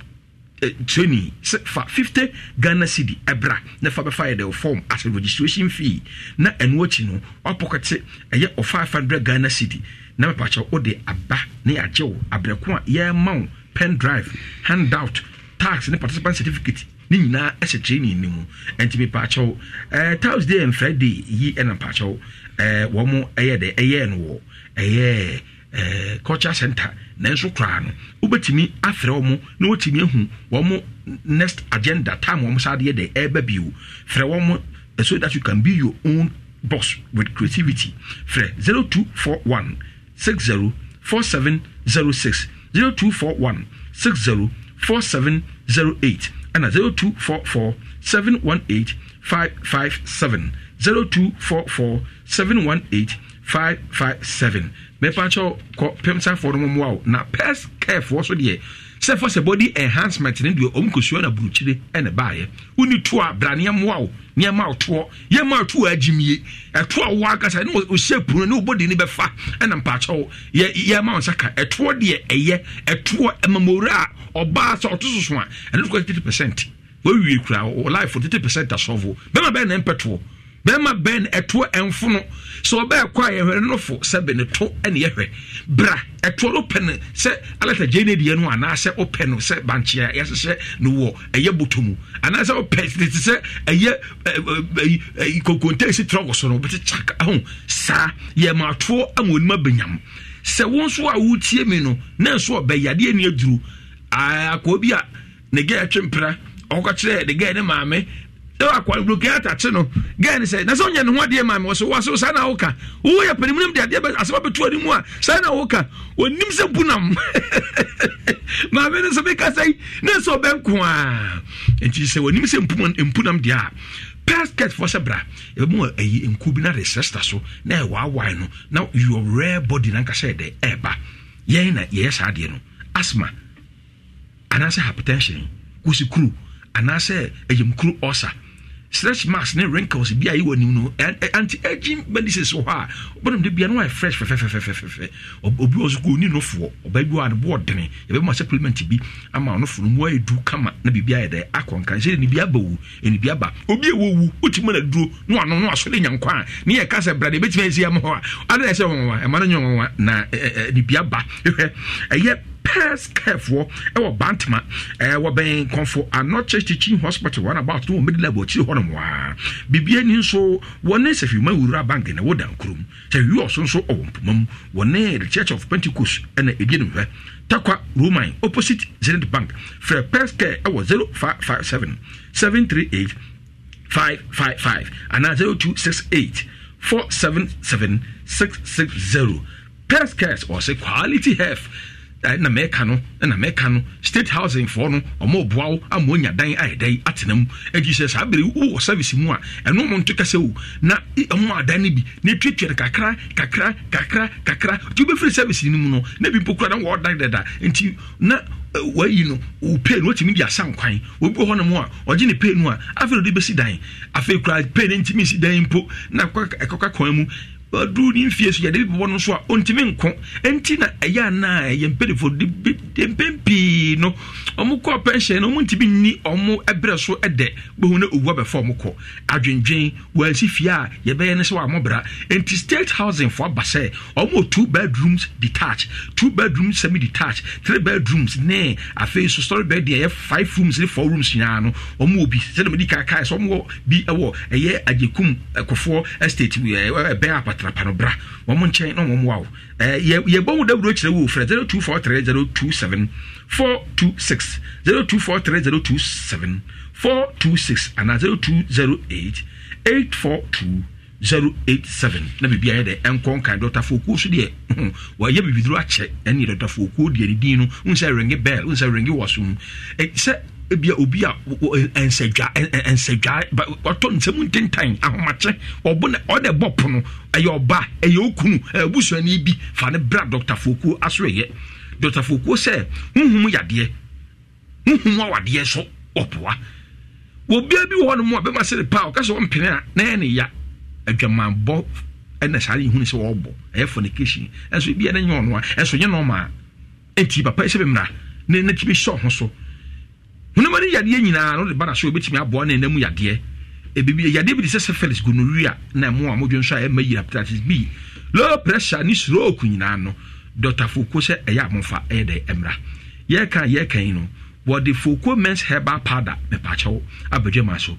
training fa fifty ghana cedi ɛbra ne fa bɛfa yɛ de form as registration fee na ɛno akyi no wapɔkɔte ɛyɛ ɔ 500 ghana cedi na mepaakyɛw wode aba ne yɛagye wo aberɛko a yɛma pen drive handout tax ne participant certificate ne nyinaa ɛhyɛ training no mu ɛnti mepaakyɛw ɛɛ thursday and friday yi ɛna mpaakyɛw ɛɛ wɔn ɛyɛ dɛ ɛyɛ no wɔ ɛyɛ ɛɛ culture center nanso koraa no wobɛtumi afrɛ wɔn na wɔtumi ahu wɔn next agenda time wɔn saa adeɛ dɛ ɛɛba bio frɛ wɔn so that you can be your own boss with creativity frɛ zero two four one six zero four seven zero six zero two four one six zero four seven zero eight ɛna 0244 718 557 0244 718 557 mɛpa kyɛw kɔ pɛmsafoɔ no mmoa wo na pɛs carefoɔ so deɛ sɛ fɔ sɛ body enhancement ne deɛ ɔm kɔsua no aburukyire ne baeɛ woni to a bra nneɛmoa wo nneɛma a wotoɔ yɛma a toɔ agyimie ɛtoɔ a wowɔ akasa ne ɔhyɛ punu ne wobɔdi ne bɛfa ɛna mpaakyɛ wo yɛma wo nsa ka ɛtoɔ deɛ ɛyɛ ɛtoɔ ɛmamowura a ɔbaa sɛ ɔto soso a ɛno so kɔ 30 percent wawie kura wɔ life 30 percent asɔfoɔ bɛma bɛyɛ na mpɛtoɔ bɛrima bɛn ɛtoɔ ɛnfo no sɛ ɔbɛɛ kɔ a yɛhwɛ no fo sɛ bɛ to ɛne yɛhwɛ bra ɛtoɔ no pɛ no sɛ alata gye ne deɛ no anaasɛ wopɛ no sɛ bankyea yɛhyehyɛ no wɔ ɛyɛ boto mu anaasɛ wopɛ ne te sɛ ɛyɛ kokonta ɛsi trɛ wɔ so no wobɛte kyaka ho saa yɛma atoɔ ama onima bɛnyam sɛ wo nso a wotie mi no na nso ɔbɛyadeɛ ni aduru akɔɔ bi a ne gɛ ɛtwe mpra ne gɛ ne maame sɛ wakɔ burokua atakye no gɛɛ ne sɛ na sɛ wonya ne ho adeɛ ma me wɔso wɔso saa na woka woyɛ panimunom de adeɛ asɛm abɛtu ani mu a saa na woka ɔnim sɛ bu nam [LAUGHS] maame no sɛ meka sɛ na sɛ ɔbɛnko a nti sɛ wɔnim sɛ mpunam deɛ a basket for sebra emu eyi nku bi na resesta so na ɛwɔ awae no na your rare body na nkasa yɛ dɛ ɛɛba yɛn na yɛyɛ saa adeɛ no asthma anaasɛ hypertension kusikuru anaasɛ eyimkuru ulcer stretch marks ne wrinkles bi a yi wɔ nim no anti aging medicines wɔ hɔ a ɔbɛnum de bia no ayɛ fresh fɛfɛfɛfɛfɛ obi wɔ so ko oni nofoɔ ɔbaa bi wɔ a ne bo ɔdene yɛbɛ ma supplement bi ama ɔnofo no mu ayɛ du kama na biribi ayɛ dɛ akɔnkan sɛ ɛnibi aba wu ɛnibi aba obi a wɔwu wotumi na duro no ano no aso de nya nkwa a ne yɛ kasa brade ebɛtumi asi ama hɔ a ada yɛ sɛ wɔn wa ɛma no nyɛ wɔn wa na ɛnibi aba ɛhwɛ [LAUGHS] ɛyɛ pairs carefoɔ ɛwɔ eh, bantama ɛwɔ eh, bɛn kɔnfo anɔ church teaching hospital wɔn about no wɔ middle level akyiri hɔ nom waa bibie ni nso wɔne sɛfiwuma wura bank na wɔda nkurom sɛfiwu ɔso nso ɔwɔ oh, mpoma mu wɔne the church of pentecost ɛna ebie ne hwɛ takwa roman opposite zenith bank frɛ pairs care ɛwɔ eh, zero five five seven seven three eight five five five anaa zero two six eight four seven seven six six zero pairs care ɔsɛ quality health na mɛka no na mɛka no state housing foɔ no ɔmo boa wo ama onya dan ayɛ dan atena mu edi sɛ saa bere wowɔ service mu a ɛno ɔmo nto kasa o na ɔmo adan no bi na etuatua no kakra kakra kakra kakra ti o bɛ firi service no mu no na ebi mpo kura na wɔn dan dada nti na wayi no o pay no otumi di asa nkwan obi wɔ hɔnom a ɔgye ne pay no a afei o de besi dan afei kura pay no ntumi si dan mpo na akɔka kwan mu ɔduru ne mfie so yɛde bibɔ no so a ɔntumi nko ɛnti na ɛyɛ anaa ɛyɛ mpanifoɔ mpɛn pii no ɔmo kɔɔ pɛnhyɛn no ɔmo ntumi nni ɔmo ɛbrɛ so ɛdɛ gbohun na owu abɛfa ɔmo kɔ adwendwen wɔasi fie a yɛbɛyɛ ne sɛ wɔamɔ bra nti state housing fo aba sɛ ɔmo two bedrooms detached two bedrooms semi detached three bedrooms ne afei so story bed deɛ ɛyɛ five rooms ne four rooms nyinaa no ɔmo wɔ bi sɛdeɛ mo di kaakae so ɔmo wɔ bi ɛwɔ ɛyɛ agyekum ɛkɔfoɔ estate ɛbɛn apata atrapa no bra wɔn nkyɛn na wɔn wa yɛbɔ wo dawuro kyerɛ wo frɛ zero two four three zero two seven four two six zero two four three zero two seven four two six ana zero two zero eight na biribi ayɛ ɛnkɔ nkan dɔtafo okuo so deɛ wɔayɛ bibiduro akyɛ ɛne deɛ ne din no bell nsɛ renge wɔ so mu sɛ ebia obi a nsɛdwa nsɛdwa ɔtɔ nsɛm ntentan ahomakye ɔbɔ na ɔna ɛbɔ pono ɛyɛ ɔba ɛyɛ okunu ɛbusuani eh, bi fa ne bra dɔkta fokuo aso ɛyɛ dɔkta fokuo sɛ huhum yadeɛ huhum awadeɛ so ɔboa obia bi wɔ hɔnom a bɛma sere paa ɔka sɛ ɔmpene a na ɛyɛ ne ya adwamanbɔ ɛna saa ne ihunu sɛ wɔbɔ ɛyɛ fornication ɛnso ebi ɛna nyɛ ɔnoa ɛnso nyɛ nɔɔma eti papa ɛsɛ bɛ mmira ne ne ti bi hyɛ ɔho so honam ne yadeɛ nyinaa no de bana so wobɛtumi aboa no ɛnamu yadeɛ ɛbibi yadeɛ bi de sɛ syphilis gonorrhea na ɛmo a modwen so a ɛma yira hepatitis b low pressure ne stroke nyinaa no dr foko sɛ ɛyɛ amofa ɛyɛ dɛ ɛmmra yɛka yɛka yi no wɔde foko mens herbal powder mepaakyɛw abadwa ma so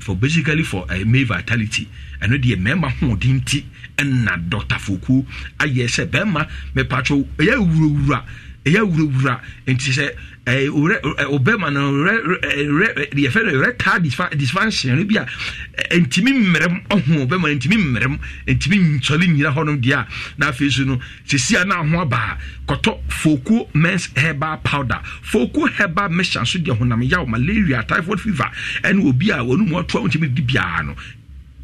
for basically for uh, male vitality ɛno deɛ mmarima hoɔden nti ɛna dr foko ayɛ sɛ bɛrima mepaakyɛw ɛyɛ wurawura ɛyɛ wurawura nti sɛ eh, eh, ɔbɛma no yɛfɛ eh, no retal dysfunction no bi a ntimi mmerɛm ɔho ɔbɛma no ntimi mmerɛm ntimi nsɔre nyina hɔ nom deɛ a na afei so no sesia na ho abaa kɔtɔ foko mens herbal powder foko herbal mixture nso deɛ honam yaw malaria typhoid fever ɛne obi a wɔnomu atoa wo ntimi de biara no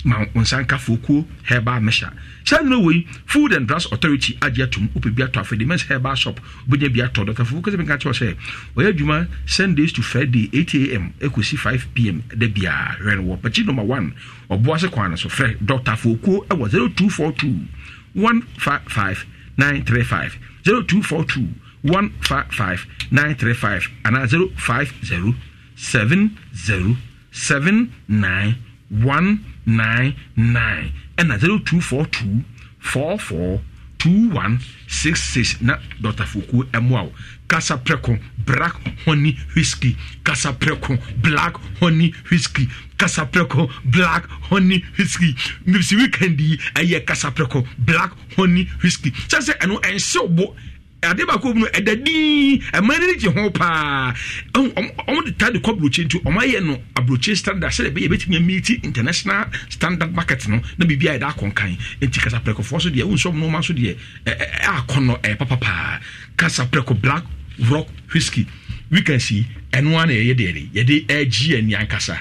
ma nsankafoɔ kuo herbal measure saa nnuro wei food and drugs authority agye atom wopɛ bi atɔ afei mens herbal shop wobɛnya bi atɔ dɔtafoɔ kɛsɛ meka kyerɛ sɛ ɔyɛ adwuma sundays to friday 8am ɛkɔsi 5pm da biaa hwɛ no wɔ pakyi number 1 ɔboa se kwan no so frɛ dɔtafoɔ kuo ɛwɔ 0242 155 935 0242 155 935 anaa 050 70 79 1 nine nine ɛna zero two four two four four two one six six na dɔkta fokuo ɛmoa o preko black honey whisky preko black honey whisky preko black honey whisky mipsi weekend yi ɛyɛ preko black honey whisky kyɛ sɛ ɛno ɛnhyɛw bɔ ade baako mu no ɛda dii ɛmaa no gye ho paa ɔmo de taa de kɔ aburokyi nti ɔmo ayɛ no aburokyi standard sɛdeɛ ɛbɛyɛ ebɛtumi amiiti international standard market no na biribi a yɛde akɔ nkan nti kasaprɛkofoɔ so deɛ wonsɔm no ma so deɛ ɛɛ akɔ no ɛyɛ papa paa kasaprɛko black rock whisky weekends yi ɛnoa na yɛyɛ deɛ de yɛde ɛgye yɛn ni ankasa.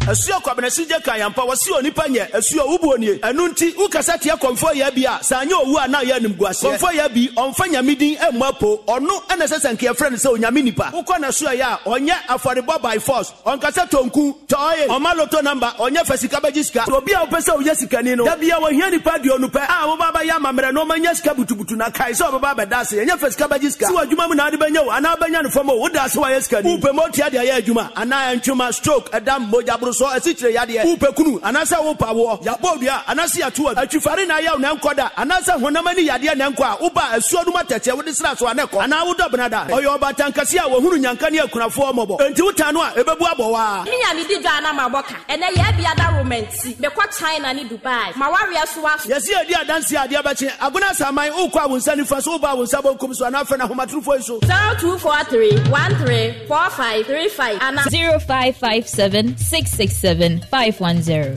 ɛsuo kwabenasi gye kan yampa wɔse onipa nyɛ asuo wubuo nie ɛnu nti wukasa teɛ kɔnfɔ yɛ bi a saa nyɛ owu a naa yɛ anim guaseɛ yɛ bi ɔnfa nyame din ɛmu apo ɔno ɛna ɛsɛ sɛ nkeɛ frɛ no sɛ onyame nipa wokɔ na suo yɛ a ɔnyɛ afɔrebɔ by force ɔnkasa tonku tɔɔye ɔma loto namba ɔnyɛ fɛ sika bɛgye sika obi a wopɛ sɛ woyɛ sikani no dabi a wɔhia nipa deɛ a woba bɛyɛ amammerɛ no ɔmanya sika butubutu na kae sɛ ɔbɛba bɛda ase ɛnyɛ fɛ sika bɛgye sika sɛ wadwuma mu na wode bɛnya wo anaa wobɛnya no fam o woda ase woayɛ sikani wopɛ ma otia de ayɛ adwuma anaa ɛntwoma stroke ɛda mmogya boro sorosɔ esikyire yadeɛ wopɛ kunu anasɛ wopa woɔ yabɔ dua anasɛ yatu adu atwifare na ayaw na nkɔ da anasɛ honam ani yadeɛ na nkɔ a woba asuo no mu atɛkyɛ wode sra so anɛ kɔ anaa wodɔ bena da ɔyɛ ɔbatankɛse a wɔhunu nyanka ne akunafoɔ mmɔbɔ enti wota no a ɛbɛbu abɔ waa me nya medi dwa na mabɔ ka ɛnɛ yɛ bia da romanti mekɔ china ne dubai ma wareɛ so wa yɛsi adi adanse adeɛ bɛkye agona asaman wokɔ a wo nsa nifa so woba wo nsa bɔnkum so anaa afɛ no ahomatorofoɔ yi so 0243 five 45 35 ana 0557 6 567 510.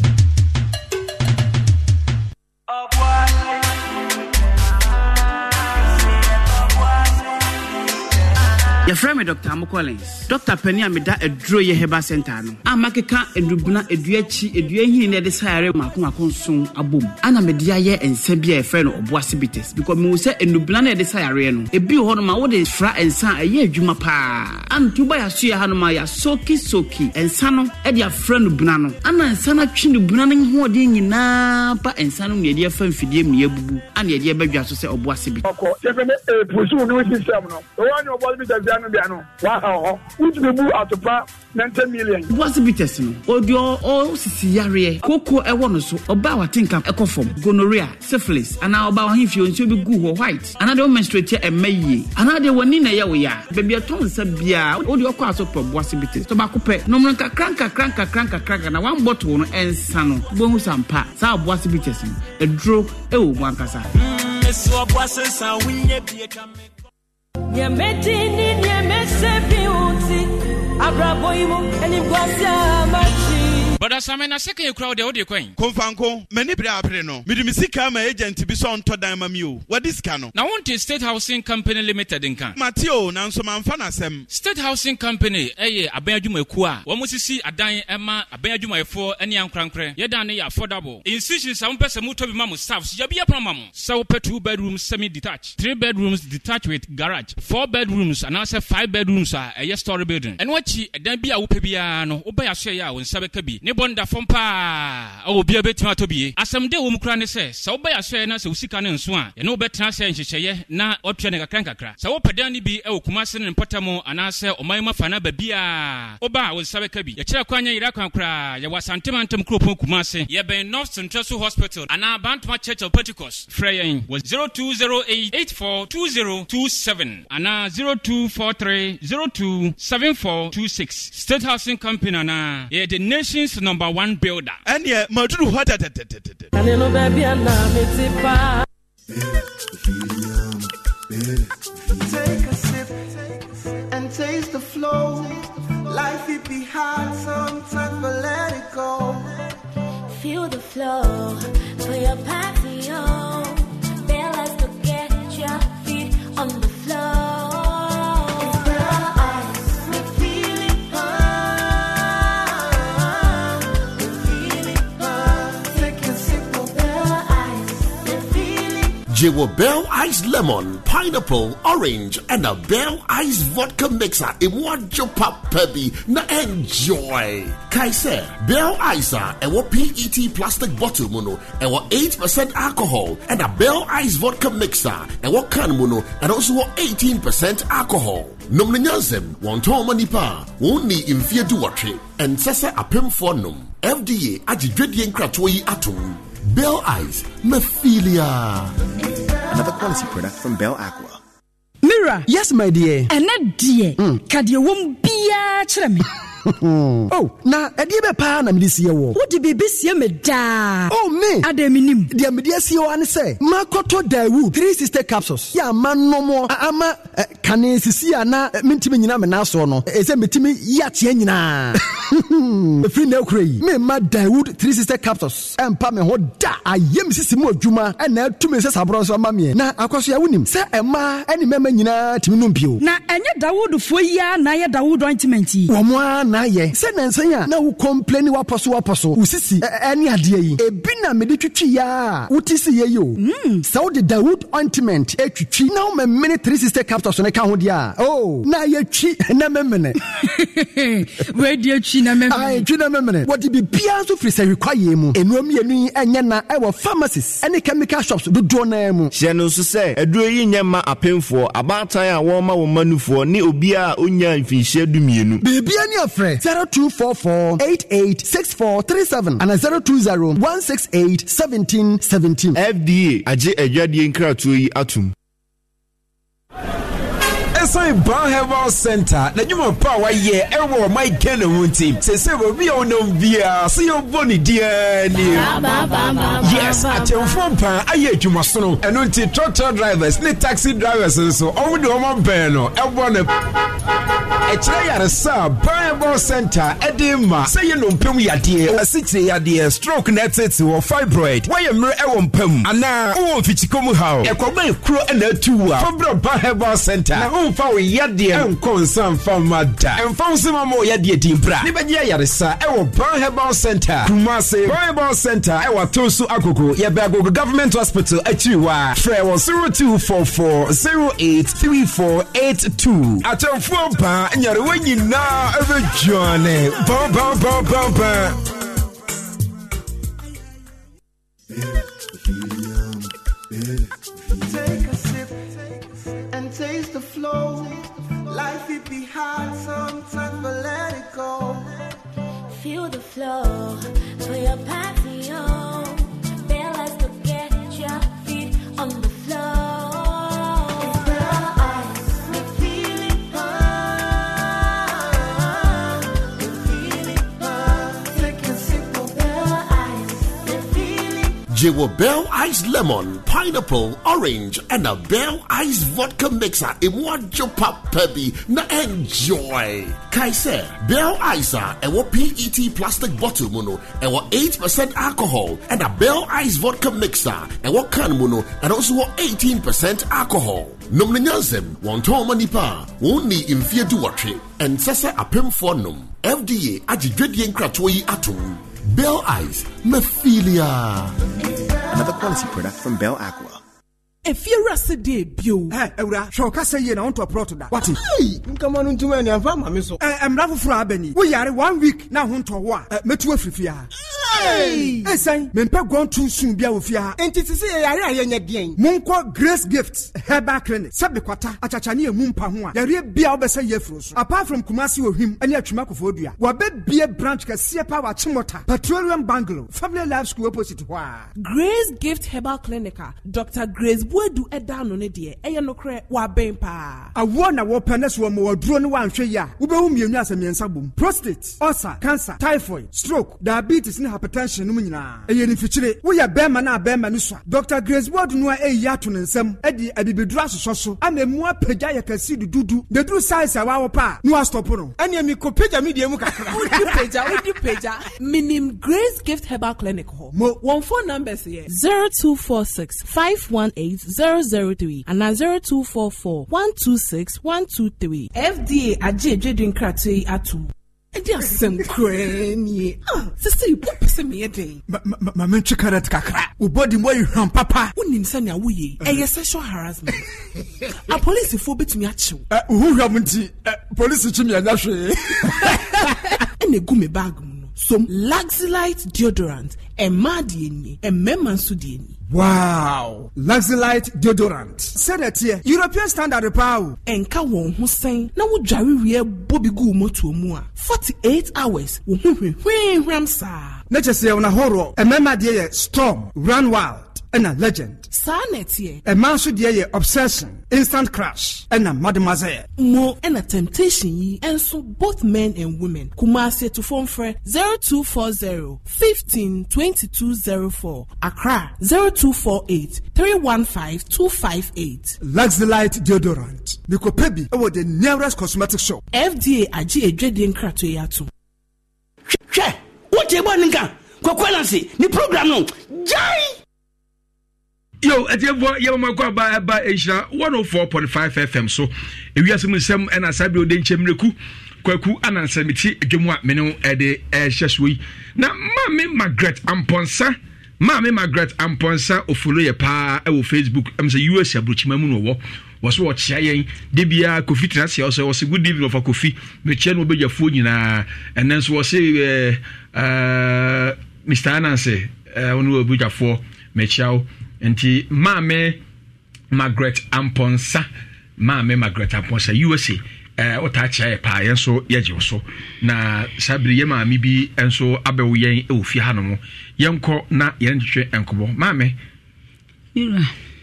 yɛfrɛ me dr mocolins dr pani a meda aduro yɛ heba center no a makeka adubena aduakyi aduahini ne ɛde sayare maakomako nson abom ana mede ayɛ nsa bi a yɛfrɛ no ɔboasibites because mewu sɛ anubena no ɛde sayareɛ no ebi wɔ hɔ nom a wode fra nsa a ɛyɛ adwuma paa anto ba yɛaso yɛ ha nom a yɛasokisoki nsa no ɛde afrɛ no bena no ana nsa no atwe no bena no hoɔden nyinaa ba nsa no mu yɛde ɛfa mfidie mu yɛabubu ana yɛde ɛbɛdwa so sɛ ɔboasibites no bia no waha hɔ wotumi bu atopa ninety million. buwase bitters no odi ɔsisi yareɛ koko ɛwɔ no so ɔbaa watenka ɛkɔ fam gonorrhea syphilis anaa ɔbaa ɔhenfie nsuo bi gu hɔ white anaa deɛ ɔmenstruate ɛmɛ yie anaa deɛ wɔn ani na ɛyɛ wɔyɛ a baabi ɛtɔn nsa biara odi ɔkɔ aso pɛ buwase bitters tɔ baako pɛ nomoro nkakra nkakra nkakra nkakra na one bottle no ɛnsa no bohu sampa saa buwase bitters no ɛduro ɛwɔ mu ankasa. Mm, nyamedini nyamesɛ bi wo nti abrabɔ yi mu animguase bɔda samɛ na sɛkɛ yɛ kura wo deɛ wode kwan komfanko m'ani bere apere no mede me sika ma agent bi sɛ ɔntɔ dan ma mi o wade sika no na wonte state housing company limited nka mate o nanso mamfa no asɛm state housing company ɛyɛ eh, aban adwumakuo e a wɔn sisi adan ɛma eh, aban adwumayɛfoɔ e eh, ne ankorankorɛ yɛdan no yɛ affordable institutions a wopɛ sɛ motɔ bi ma mo staff so yɛbi yɛpra ma mo sɛ wopɛ two bedrooms semi detached three bedrooms detached with garage four bedrooms anaasɛ five bedrooms a ah, ɛyɛ story building ɛno akyi ɛdan bi a wopɛ biara no wobɛyɛ asoɛyɛ a wo nsa bɛka bi ne ne bɔ ndafɔm paa ɛwɔ bia bɛtumi atɔ bie asɛm de wɔ mu kora ne sɛ sɛ wobɛyɛ asɔeɛ na sɛ wo sika no nso a ɛne wobɛtena sɛ nhyehyɛeɛ na ɔtua ne kakra nkakra sɛ wopɛ dan bi ɛwɔ kuma se ne mpɔta mu anaasɛ ɔman ma fa no aba bia woba a wo nsa bɛka bi yɛkyerɛ kwan nyɛ yera kwan koraa yɛwɔ asantema ntam kuropɔn kuma ase yɛbɛn north central so hospital anaa bantoma church of pentecost frɛ yɛn wɔ 0208842027 anaa 0243027426 state housing company ana yɛyɛ the nations number one builder. Take a sip and taste the flow. Life it be hard sometimes, but let it go. Feel the flow for your patio. They Bell Ice Lemon, Pineapple, Orange, and a Bell Ice Vodka Mixer in one Jopa Pebby. Now enjoy. Kaiser, Bell Ice, and what PET plastic bottle mono, and what 8% alcohol, and a Bell Ice Vodka Mixer, and what can mono, and also what 18% alcohol. Nom nyansem, wɔntɔn ɔma nipa a wɔn ni mfeɛ duwɔtwe, ɛnsɛ sɛ apemfoɔ FDA agye dwadie nkratoɔ yi atom. Bell Eyes, Mephilia. Another quality product from Bell Aqua. Ira. Yes, my dear. And that dear. Mm. Kadia wom biya chere me. [LAUGHS] oh, na ɛdeɛ bɛ paa na mede sie wɔ wode biribi sie me daa o oh, me adɛ menim deɛ mede asie wɔ ane sɛ makɔtɔ dawood three sister capsules yɛ ama nnɔmɔ ama eh, kane sisi a na eh, mentimi nyina me naasoɔ no ɛsɛ eh, metumi yɛ ateɛ nyinaa [LAUGHS] ɛfiri na akura yi memma dawood three sister capsules ɛmpa me ho da ayɛ me sisi mu adwuma ɛna atumi sɛ saborɔ nso ama meɛ na akɔ so yɛ wonim sɛ ɛmaa ɛne mɛma nyinaa nyinaa tumi nom bio na ɛnyɛ dawodfoɔ yi a na ayɛ dawod ointment yi wɔn a na ayɛ sɛ nansɛn a na wo complain wapɔ so wapɔ so wo sisi ɛne adeɛ yi ebi na mede twitwi yɛ a wote si yɛ yi o hmm. sɛ wode dawod ointment atwitwi na womamene 360 captors ne ka ho deɛ a o na yɛtwi [LAUGHS] na memene [LAUGHS] wadi atwi na memene twi na memene wɔde biribiaa nso firi sɛ hwekwayeɛ mu ɛnuam yɛnu yi ɛnyɛ na ɛwɔ pharmacies ɛne chemical shops dodoɔ naa mu hyɛ no nso sɛ aduro yi nyɛ ma apemfoɔ aba part-time a wɔma wɔn manufoɔ ne obia a onya mfinhyia dumienu. Beebia ni afrɛ zero two four four eight eight six four three seven and zero two zero one six eight seventeen seventeen. FDA agye adwadeɛ nkratoɔ yi atum ɛsan ban herbal center n'adwuma pa a wayɛ ɛwɔ ɔman ghana ho nti sɛsɛ obi a ɔnam biara sɛ yɛbɔ ne deɛ nie yes atɛmfoɔ mpaa ayɛ adwuma sono ɛno nti trɔtrɔ drivers ne taxi drivers nso ɔmo de ɔmo bɛn no ɛbɔ ne ɛkyerɛ yaresa a ban herbal center ɛde ma sɛ yɛ nnompem yadeɛ asikyire yadeɛ stroke na ɛtete wɔ fibroid wɔyɛ mmerɛ ɛwɔ mpam anaa wowɔ mfikyikɔ mu haw ɛkɔbɛn kuro ɛna atu a fɔbrɛ ban herbal center na mfa wo yadeɛ nkɔ nsa mfa ma da ɛmfa wo sɛma ma wo yadeɛ din bra ne bɛgye ayaresa ɛwɔ ban herbal center kumase ban herbal center ɛwɔ atoo so akoko yɛbɛ agogo government hospital akyiri wa frɛ wɔ 0244 083482 atɛmfoɔ nyarewa nyinaa ɛbɛdwane bambambambamba yeah. Life it be hard sometimes, but let it go. Feel the flow for your patio. They Bell Ice Lemon, Pineapple, Orange, and a Bell Ice Vodka Mixer in one jumpa pebi. Na enjoy. Kaiser Bell Ice, a PET plastic bottle mono muno, a 8% alcohol, and a Bell Ice Vodka Mixer, a what can mono and also 18% alcohol. Nomnyansem, wonton manipa, woni imfie duwatwe, and sese apemfo num. FDA, agye dwedie nkratoɔ yi atom. Bell Eyes, Mephilia another quality product from Bell Aqua. efiewura se de bio. ɛ eh, ewura sɛ o ka na anw tɔ pɔrɔtɔ da. wati. ayi n kama nu a n fa maa mi sɔn. ɛ eh, ɛ eh, mura foforɔ a bɛ nin. ko yari one week n'a hun tɔ wa. ɛ mɛ tuwo fifia ɛsɛn mɛmpɛ gɔn tun sun bi a wofi ha. nti sisi yɛ yare a yɛnyɛ diɛn. munkɔ grace gift herbal clinic sɛbikwata akyakya ne emu mpa yari a yɛreɛ bia wobɛsɛ yɛ afuro so apart from kumasi ohim ne atwuma kofo dua wɔbɛbie branch kɛseɛ pa wɔ akyemɔta petroleum bangalo family life school opposite hɔ grace gift herbal clinic a dr grace buedu ɛda ano ne deɛ ɛyɛ nokorɛ wabɛn paa. awoɔ na wɔpɛ ne so wɔn wɔduro ne wɔanhwɛ yi a wobɛhu mmienu asɛ mmiɛnsa bom prostate ulcer cancer typhoid stroke diabetes ni hepatitis hypertension no mu nyinaa ɛyɛ ne mfikyire woyɛ bɛrima no a bɛrima no so a dr grace ward no a ɛyi ato ne nsam de abibiduro asosɔ so ama emu apagya yɛ kɛse dududu na duru size a wawɔ pa a no wastɔpo no ɛne mikɔ pagya me deɛ mu kakra [LAUGHS] wodi pagya wodi pagya menim grace gift herbal clinic hɔ mo wɔn phone numbers yɛ 0246 518 003 anaa 0244 126 123 fda agye edwedi nkrataa yi ato mu ɛdi asɛm koraa nie ah, sisi wopɛ sɛ meyɛ den mame ntwe carrot kakra wo body mu ayi hwam papa wonim sɛnea woyɛ ɛyɛ eh. sexual harassment apolisifoɔ bɛtumi akyew eh, wohwam nti eh, polisi kyi mianya hwee [LAUGHS] ɛna ɛgu me bag mu no som laxilite deodorant ɛmaa e deɛ nie ɛmmarima nso deɛ nie wow luxelite deodorant sɛdeɛ teɛ european standard paa o ɛnka wɔn ho sɛn na wodware wie bɔ bi guu motoɔ mu a 48 hours wo ho hwehwee hwam saa na kyɛ sɛ yɛwo nahoroɔ ɛmɛma deɛ yɛ storm ranwild ɛna legend. saa na ɛteɛ. ɛmaa nso deɛ yɛ obsession instant crash ɛna mademoiselle. mo ɛna temptation yi ɛnso both men and women kumasi etufo nfrɛ zero two four zero fifteen twenty two zero four accra zero two four eight three one five two five eight. laxilite deodorant nikope bi ɛwɔ the nearest cosmetic shop. fda agye edwedie nkrato yi ato. hwɛ wọ́n ti bọ́ nìkan kọ́kọ́ lansi ni program nù jai yo ɛtiɛfoɔ yɛmama kɔ aba ɛba ɛhyira 104.5 fm so ewiase mu nsɛm ɛna saa bi ode nkyɛn mmereku kwaku anansɛmiti adwam a mene ɛde ɛhyɛ soɔ yi na maame margaret ampɔnsa maame margaret ampɔnsa ofolo yɛ paa ɛwɔ facebook ɛm sɛ us aburukyima mu na ɔwɔ wɔso wɔkyea yɛn de biara kofi tena seɛ ɔsɛ wɔse good evening ɔfa kofi mekyia no wɔbɛgyafoɔ nyinaa ɛnɛ nso wɔse mr ananse ɔno wɔbɛgyafoɔ mekyia wo nti maame margaret amponsa maame margaret amponsa usa wotaa eh, kyerɛ yɛ paa yɛn nso yɛgye wo so na saa bere yɛ maame bi nso abɛwo yɛn wɔ fie hanom yɛnkɔ na yɛntwetwe nkɔmmɔ maame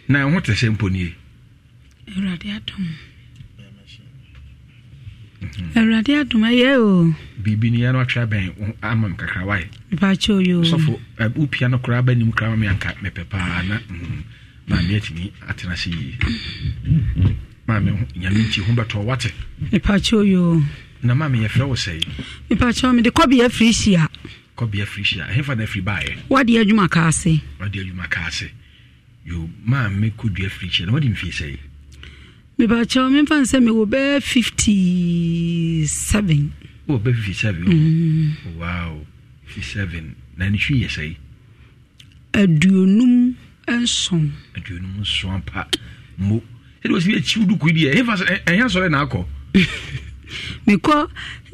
na ɛho te sɛ mponie awurade adom Mhm. awurade adom ɛyɛ o biribi no yɛ no atwerɛ bɛn ama m kakra wayɛ mepakyɛ yo sɔfo wopia no koraa bɛnim kra ma me anka mepɛ paa na mhm. maame atumi atena se yie maame nyame nti ho bɛtɔ wate mepakyɛ na maame yɛfrɛ wo sɛe mepakyɛ mede kɔbea firi hyia kɔbea firi hyia ɛhefa na afiri baeɛ wade adwuma kaa se wade adwuma kaa se yo maame kɔdua firi hyia na wade mfie sɛe mebakyɛw memfa n sɛ mewɔ bɛɛ 57 wɔ 57 wow 57 na ne hwi eh? yɛ sɛi aduonum nson aduonum nson pa mo ɛde wɔ sɛ bi akyiw do kui deɛ ɛnyɛ sɔre na akɔ mekɔ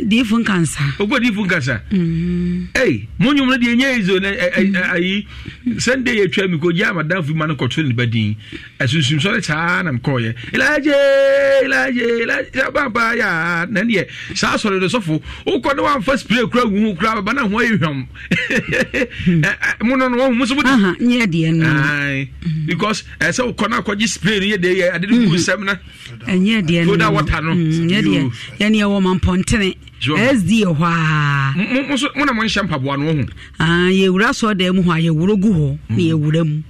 diifu nkansa. ogbó diifu nkansa. ɛyi mo nyom no deɛ nye ezo ne eh, eh, eh, ayi sɛnde yɛ twɛ mi ko gya amadan fi ma no kɔtɔ hmm, ne ba din ɛsunsum sɔre saa na nkɔ yɛ ilaje ilaje ilaje papa ya na ne yɛ saa sɔre de sɔfo okɔ ne wamfa spray kura wu ho kura baba na ho hwam mo no no wɔn mo so mo de. nyɛ deɛ no. because ɛsɛ okɔ na akɔgye spray no yɛ de yɛ ade de gu nsɛm na. ɛnyɛ deɛ no. to da wɔta no. nyɛ deɛ yɛn yɛ wɔ ma mpɔntene sd hɔ a mona monhyɛ mpaboa no ho ah, yɛwura sɔ da mu hɔ a yɛwuro gu hɔ hmm. na yɛwura mu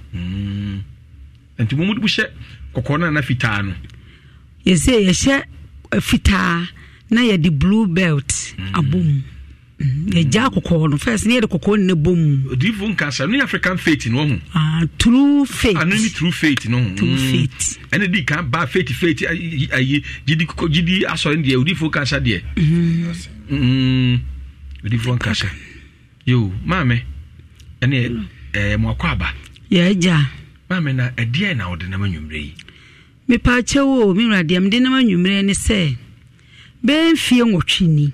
nti momode wohyɛ kɔkɔɔ no ana fitaa no yɛsɛ yɛhyɛ eh, fitaa na yɛde blue belt abɔ mu mm yɛgya mm-hmm. kɔkɔɔ no first ne yɛde kɔkɔɔ ne bɔ mu odiyifo nka sa african faith no ho ah true faith ano ne true faith no ho true mm. faith ɛne di kan ba faith faith ayi gidi gidi asɔre deɛ odiyifo nka sa deɛ mm-hmm. mm-hmm. odiyifo nka sa yo maame ɛne ɛɛ mm. mo akɔ aba yɛgya maame na ɛdeɛ na ɔde nam anwummerɛ yi mepaakyɛw o mi wura deɛ mede nam anwummerɛ ne sɛ bɛɛ nwɔtwe ni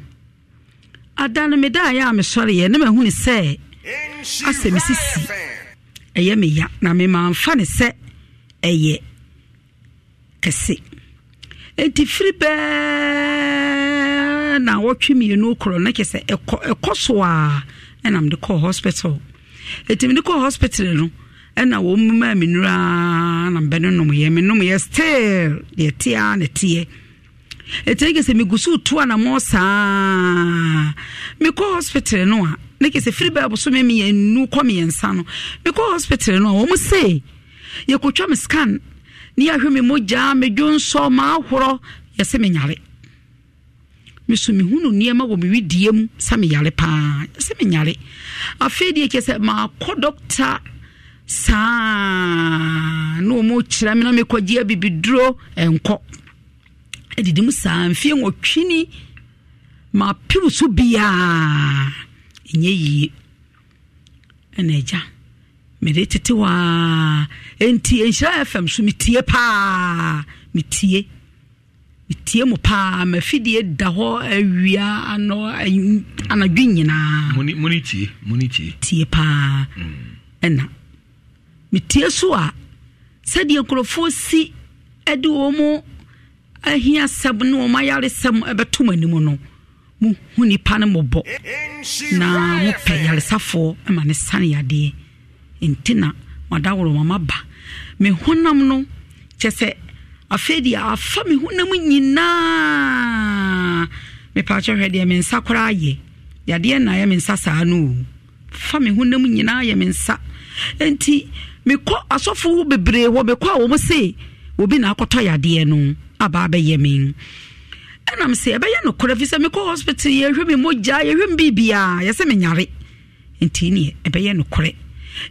ada no meda ayɛ a mesɔreɛ ne mahunu sɛ asɛm sisi ɛyɛ meya na memamfa ne sɛ ɛyɛ kɛse enti firi bɛɛ na wɔtwe mmienu korɔ na kyɛ sɛ ɛkɔ so a ɛnam de kɔɔ hospital enti mede kɔɔ hospital no ɛna wɔn mu maa nura na mbɛ no nomyɛ me nomyɛ still deɛ teɛ a ne ɛtɛ kɛ sɛ megu na to anammɔ saa mekɔ hospital no a ne kɛ sɛ firi bɛɛ bosome meyɛnu kɔ meyɛnsa no mekɔ hospital no a wɔm se yɛkɔtwa me scan ne yɛahwɛ me mogyaa medwo nsɔ maahorɔ yɛsɛ menyare meso mehunu nneɛma wɔ mewedie mu sɛ meyare paa yɛsɛ menyare afei deɛ kyɛ sɛ maakɔ dɔkta saa na ɔmɔkyerɛ me na mekɔgyea bibiduro ɛnkɔ adidi mu saa mfie wɔtwini ma piw so biaa ɛnyɛ yie ɛna agya mede tete hɔ a ɛnti nhyira fm so metie paa metie metie mu paa mafidie da hɔ awia anɔ anadwo nyinaa tie paa mm. ɛna metie so a sɛdeɛ nkurɔfoɔ si de wɔ mu ahia sɛm ne wɔn ayaresɛm ɛbɛto mu anim no mo hu nipa no mɔbɔ na mopɛ yaresafoɔ ma ne sane yadeɛ nti na mama ba me honam no kyɛ sɛ afei deɛ afa me honam nyinaa mepaakyɛ hwɛ deɛ me nsa koraa yɛ yadeɛ na yɛ me nsa saa no fa me honam nyinaa yɛ me nsa nti mekɔ asɔfo bebree wɔ mekɔ a wɔ m se obi na akɔtɔ yadeɛ no aba abɛyɛ me ɛnam sɛ ɛbɛyɛ nokorɛ fi sɛ mekɔ hospital yɛhwɛ me mogya yɛhwɛ me biribiaa yɛsɛ menyare nti neɛ ɛbɛyɛ nokorɛ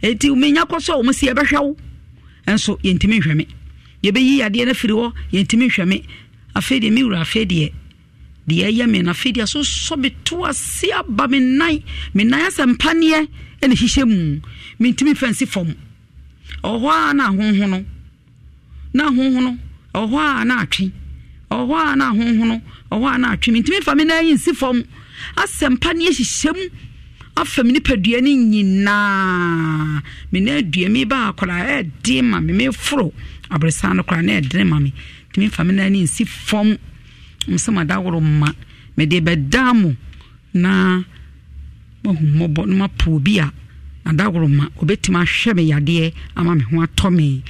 ɛnti menya kɔ sɛ wo m sɛ yɛbɛhwɛ wo ɛnso yɛntimi nhwɛ me yɛbɛyi yadeɛ no firi hɔ yɛntimi nhwɛ me afei deɛ me wura afei deɛ deɛ ɛyɛ me no afei deɛ asosɔ meto ase aba me nan me nan mpaneɛ ɛna hyehyɛ mu mentimi fa fam ɔhɔ a na ahonho no na ahonho no ɔhɔ a na atwe ɔhɔ a na ahonhono ɔhɔ a na atwe ntumi fa mi na ayi nsi fam asɛmpa ne ahyehyɛ mu afa mi nipadua no nyinaa me na adua mi ba akɔla ɛɛde ma me meforo aborosan no koraa na ɛdene ma me ntumi fa mi na ani nsi fam nsɛm adaworo ma mede bɛdaa mo na mahu mmɔbɔ no mapo obi a adaworo ma obɛtumi ahwɛ me yadeɛ ama me ho atɔ me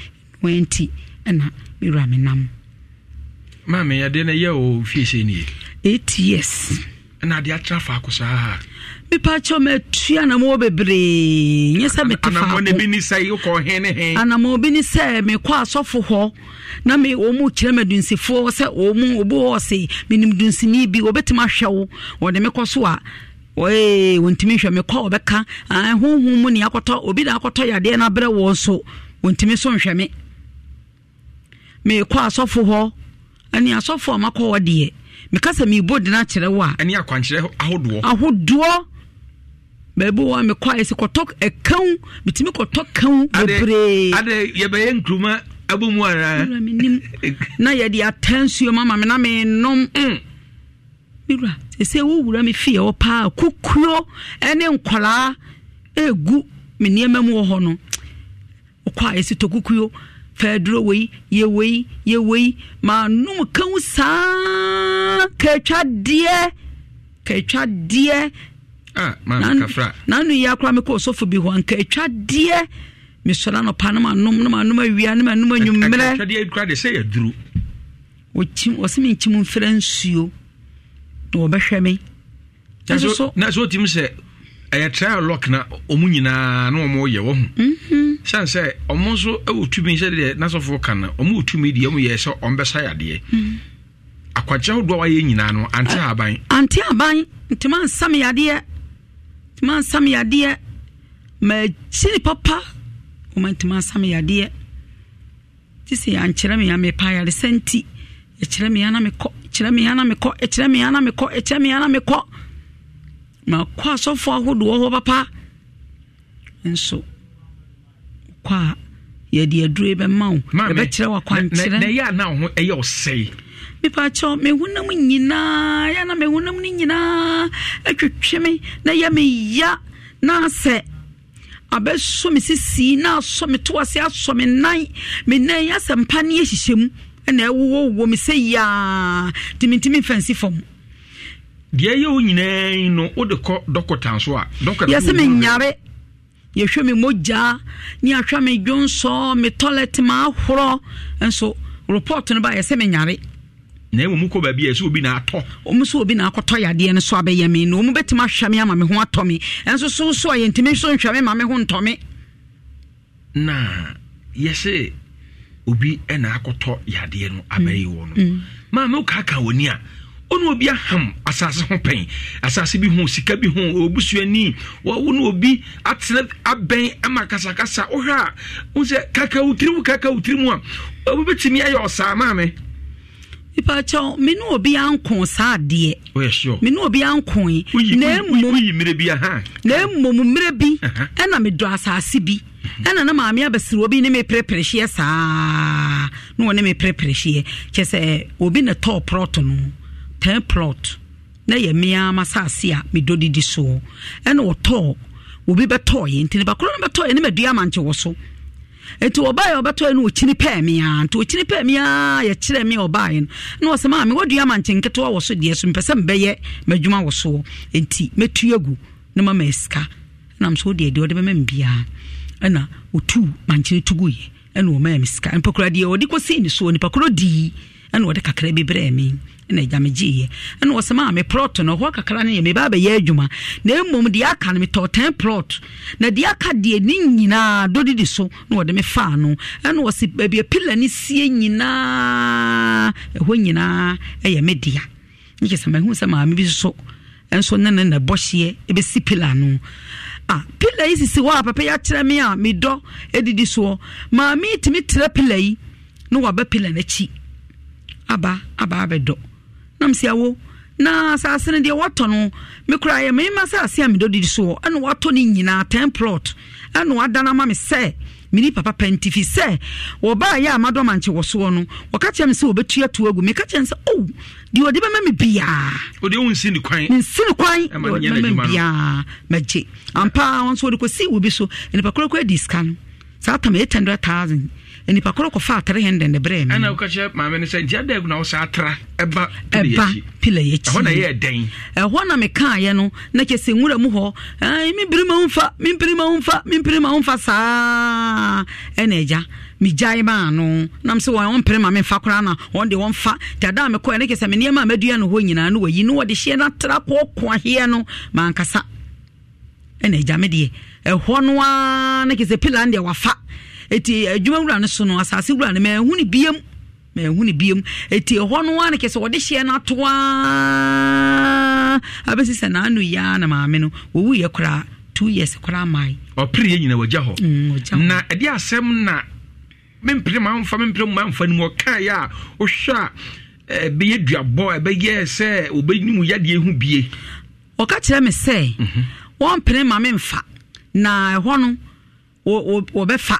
no nti ɛna wura me nam maame yɛdeɛ no yɛ o fie sɛ nie eight years ɛna adeɛ atra faako saa mepakyɛ matu anamɔ bebree nyɛ sɛ mete faanamɔ bi ne sɛ mekɔ asɔfo hɔ na me ɔ mu kyerɛ ma dunsifoɔ sɛ ɔ mu obi wɔ se menim dunsini bi wɔbɛtumi ahwɛ wo wɔde mekɔ so a wɔntumi hwɛ mekɔ wɔbɛka honhom mu ne akɔtɔ obi na akɔtɔ yadeɛ no abrɛ wɔ so wɔntumi so nhwɛ mekɔ asɔfo hɔ ɛne asɔfo a makɔ hɔ deɛ mekasa mebɔ dena kyerɛ wo a baabi wɔ mekɔ ayɛ sɛ kɔtɔ metumi kɔtɔ kaw bebree na yɛde ata nsuo ma ma na menom mewura mm. ɛsɛ wowura me fie ɛwɔ paa kukuo ɛgu me nneɛma mu wɔ hɔ no ayɛ sɛ tɔ kukuo fɛduro wei yɛ wei yɛ wei maanom ka ho saa katwa deɛ katwa deɛ ah, nanu yi akora mekɔ ɔsɔfo bi hɔ nkatwa deɛ mesɔre anɔpa no manom no manom awia no manom anwummerɛ ɔse menkyim mfrɛ nsuo na wɔbɛhwɛ me na ɛyɛ trial lock na ɔmu nyinaa na ɔmɔyɛ wɔ ho mhm kyɛn sɛ ɔmo nso wɔ tumi sɛdeɛ n'asɔfoɔ ka no ɔmo wɔ tumi deɛ ɔmo yɛ sɛ ɔmo bɛsa yadeɛ hmm. akwakyerɛ ahodoɔ a wayɛ nyinaa no ante ah, aban. ante aban ntoma nsam yadeɛ ntoma nsam yadeɛ mɛkyiri papa wɔn ntoma nsam yadeɛ ti sɛ yankyerɛ mi yamepa yaresɛ nti ɛkyerɛ mi yana mi kɔ ɛkyerɛ mi yana mi kɔ ɛkyerɛ mi yana mi kɔ ɛkyerɛ mi yana mi kɔ maakɔ asɔfoɔ ahodoɔ hɔ papa nso kɔ a yɛde aduro bɛma wo yɛbɛkyerɛ wo akwankyerɛ na ɛyɛ ana ho ɛyɛ ɔsɛe mepaakyɛw mehonam nyinaa yɛna mehonam no nyinaa atwetwe me na yɛ meya na asɛ abɛsɔ me sisii na asɔ me to ase asɔ me nan me nan asɛ mpa ne yɛhyehyɛ mu ɛna ɛwowɔwɔ me sɛ yaa timitimi mfɛnsi fam deɛ ɛyɛ wo nyinaa no wode kɔ dɔkota nso a yɛsɛ menyare yɛhwɛ me mogyaa ne ahwɛ me dwonsɔ me toilet ma ahorɔ nso report no ba yɛ sɛ menyare na mmom kɔ baabi a ɛsɛ obi na atɔ ɔm sɛ obi na yadeɛ no so abɛyɛ me na ɔmu bɛtumi ahwɛ me ama me ho atɔ me ɛnso so so a yɛntumi so nhwɛ me ma me ho ntɔ me na yɛsɛ obi na akɔtɔ yadeɛ no abɛyɛ wɔ no mm. maame wokaaka w'ani a ɔne obi aham asase ho pɛn asase bi ho sika bi ho obusuani wɔne obi atena abɛn ama kasakasa wohwɛ a wo sɛ kakawotiri mu kakawotiri mu a wobɛtumi ayɛ ɔsaa maame nipa kyɛw me ne obi anko saa adeɛ oh, me ne obi ankoe na mmom mmerɛ bi ɛna medɔ asase bi ɛna na maame abɛsiri obi ne meprɛprɛ hyeɛ saa na wɔne meprɛprɛ hyeɛ kyɛ sɛ obi ne tɔɔ prɔto no tɛɛ plot na yɛ mmea masase a medɔ didi soɔ ɛna wɔtɔɔ obi bɛtɔɔyɛ nti nipa koro no bɛtɔɔyɛ ne ma dua ma nkyɛ wɔ so nti ɔbaayɛ ɔbɛtɔɔyɛ no ɔkyini pɛɛ mea nti ɔkyini pɛɛ mea yɛkyerɛ me ɔbaayɛ no na ɔsɛ maa mewɔ dua ma nkyɛ nketewa wɔ so deɛ so mpɛ sɛ mbɛyɛ m'adwuma wɔ soɔ nti mɛtu agu na ma ma asika nam so wodeɛ deɛ ɔde bɛma me ɛna ɔtu mankyene tu guyɛ ɛna ɔmaa me sika nipakura deɛ ɔde kɔsii ne soɔ nipakura dii ɛna wɔde kakra bi brɛɛ me ɛna agya me gyeeɛ ɛna wɔsɛ maa me no ɛhɔ kakra no yɛ meba bɛyɛ adwuma na mmom deɛ aka no metɔɔ 10 plot na deɛ aka deɛ ne nyinaa dɔdidi so na wɔde me faa no ɛna wɔsɛ baabi apila no sie nyinaa ɛhɔ nyinaa ɛyɛ me dea nkyɛ sɛ mahu sɛ maame bi so nso ne ne nabɔhyeɛ bɛsi pila no a pila yi sisi hɔ a papa yi akyerɛ me a medɔ didi soɔ maame yi tumi trɛ pila yi na waba pila n'akyi aba aba abɛdɔ nam si awo na asase no deɛ wɔtɔ no mekora yɛ mema sɛ ase a medɔ didi so hɔ ɛna wɔatɔ no nyinaa ten plot ɛna wɔada no ama me sɛ mini papa pantifi sɛ wɔbaa yɛ a madɔmankye wɔ soɔ no wɔka kyerɛ me sɛ wɔbɛtu ato agu meka kyerɛ me sɛ o oh, deɛ ɔde bɛma me biaa mensi ne kwan deɛ me biaa magye ampa wɔ nso wɔde kɔsii wo bi so nnipa korakora di sika no saa tam ɛyɛ 100 nipa koro kɔfa atare hɛn dɛn brɛ mi. ɛna wokakyɛ maame no sɛ ntia dɛg na wo saa atra ɛba ɛba pila yɛ akyi ɛhɔ na yɛ dɛn ɛhɔ na mekaayɛ no na kyɛ sɛ nwura mu hɔ mempiri ma womfa mempiri ma womfa mempiri ma womfa saa ɛna agya megyae maa no nam sɛ wɔn mpere ma memfa koraa na wɔn de wɔmfa nti ada a mekɔɛ no kyɛ sɛ me nneɛma a madua no hɔ nyinaa no wɔyi no wɔde hyeɛ no atra kɔɔko aheɛ no mankasa na kyɛ sɛ pila no eti adwuma eh, wura no so no asase wura no mahu ne biam mahu ne biam ɛti ɛhɔ no a ne kɛ sɛ wɔde hyeɛ no atoa abɛsi sɛ naano yiaa na maame no wɔwuyɛ koraa two years koraa mae ɔpere yɛ nyina wɔgya mm, hɔ na ɛde asɛm na mempere ma mfa mempere mu amfa no mu ɔkaeɛ a wohwɛ a eh, ɛbɛyɛ duabɔ ɛbɛyɛ sɛ wɔbɛni mu yadeɛ ho bie ɔka kyerɛ me sɛ mhm. wɔmpene ma memfa na ɛhɔ no wɔbɛfa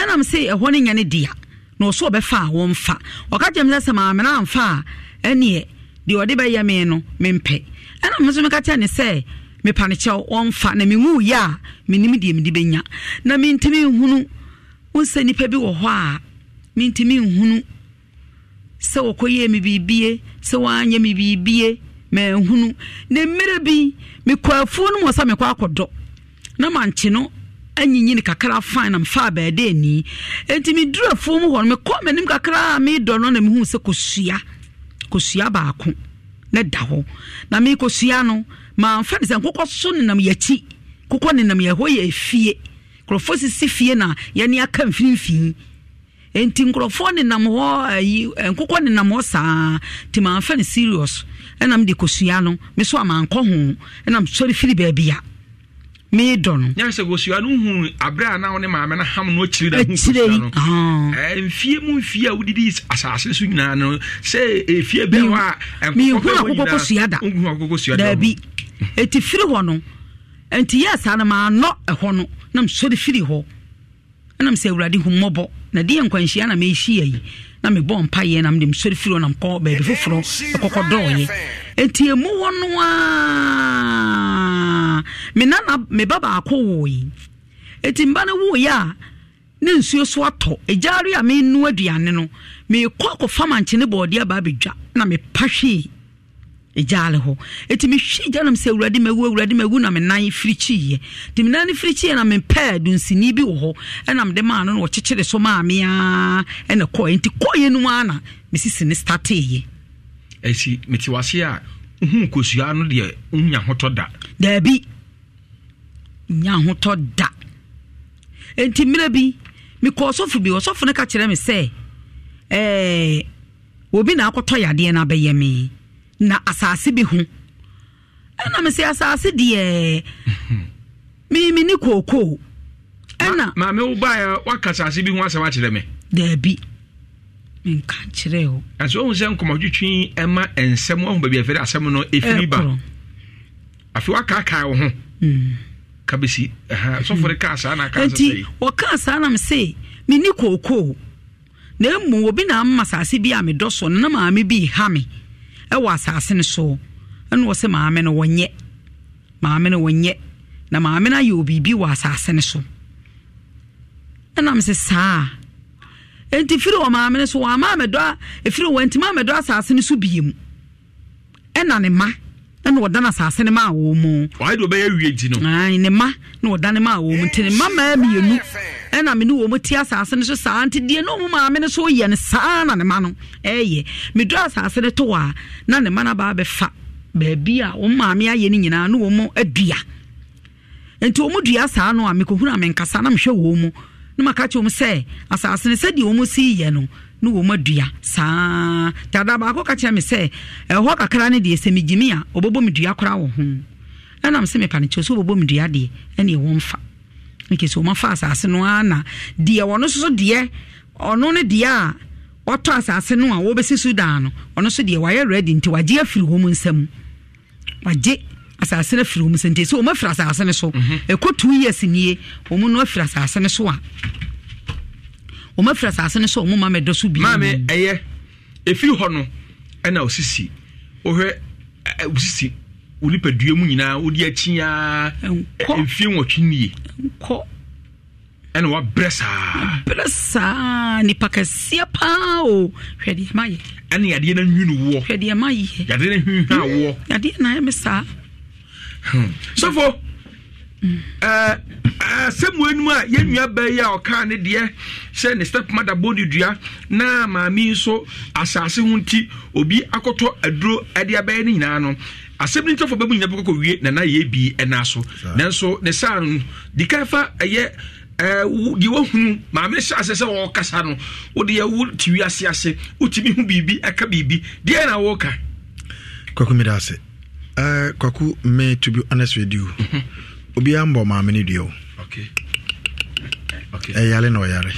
ɛnam sɛ ɛhɔ no nya ne dea na ɔso ɔbɛfa a wɔmfa ɔka kyerɛ me sɛ sɛ maamena amfa a ɛneɛ deɛ ɔde bɛyɛ me no mempɛ ɛnam nso meka kyɛ ne sɛ mepa no kyɛw ɔmfa na mewuyɛ a menim deɛ mede bɛnya na mentimi nhunu wo sɛ nnipa bi wɔ hɔ a mentimi nhunu sɛ wɔkɔyɛɛ me biribie sɛ wɔanyɛ me biribie manhunu na mmerɛ bi mekɔ afuo no mu sɛ mekɔ akɔdɔ na mankye no anyinyini kakra fan na mfa baade ani nti meduru afuo mu hɔ no mekɔ m'anim kakra a medɔ no na mehu sɛ kosua kosua baako na da hɔ na mekosua no mamfa ne sɛ nkokɔ so nenam yɛkyi kokɔ nenam yɛhɔ yɛ fie nkurɔfoɔ sisi fie na yɛne aka mfinimfini nti nkurɔfoɔ nenam hɔ ayi eh, nkokɔ nenam hɔ saa nti mamfa no serious ɛnam de kosua no me so amankɔ ho ɛnam sɔre firi baabi a meedɔ no nyɛ sɛ wɔsua no hu aberɛ a na wo ne maame no ham no akyiri dakyire ah. eh, mfie mu mfie a wodidi asase so nyinaa no sɛ ɛfie eh, bɛ hɔ a mehu eh, akokɔkɔ sua da daabi ɛti firi hɔ no ɛnti yɛ saa no maanɔ ɛhɔ no na mesɔre firi hɔ ɛnam sɛ awurade hu na deɛ nkwanhyia na mehyia yi na mebɔ mpayɛ na mede mesɔre firi hɔ na mkɔ baabi foforɔ ɛkɔkɔdɔɔyɛ eti emu hɔ noa me nana me ba baako woyi eti mba no woyi a ne nsuo so atɔ egyaare a menu aduane no meekɔ akɔfa mankyene bɔɔde aba abɛdwa na mepa hwee egyaale hɔ eti mehwi gya nam sɛ awurade mawu awurade mawu na me nan firikyiiɛ nti me nan no firikyiiɛ na mepɛɛ dunsini bi wɔ hɔ ɛna mede maa no na wɔkyekyere so maa me aa ɛna kɔɛ nti kɔɛ no mu ana mesisi ne stateeɛ ɛsi mete wase a wohu nkosua no deɛ wonya ho da daabi nya ho da enti mmerɛ bi mekɔ ɔsɔfo bi ɔsɔfo no ka kyerɛ me sɛ eh, obi na akɔtɔ yadeɛ no abɛyɛ me na asase bi ho ɛna mesɛ asase deɛ [LAUGHS] memene kookoo ɛna maame wo baɛ woaka asase bi ho asɛm akyerɛ me daabi nka kyerɛ o. ɛsɛ ohun sɛ nkɔmɔtwitwi ɛma nsɛm ɔhun baabi ɛfɛ de asɛm no efiri ba afei wakaakaa wo ho kabesi sɔfo de kaa saa na kaa sɛ sɛyi. wɔkaa saa nam se mi ni kookoo na emu obi na ama saase bi a mi dɔ so na maame bi ha mi ɛwɔ asaase no so ɛna wɔsɛ maame no wɔnyɛ maame no wɔnyɛ na maame no ayɛ obibi wɔ asaase no so ɛnam sɛ saa nti firi wɔ maame no so wɔn ama amedɔ efiri wɔn ntoma amedɔ asase no so bie mu ɛna ne ma ɛna wɔda no asase no ma a wɔn mu. wɔn de ɔbɛyɛ wie ti no. ayi ne ma na wɔda ne ma a wɔn mu nti ne ma maa mmienu ɛna me ne wɔn mu ti asase no so saa nti deɛ na wɔn maame no so yɛ no saa na ne ma no ɛɛyɛ medɔ asase no to wɔ na ne ma no aba abɛfa baabi a wɔn maame ayɛ no nyinaa na wɔn adua nti wɔn dua saa no a mekɔhunu a menkasa na mehwɛ wɔn mu na maka kyerɛ m sɛ asase no sɛdeɛ wɔn si yɛ no ne wɔn adua saa tada baako ka kyerɛ me sɛ ɛhɔ kakra ne deɛ sɛ megyimi a ɔbɛbɔ me dua koraa wɔ ho ɛnam sɛ mepa no kyerɛ ɔbɛbɔ me dua deɛ ɛne ɛwɔ mfa nke sɛ ɔmafa asase no ara na deɛ wɔno so deɛ ɔno ne deɛ a ɔtɔ asase no a wɔbɛsi so daa no ɔno so deɛ wayɛ ready nti wagye afiri hɔ mu nsam asase no afiri hɔ mu sɛ nti sɛ ɔma afiri asase no so mhm. ɛkɔ two years nie ɔmu no afiri asase no so a ɔma afiri asase no so a ɔmo ma mɛdɔ so bimaame ɛyɛ ɛfiri hɔ no ɛna ɔsisi wohwɛ wosisi wo nipadua mu nyinaa wodi akyiaa mfie nwɔtwe nie nkɔ ɛna wabrɛ saa brɛ saa nipa kɛseɛ paa o hwɛ deɛ mayɛ ɛne yadeɛ no nwini woɔ hwɛ deɛ mayɛ yadeɛ no hwinhwa woɔ yadeɛ na ɛme saa Hmm. sɔfo eh, eh, asɛmmu anum a yɛnnua baa yi a ɔkaa ne deɛ sɛ ne step mada bɔ ne dua na maame nso asase ho nti obi akɔtɔ aduro de abɛyɛ no nyinaa no asɛm no ntɔfo bɛmu nyina bɛkɔkɔ wie nana yɛ bi ɛna so nanso ne saa no dika fa ɛyɛ deɛ eh, wahunu maame hyɛ ase sɛ wɔrekasa no wode yɛwo tiwi ase ase wotumi ho biribi aka biribi deɛ na wɔreka kwakumida ase Uh, kwaku me to be honest with you mhm. obiara mbɔ maame ne deɛ o ɛyare na ɔyare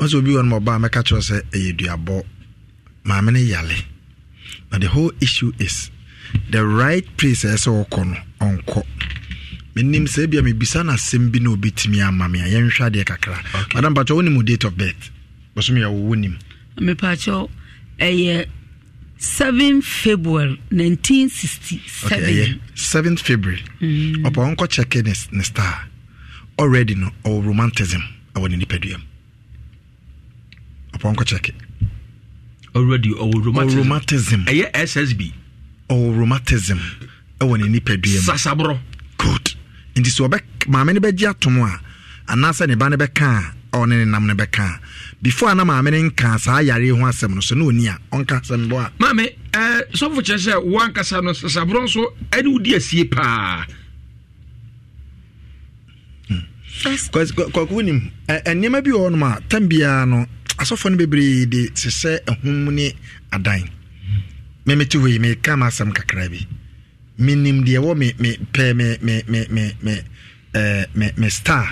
ɔsɛ obi wɔn ɔbaa mɛka kyerɛ eh, sɛ ɛyɛ duabɔ maame ne yale na eh, the whole issue is the right place ɛsɛ ɔkɔ no ɔnkɔ menim sɛ ebia mebisa no asɛm bi na obɛtumi ama me a yɛnhwɛ adeɛ kakra madam pakyɛ wonim date of birth bɔsom yɛwo wonim mepaakyɛw ɛyɛ 7 february 1967 okay, 7 february ɔpɛ ɔnkɔ kyɛke ne, star already no ɔwɔ romantism ɛwɔ ne nipadua mu ɔpɛ ɔnkɔ kyɛke already ɔwɔ romantism romantism ɛyɛ ssb ɔwɔ romantism ɛwɔ ne nipadua mu sasaborɔ good nti sɛ ɔbɛ maame no bɛgye atom a anaasɛ ne ba no bɛka a ɔne ne nam no bɛka a before ana maame ne nka saa yare ho asɛm no so na oni a ɔnka asɛm bɔ a maame ɛɛ eh, sɔfo kyerɛ sɛ woankasa no sasaborɔ nso ɛne wodi asie paa kɔkɔ hmm. nim nneɛma bi wɔ hɔnom a tam biara no asɔfoɔ no bebree de sesɛ ɛhom ne adan memete hɔ yi meka ma asɛm kakra bi menim deɛ wɔ me me pɛ me me me me me ɛɛ me me star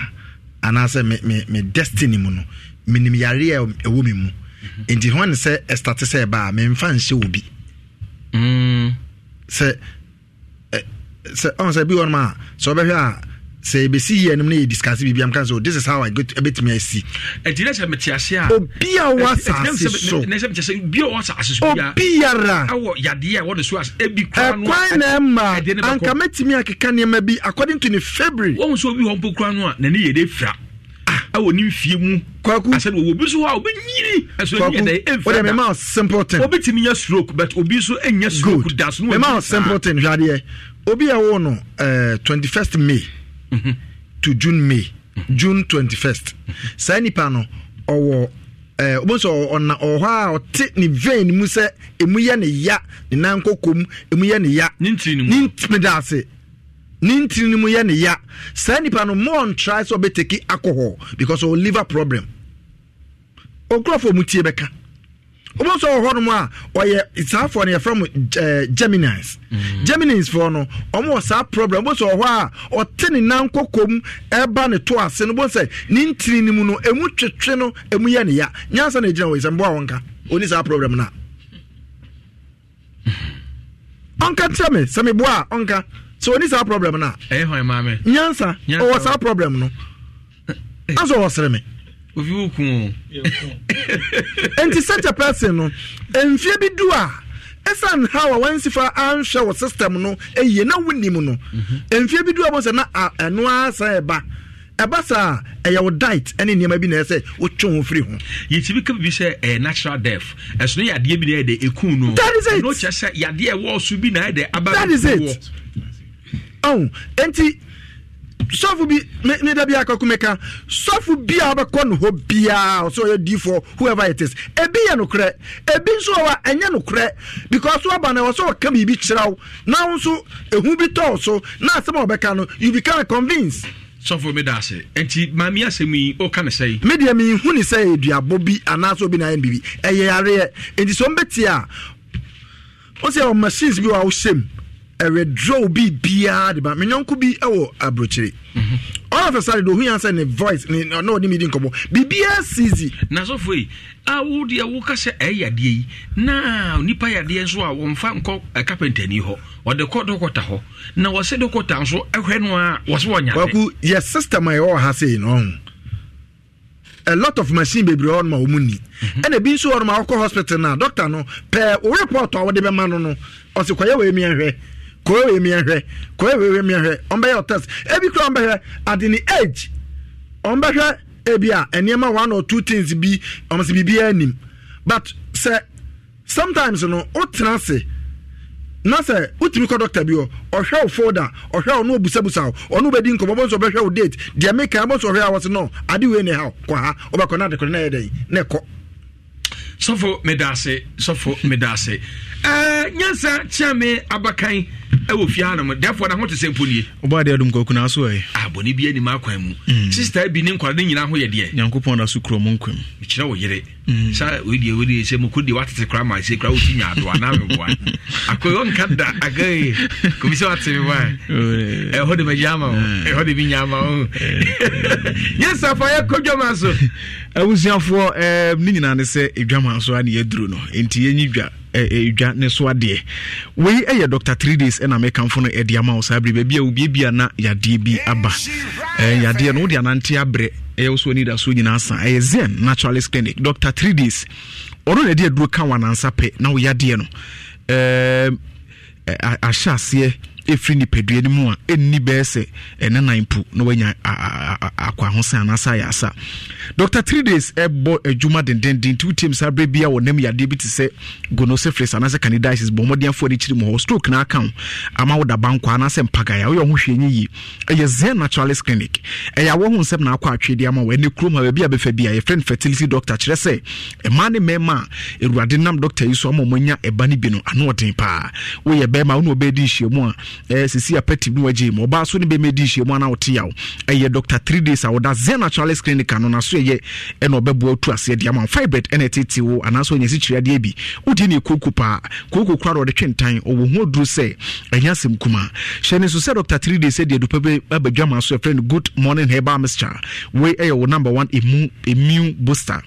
anaasɛ me me me destiny mu no menim yareɛ ɛwɔ me mu nti hɔ ne sɛ ɛstate sɛ ɛbaa memfa nhyɛ obi mm. sɛ sɛ ɔn sɛ bi wɔnom a sɛ ɔbɛhwɛ a sɛ ebesi yie anim na yɛ discuss bi biam so oh, this is how i get ebetumi asi. ɛti ne sɛ mete ase a. obi a wɔ asase so ne sɛ mete ase obi a wɔ asase so bia obiara awɔ yadeɛ a wɔde so ase ebi kura no a ɛkwan na ɛma anka mɛtumi akeka nneɛma bi according to ne february. wɔn nso obi wɔ mpokura no a n'ani yɛ de fira ɛwɔ ne fie mu asɛde wɔwɔ obi so hɔ a obɛnyini ɛso ɛnyɛ dɛ ɛmfa obɛtumi nya stroke but obi so ɛnya stroke da so mema simple thing hwadeɛ obi a wo no uh, eh, 21st may mhm. to june may mhm. june 21st mhm. saa nipa no ɔwɔ ɔmo eh, sɛ ɔna ɔhɔ a ɔte ne vein mu sɛ emu yɛ ne ya ne nan kɔkɔm emu yɛ ne ya ne ntiri ne mu ne ntiri da ase ne ntiri no mu yɛ ne ya saa nipa no ma ɔntrae sɛ ɔbɛtaki alcohol because ɔwɔ liver problem ɔkurɔfoɔ mu tie bɛka wọ́n sọ ọ̀họ́ nomu a ọ̀yẹ sáfọ̀ ni yẹ fẹ́ mu germinans germinans fọ́ no ọmọ mm. wọ saa problem wọ́n sọ ọ̀họ́ a ọ̀tẹ́ ne nan kọ́kọ́ mu ẹ̀ba ne to ase no wọ́n sẹ ne ntiri ne mu no emu twetwe no emu yẹ ne ya nyansa na egyina wọ ìsẹ̀ mbọ́ àwọn nka oní saa problem na. ọ̀nka tẹ́ mi sẹ́mi bọ́ a ọ̀nka. so oni saa problem na. ɛyɛ eh, hɔn maame. nyansa ɔwɔ saa problem no eh. aso wɔ sere mi. ofi wo kun o. nti such a person no nfie bi du a ɛsan ha wa wɔn nsifa anhwɛ wɔ system no eye na wunim no nfie mhm. bi du a bɔ sɛ na ɛno asan ɛba. ɛba saa ɛyɛ wo diet ɛne nneɛma bi na ɛsɛ wotwe ho firi ho yɛtumi ka bibi sɛ ɛyɛ eh, natural death ɛso no yɛ adeɛ bi na ɛyɛ dɛ ɛku no ɛno kyerɛ sɛ yadeɛ ɛwɔ so bi na ɛyɛ dɛ aba bi wɔ ɔn nti sɔfo bi ne da bi akɔko meka sɔfo bi a ɔbɛkɔ ne hɔ biara ɔsɛ ɔyɛ difo whoever it is ebi yɛ nokorɛ ebi nso wɔ a ɛnyɛ nokorɛ because wɔba na wɔsɛ ɔka biribi kyerɛ wo na wo nso ehu bi tɔɔ so na asɛm a ɔbɛka no you become convinced. sɔfo mi da ase nti maame asɛm yi ɔka ne sɛ. mi deɛ mi hu ne sɛ eduabɔ bi anaasɛ obi na ayɛ biribi ɛyɛ yareɛ nti sɛ ɔmbɛtia wɔn sɛ ɔn machines bi wɔ ɔhyɛ mu ɛredraw bi biara de ba me nyɔnko bi ɛwɔ aburokyire mhm. all of a sudden ohu yan sɛ ne voice ne na ɔne mi di nkɔmɔ biribiara sizi. n'asɔfo yi a wodi a woka sɛ ɛyɛ adeɛ yi na nipa yɛ adeɛ nso a wɔnfa nkɔ kapɛntani hɔ wɔde kɔ dɔkɔta hɔ na wɔsɛ dɔkɔta nso ɛhwɛ no a wɔsɛ wɔnyate. waku yɛ system a yɛwɔ ha sɛ yi na a lot of machine bebree hɔ nom a wɔn ni mhm. ɛna ebi nso hɔ a wɔkɔ hospital na doctor no pɛɛ o report a wɔde bɛma no no ɔsi kɔyɛ wɔ emi ahwɛ. kɔɛ wei miɛhwɛ kɔɛ wei wei miɛhwɛ ɔmbɛyɛ ɔtɛs ebi kura ɔmbɛhwɛ adi ni age ɔmbɛhwɛ ebi a nneɛma one or two things bi ɔmɔsi bibi anim but sɛ sometimes no o tena na sɛ wotumi kɔ bi hɔ ɔhwɛ wo folder ɔhwɛ wo na obusabusa wo ɔno wobɛdi nso date deɛ nso ɔhwɛ wei na kɔ ha sɔfo medase sɔfo medase ɛɛ eh, nyansa kyiame abakan ɛwɔ fie hanom dɛfo na ho te sɛ mponie ɔbɔ adeɛ dom kwaku naa so ɛ abɔne ah, bi anim akwan mu hmm. sista bi ne nkwadaa ne nyinaa ho yɛ deɛ nyankopɔn da so kuro mu nkwam mekyerɛ wo yere yes afa ya abusuafoɔ ne nyinaa ne sɛ edwama so ane yɛduru no enti yɛnyi dwa eh, eh, edwa ne so adeɛ wei yɛ dr three days ɛna mɛkamfo no ɛde ama wo saa bere baabi a wobiebia na yadeɛ bi aba eh, yadeɛ no wode anante abrɛ ɛyɛ wo so ani da so nyinaa sa ɛyɛ zen naturalist clinic dr three days ɔno na ɛde aduro ka wɔ anansa pɛ na woyadeɛ no um, ahyɛ aseɛ ɛfiri nipadua no mu a ɛnni bɛɛ sɛ ɛne nan po na woanya akɔ ahosɛ anaasɛ ayɛ asa dr three days ɛbɔ eh, adwuma eh, dendenden nti eh, wotiam saa berɛ bia wɔnam yadeɛ bi te sɛ gonocephalus anaasɛ candidiasis bɔ mmɔdenfoɔ de kyiri mu hɔ stroke na aka wo ama woda banko anaasɛ mpagae a woyɛ ho hwɛnyi yi ɛyɛ zen naturalist clinic ɛyɛ awɔ ho nsɛm na akɔ atwedeɛ ama wɔ ɛne kurom ha baabi a bɛfa bia yɛfrɛ no fertility doctor kyerɛ sɛ ɛma ne mmarima a awurade nam doctor yi so ama ɔmanya ɛba no bi no ano ɔden paa woyɛ bɛrima wo ne ɔbɛdi nhyiamu a ɛɛ sisi apɛti ne wagye mu ɔbaa so ne bɛmɛdi nhyiamu ana wote ɛyɛ doctor three days a wɔda zen naturalis clinic ano naso so yɛ ɛna ɔbɛboa tu aseɛ deɛ ama fibred ɛna ɛtete wo anaasɛ ɔnya sikyiri adeɛ bi wodi ne kooko paa kooko kora na ɔde twe ɔwɔ ho duru sɛ ɛnyɛ asɛm kuma hyɛ ne so sɛ dr three days sɛ deɛ dupa bɛ abadwa ma so yɛfrɛ no good morning herbal mixture wei ɛyɛ wo number one emu emu booster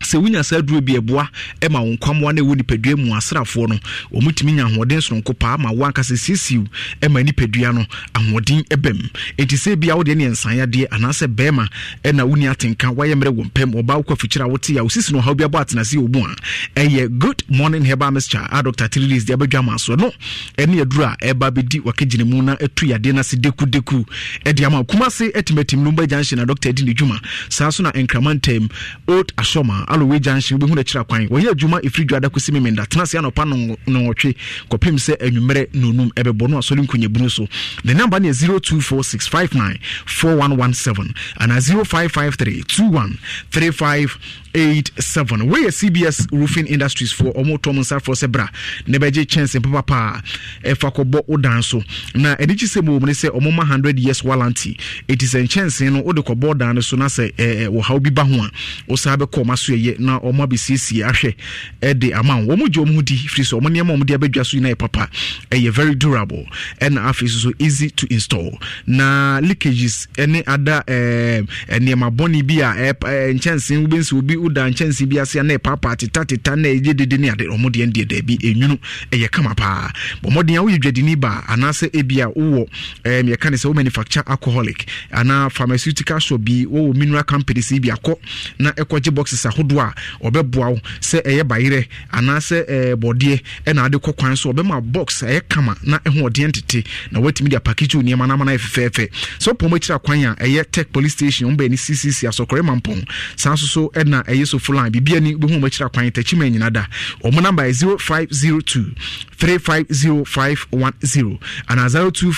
sɛ wonya saa duro bi ɛboa ma wo nkwammoa no ɛwɔ nipadua mu asrafoɔ no ɔmutumi nya ahoɔden sononko paa ma woankasa siesiw ma nipadua no ahoɔden bɛm ɛnti sɛ bia wodeɛ ne yɛnsaneadeɛ anaasɛ bɛrima ɛna woni atenka woayɛ mmerɛ wɔ mpɛm ɔba wokɔ afikyiri a wote a wosisi no ɔhaw bi abɔ atenase wɔ mu a ɛyɛ good morning heba mixture a dr trilis de abɛdwa ma soɔ no ɛne aduro a ɛba bɛdi wakagyina mu na atu yadeɛ no ase dekudeku ɛde ama kumase atimatim no mbagya nhyɛ na dr di ne dwuma saa so na nkramantam old ashoma alowe junction wobɛhu nakyira kwan wɔyɛ adwuma ɛfiri dwada kɔsi memenda tena se anɔpa nɔwɔtwe kɔpem sɛ anwummerɛ nonum ɛbɛbɔ no asɔre nkonyabunu so the number ne 024659 4117 anaa 0553 21 35 87 wɔyɛ cbs roofing industries foɔ ɔmo tɔ mo nsa foɔ sɛ bra na bɛgye kyɛnse papa paa ɛfa kɔbɔ wo dan so na ɛde kyi sɛ mmom ne sɛ ɔmo ma 100 years warranty ɛti sɛ nkyɛnse no wode kɔbɔ dan no so na sɛ eh, wɔhaw bi ba ho a wo saa bɛkɔ ɔma so ɛyɛ na ɔmo abɛsiesie ahwɛ ɛde ama wo wɔmo gye ɔmo ho di firi sɛ ɔmo nneɛma ɔmo abɛdwa so yi na papa ɛyɛ eh, very durable ɛna afei so easy to install na leakages ɛne eh, ada eh, nneɛma bɔne bi a eh, nkyɛnse wobɛnsi obi woda nkyɛnse bi ase na ɛpaapaa teta teta na ɛyɛ dede ne ade ɔmo deɛ daabi enwunu ɛyɛ kama paa ɔmɔden a woyɛ dwadini baa anaasɛ ebi a wowɔ ɛɛm yɛka ne sɛ wo manufacture alcoholic anaa pharmaceutical shop bi wɔwɔ mineral companies bi akɔ na ɛkɔgye boxes ahodoɔ a ɔbɛboa wo sɛ ɛyɛ bayerɛ anaasɛ ɛɛ bɔdeɛ ɛna ade kɔ kwan so ɔbɛma box ɛyɛ kama na ɛhoɔden tete na watumi de apakikyi wo nneɛma n'amana yɛ fɛfɛɛfɛ sɛ ɔpɔn mo akyire akwan a ɛyɛ tech police station ɔmo bɛyɛ ccc asɔkɔrɛ mampɔn saa nso so ɛna ɛyɛ so fo line biribia ni bɛhu wɔmakyira kwan takyima nyina da ɔmo number yɛ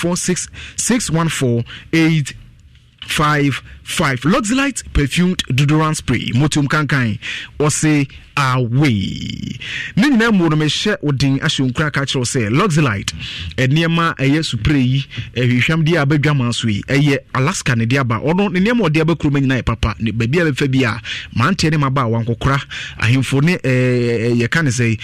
four six six one four eight five five Luxelite perfumed deodorant spray motum kankan ɔsi away ne nyinaa mu no mehyɛ ɔden ahyɛ nkura ka kyerɛw sɛ Luxelite eh, nneɛma ɛyɛ eh, supre yi ɛhwehwɛm deɛ abɛdwa ma so yi ɛyɛ Alaska ne de aba ɔno ne nneɛma ɔde aba kurom nyinaa yɛ papa ne baabi a bɛfa bi a mmeranteɛ ne a wankɔkora ahemfo ne ɛɛ yɛka ne sɛ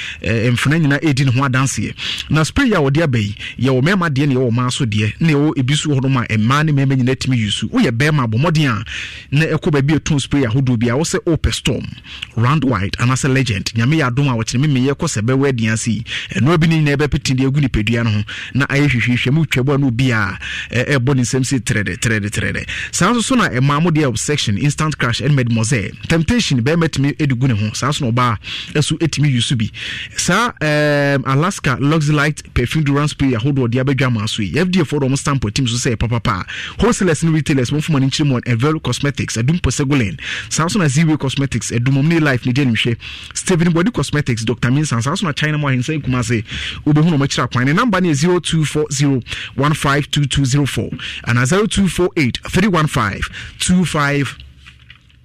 mfena nyinaa ɛredi ne ho adanseɛ na spray a wɔde aba yi yɛwɔ mmarima deɛ ne yɛwɔ mmaa so deɛ ne yɛwɔ ebi so hɔ nom a mmaa ne mmarima nyinaa tumi use woyɛ bɛrima abɔmmɔden a na ɛkɔ baabi a ɛtɔn spray ahodoɔ bi a wɔsɛ opɛ storm round wide anaasɛ legend nyame yɛ adom a wɔkyerɛ me meyɛ kɔ sɛ bɛwɔ adi ase yi ɛnoa bi no nyinaa ɛbɛpete deɛ agu nipadua no ho na ayɛ hwehwehwɛ mu twabɔ a na obi a ɛbɔ ne nsɛm sɛ trɛdɛ trɛdɛ trɛdɛ saa nso so na ɛmaa mo deɛ obsection instant crash ɛne medmose temptation bɛrima tumi de gu ne ho saa so na ɔbaa ɛso tumi yusu bi saa um, alaska luxlite perfume durant spray ahodoɔ de abɛdwa maa so yi fda fo de ɔmo stamp ɔtim so sɛ papapa wholesalers ne retailers mo mfoma no nkyerɛ mu velo cosmetics adum posegolen samson aziwe cosmetics adum omni life ne denim hwɛ steven body cosmetics dr minsan samson a china mo ahensa kuma se wobɛhu na ɔmakyerɛ kwan ne number ne 0240152204 ana 0248 315 25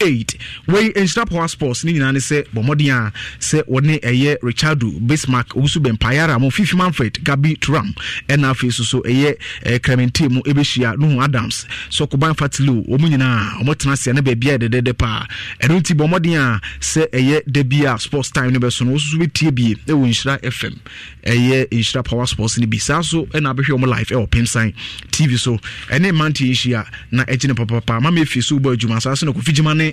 eight wei nhyira power sports ne nyinaa ne sɛ bɔ mmɔden a sɛ wɔne ɛyɛ richardo bismark owusu bɛn payara mo fifi manfred gabi tram ɛna afei so so eh, ɛyɛ ɛɛ mu ebɛhyia nuhu adams sɔkoban fatilo wɔn nyinaa wɔn tena ase ne baabi a ɛdɛdɛdɛ paa ɛno nti bɔ mmɔden a sɛ ɛyɛ dabi a sports time no bɛ so no wɔsoso bi tie bie ɛwɔ nhyira fm ɛyɛ nhyira power sports ne bi saa so ɛna abɛhwɛ wɔn live ɛwɔ pinsan tv so ɛne mante nhyia na ɛgye ne papapa mama efi so bɔ adwuma saa so na kofi gyima ne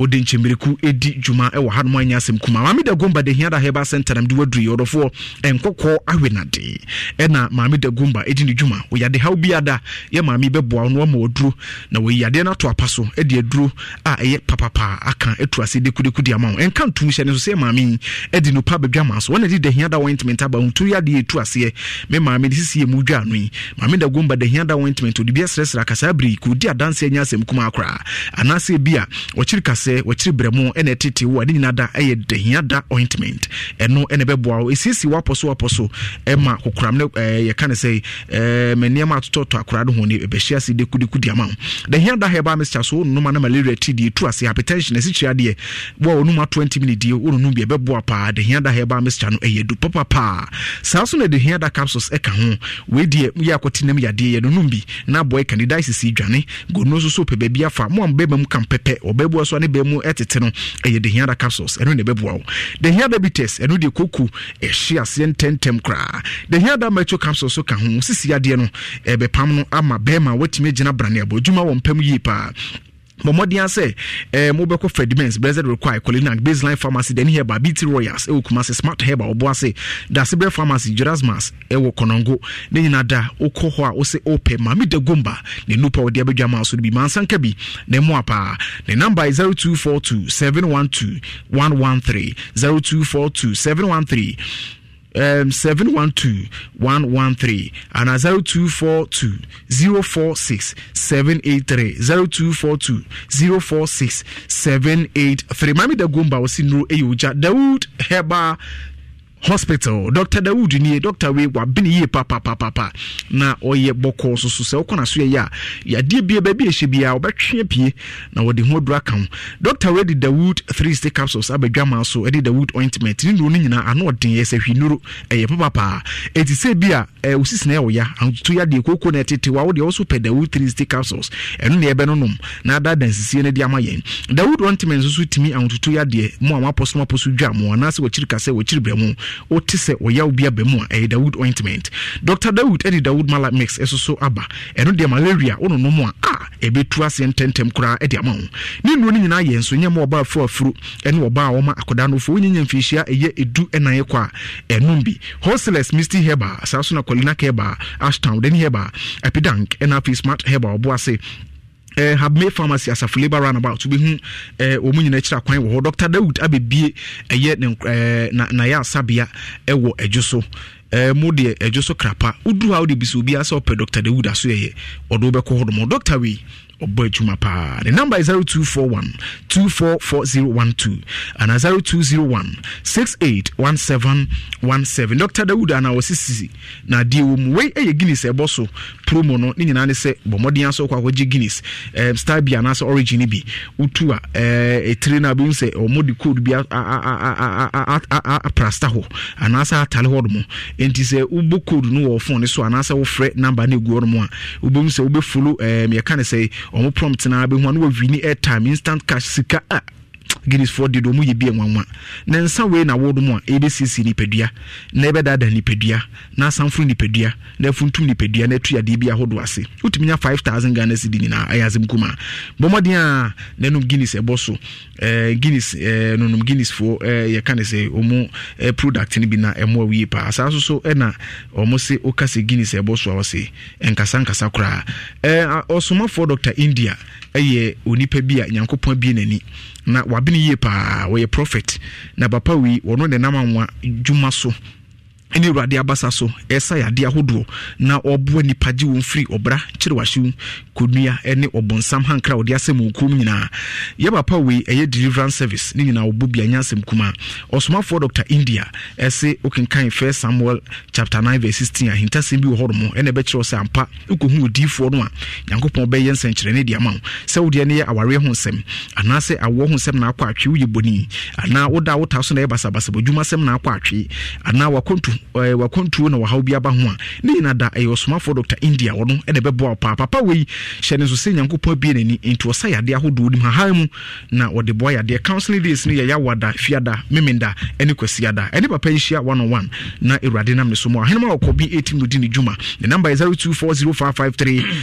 wode nkyɛmmireku ɛdi dwuma ɛwɔ hanom anyɛ asɛm kuma maame da gomba de hiada heba center namde waduru yi ɔdɔfoɔ ɛnkɔkɔɔ awenade ɛna maame da gomba ɛdi ne dwuma wɔyade haw bi ada yɛ maame bɛboa wo no wama waduro na wɔyi yadeɛ no ato apa so ɛde aduro a ɛyɛ papapaa aka ɛtu ase dekudeku de ama wo ɛnka ntom hyɛ ne so sɛ maame ɛde nopa ma so wɔne de da hia da ointment aba hoturu yadeɛ ɛtu aseɛ me maame de sisi mu dwa ano yi maame da gomba da hia da ointment ɔde bi ɛsrɛsrɛ akasaa bere yi kɔdi adanseɛ nyɛ asɛm kuma koraa anaasɛ bi a ɔkyiri kase sɛ wakyiri berɛ mu ɛna ɛtete wo a ne ɛyɛ dahia ointment ɛno ɛna ɛbɛboa wo ɛsiesie woapɔ so woapɔ so ɛma kokoram ne yɛka ne sɛ ma nneɛma atotɔtɔ akora no ho ne ɛbɛhyia ase dekudeku di ama wo dahia da herbal mixture so wononoma na malaria ti deɛ ɛtu ase hypertension asikyiri adeɛ wo a wonum 20 minute deɛ wononum bi ɛbɛboa paa dahia da herbal mixture no ɛyɛ du papa paa saa so na dahia da capsules ɛka ho wei deɛ yɛ akɔte nam yadeɛ yɛnonom bi na aboa ɛka ne diasis dwane gonuo so so pɛ baabi afa mo a mbɛma mu kam pɛpɛ ɔbɛboa so a bɛn mu tete no ɛyɛ dehia da capsules ɛno ne bɛboa wo dehia diabetes ɛno deɛ koko ɛhye aseɛ ntɛntɛm koraa dehia da macho capsules so ka ho sisi adeɛ no ɛbɛpam no ama bɛrima watumi gyina brane abɔ adwuma wɔ mpam yie paa mɔmmɔden sɛ eh, mobɛkɔ fredmens blessed require colinac baseline pharmacy then herba bt royals ɛwɔ eh, kuma se smart herba ɔbo ase dasebrɛ pharmacy jurasmas ɛwɔ eh, kɔnɔngo ne nyina da wokɔ hɔ a wo se wopɛ mame da gomba ne nupa wode abɛdwa ma so no bi mansanka bi ne mmoa paa ne zero two four two seven one three um, 712 113 and a 0242 046 783 0242 046 783 mami da gomba wasi nuro eyi oja dawood heba hospital dr dawood nie dr wei wabene yie papapapapa na ɔyɛ bɔkɔɔ so so sɛ wokɔ so, yɛyɛ a yadeɛ bia baabi ɛhyɛ biaa wɔbɛtwea pie na wɔde ho aduro aka ho dr wei de dawood 3 sta capsules abadwamaa so ɛde dawood ointment ne e nuro no nyinaa ano ɔden yɛ sɛ hwi nuro ɛyɛ papapaa ɛti sɛ bi a wosisina ɛwɔ ya ahototo yadeɛ koko na ɛtete wa wodeɛ wo so pɛ dawood 3 sta capsules ɛno ne ɛbɛnonom na ada dansisie no de ama yɛn dawood ointment nso so tumi ahototo yadeɛ mu a mapɔ so mapɔ so dwa mo anaasɛ wakyiri kasɛ wakyiri brɛ mu wote sɛ ɔyaw bi aba mu a ɛyɛ dawood ointment dr dawood ɛde dawood mala mix ɛso so aba ɛno deɛ malaria wononom a a ɛbɛtu aseɛ ntɛntɛm koraa ɛde ama wo ne nnuro no nyinaa yɛ nso nyɛ ma ɔbaa afuro afuro ɛne ɔbaa a wɔma akwadaa no foɔ wonyanya mfiihyia ɛyɛ ɛdu ɛnan kɔ a ɛnom bi hosteles misty heba saa so na kolina keba ashtown den heba epidank ɛna afei smart heba ɔbo ase eh, habme pharmacy asafo labour runabout wobɛhu eh, wɔ mu nyina kyira kwan wɔ hɔ dr dawood abɛbie ɛyɛ eh, eh, nayɛ asabea ɛwɔ eh, adwo eh, eh, eh, so eh, mo deɛ adwo so krapa woduru ha wode bi sɛ obiaa sɛ ɔpɛ dr dawood aso ɛyɛ ɔde wobɛkɔ hɔ domɔ dr wei ɔbɔ adwuma paa ne number is 0241 244012 ana 0201 681717 dr dawood ana wɔse sisi na adeɛ wɔ mu wei ɛyɛ guinness ɛbɔ so promo no ne nyinaa ne sɛ bɔ mmɔden asɛ wokɔ akɔgye guinness um, star bi anaasɛ origin bi wotu a ɛtire no a bɛhu sɛ ɔmɔde code bi aprasta hɔ anaasɛ atale hɔ nom enti sɛ wobɔ code no wɔ phone so anaasɛ wofrɛ number no ɛgu hɔ nom a wobɛhu sɛ wobɛfolo um, yɛka ne sɛ ɔmo prompt na abɛhu ano wɔ wini airtime instant cash sika a guinesfoɔ de do ɔmu yɛ bi nwanwa ne nsa wei na wɔdo mu a ɛde siesie nipadua na ɛbɛdada nipadua na asanforo nipadua na afuntum nipadua na atu adeɛ bi ahodoɔ ase wotumi nya 5000 ghana cedi nyinaa ɛyɛ asɛm kuma bɔmmɔden a nanom guinness ɛbɔ so guinness nonom guinnessfoɔ yɛka ne sɛ ɔmu product no bi na ɛmmoa wie paa saa nso so ɛna ɔmo se woka sɛ guinness ɛbɔ so a wɔ se nkasa nkasa koraa ɔsomafoɔ dr india ɛyɛ onipa bi a nyankopɔn abie n'ani na wabene yie paa wɔyɛ prophet na papa wei wɔno ne nam anwa dwuma so ne awurade abasa so ɛsa yɛ adeɛ ahodoɔ na ɔboa nipa gye wɔn firi ɔbra kyerɛ wahyew kɔnnua ne ɔbɔnsam hankra ɔde asɛm wɔ kurom nyinaa yɛba pa wei ɛyɛ deliverance service ne nyinaa wɔbɔ bia nyɛ asɛm kuma ɔsomafoɔ dr india ɛse wokenkan fɛ samuel chapter 9 verse 16 ahintasɛm bi wɔ hɔnom ɛna ɛbɛkyerɛ sɛ ampa wokɔhu odiyifoɔ no a nyankopɔn bɛyɛ nsɛnkyerɛne de ama wo sɛ wodeɛ no yɛ awareɛ ho nsɛm anaasɛ awoɔ ho nsɛm na akɔ atwe woyɛ bɔni anaa woda wota so na yɛ basabasabadwuma sɛm na akɔ atwe anaa wakɔntu Eh, wakwantuo na wahaw bi aba ho a ne nyina da ɛyɛ ɔsomafoɔ dr india wɔno ɛna ɛbɛboa wo paa papa wei hyɛ ne nso sɛ nyankopɔn abie n'ani nti ɔsa yadeɛ ahodoɔ nim hahan mu na wɔde boa yadeɛ counseling days no yɛyɛ awada fiada memenda ɛne kwasiada ɛne papa nhyia 101 na awurade nam ne so mu ahenem a wɔkɔ bi 18 no di ne dwuma ne number yɛ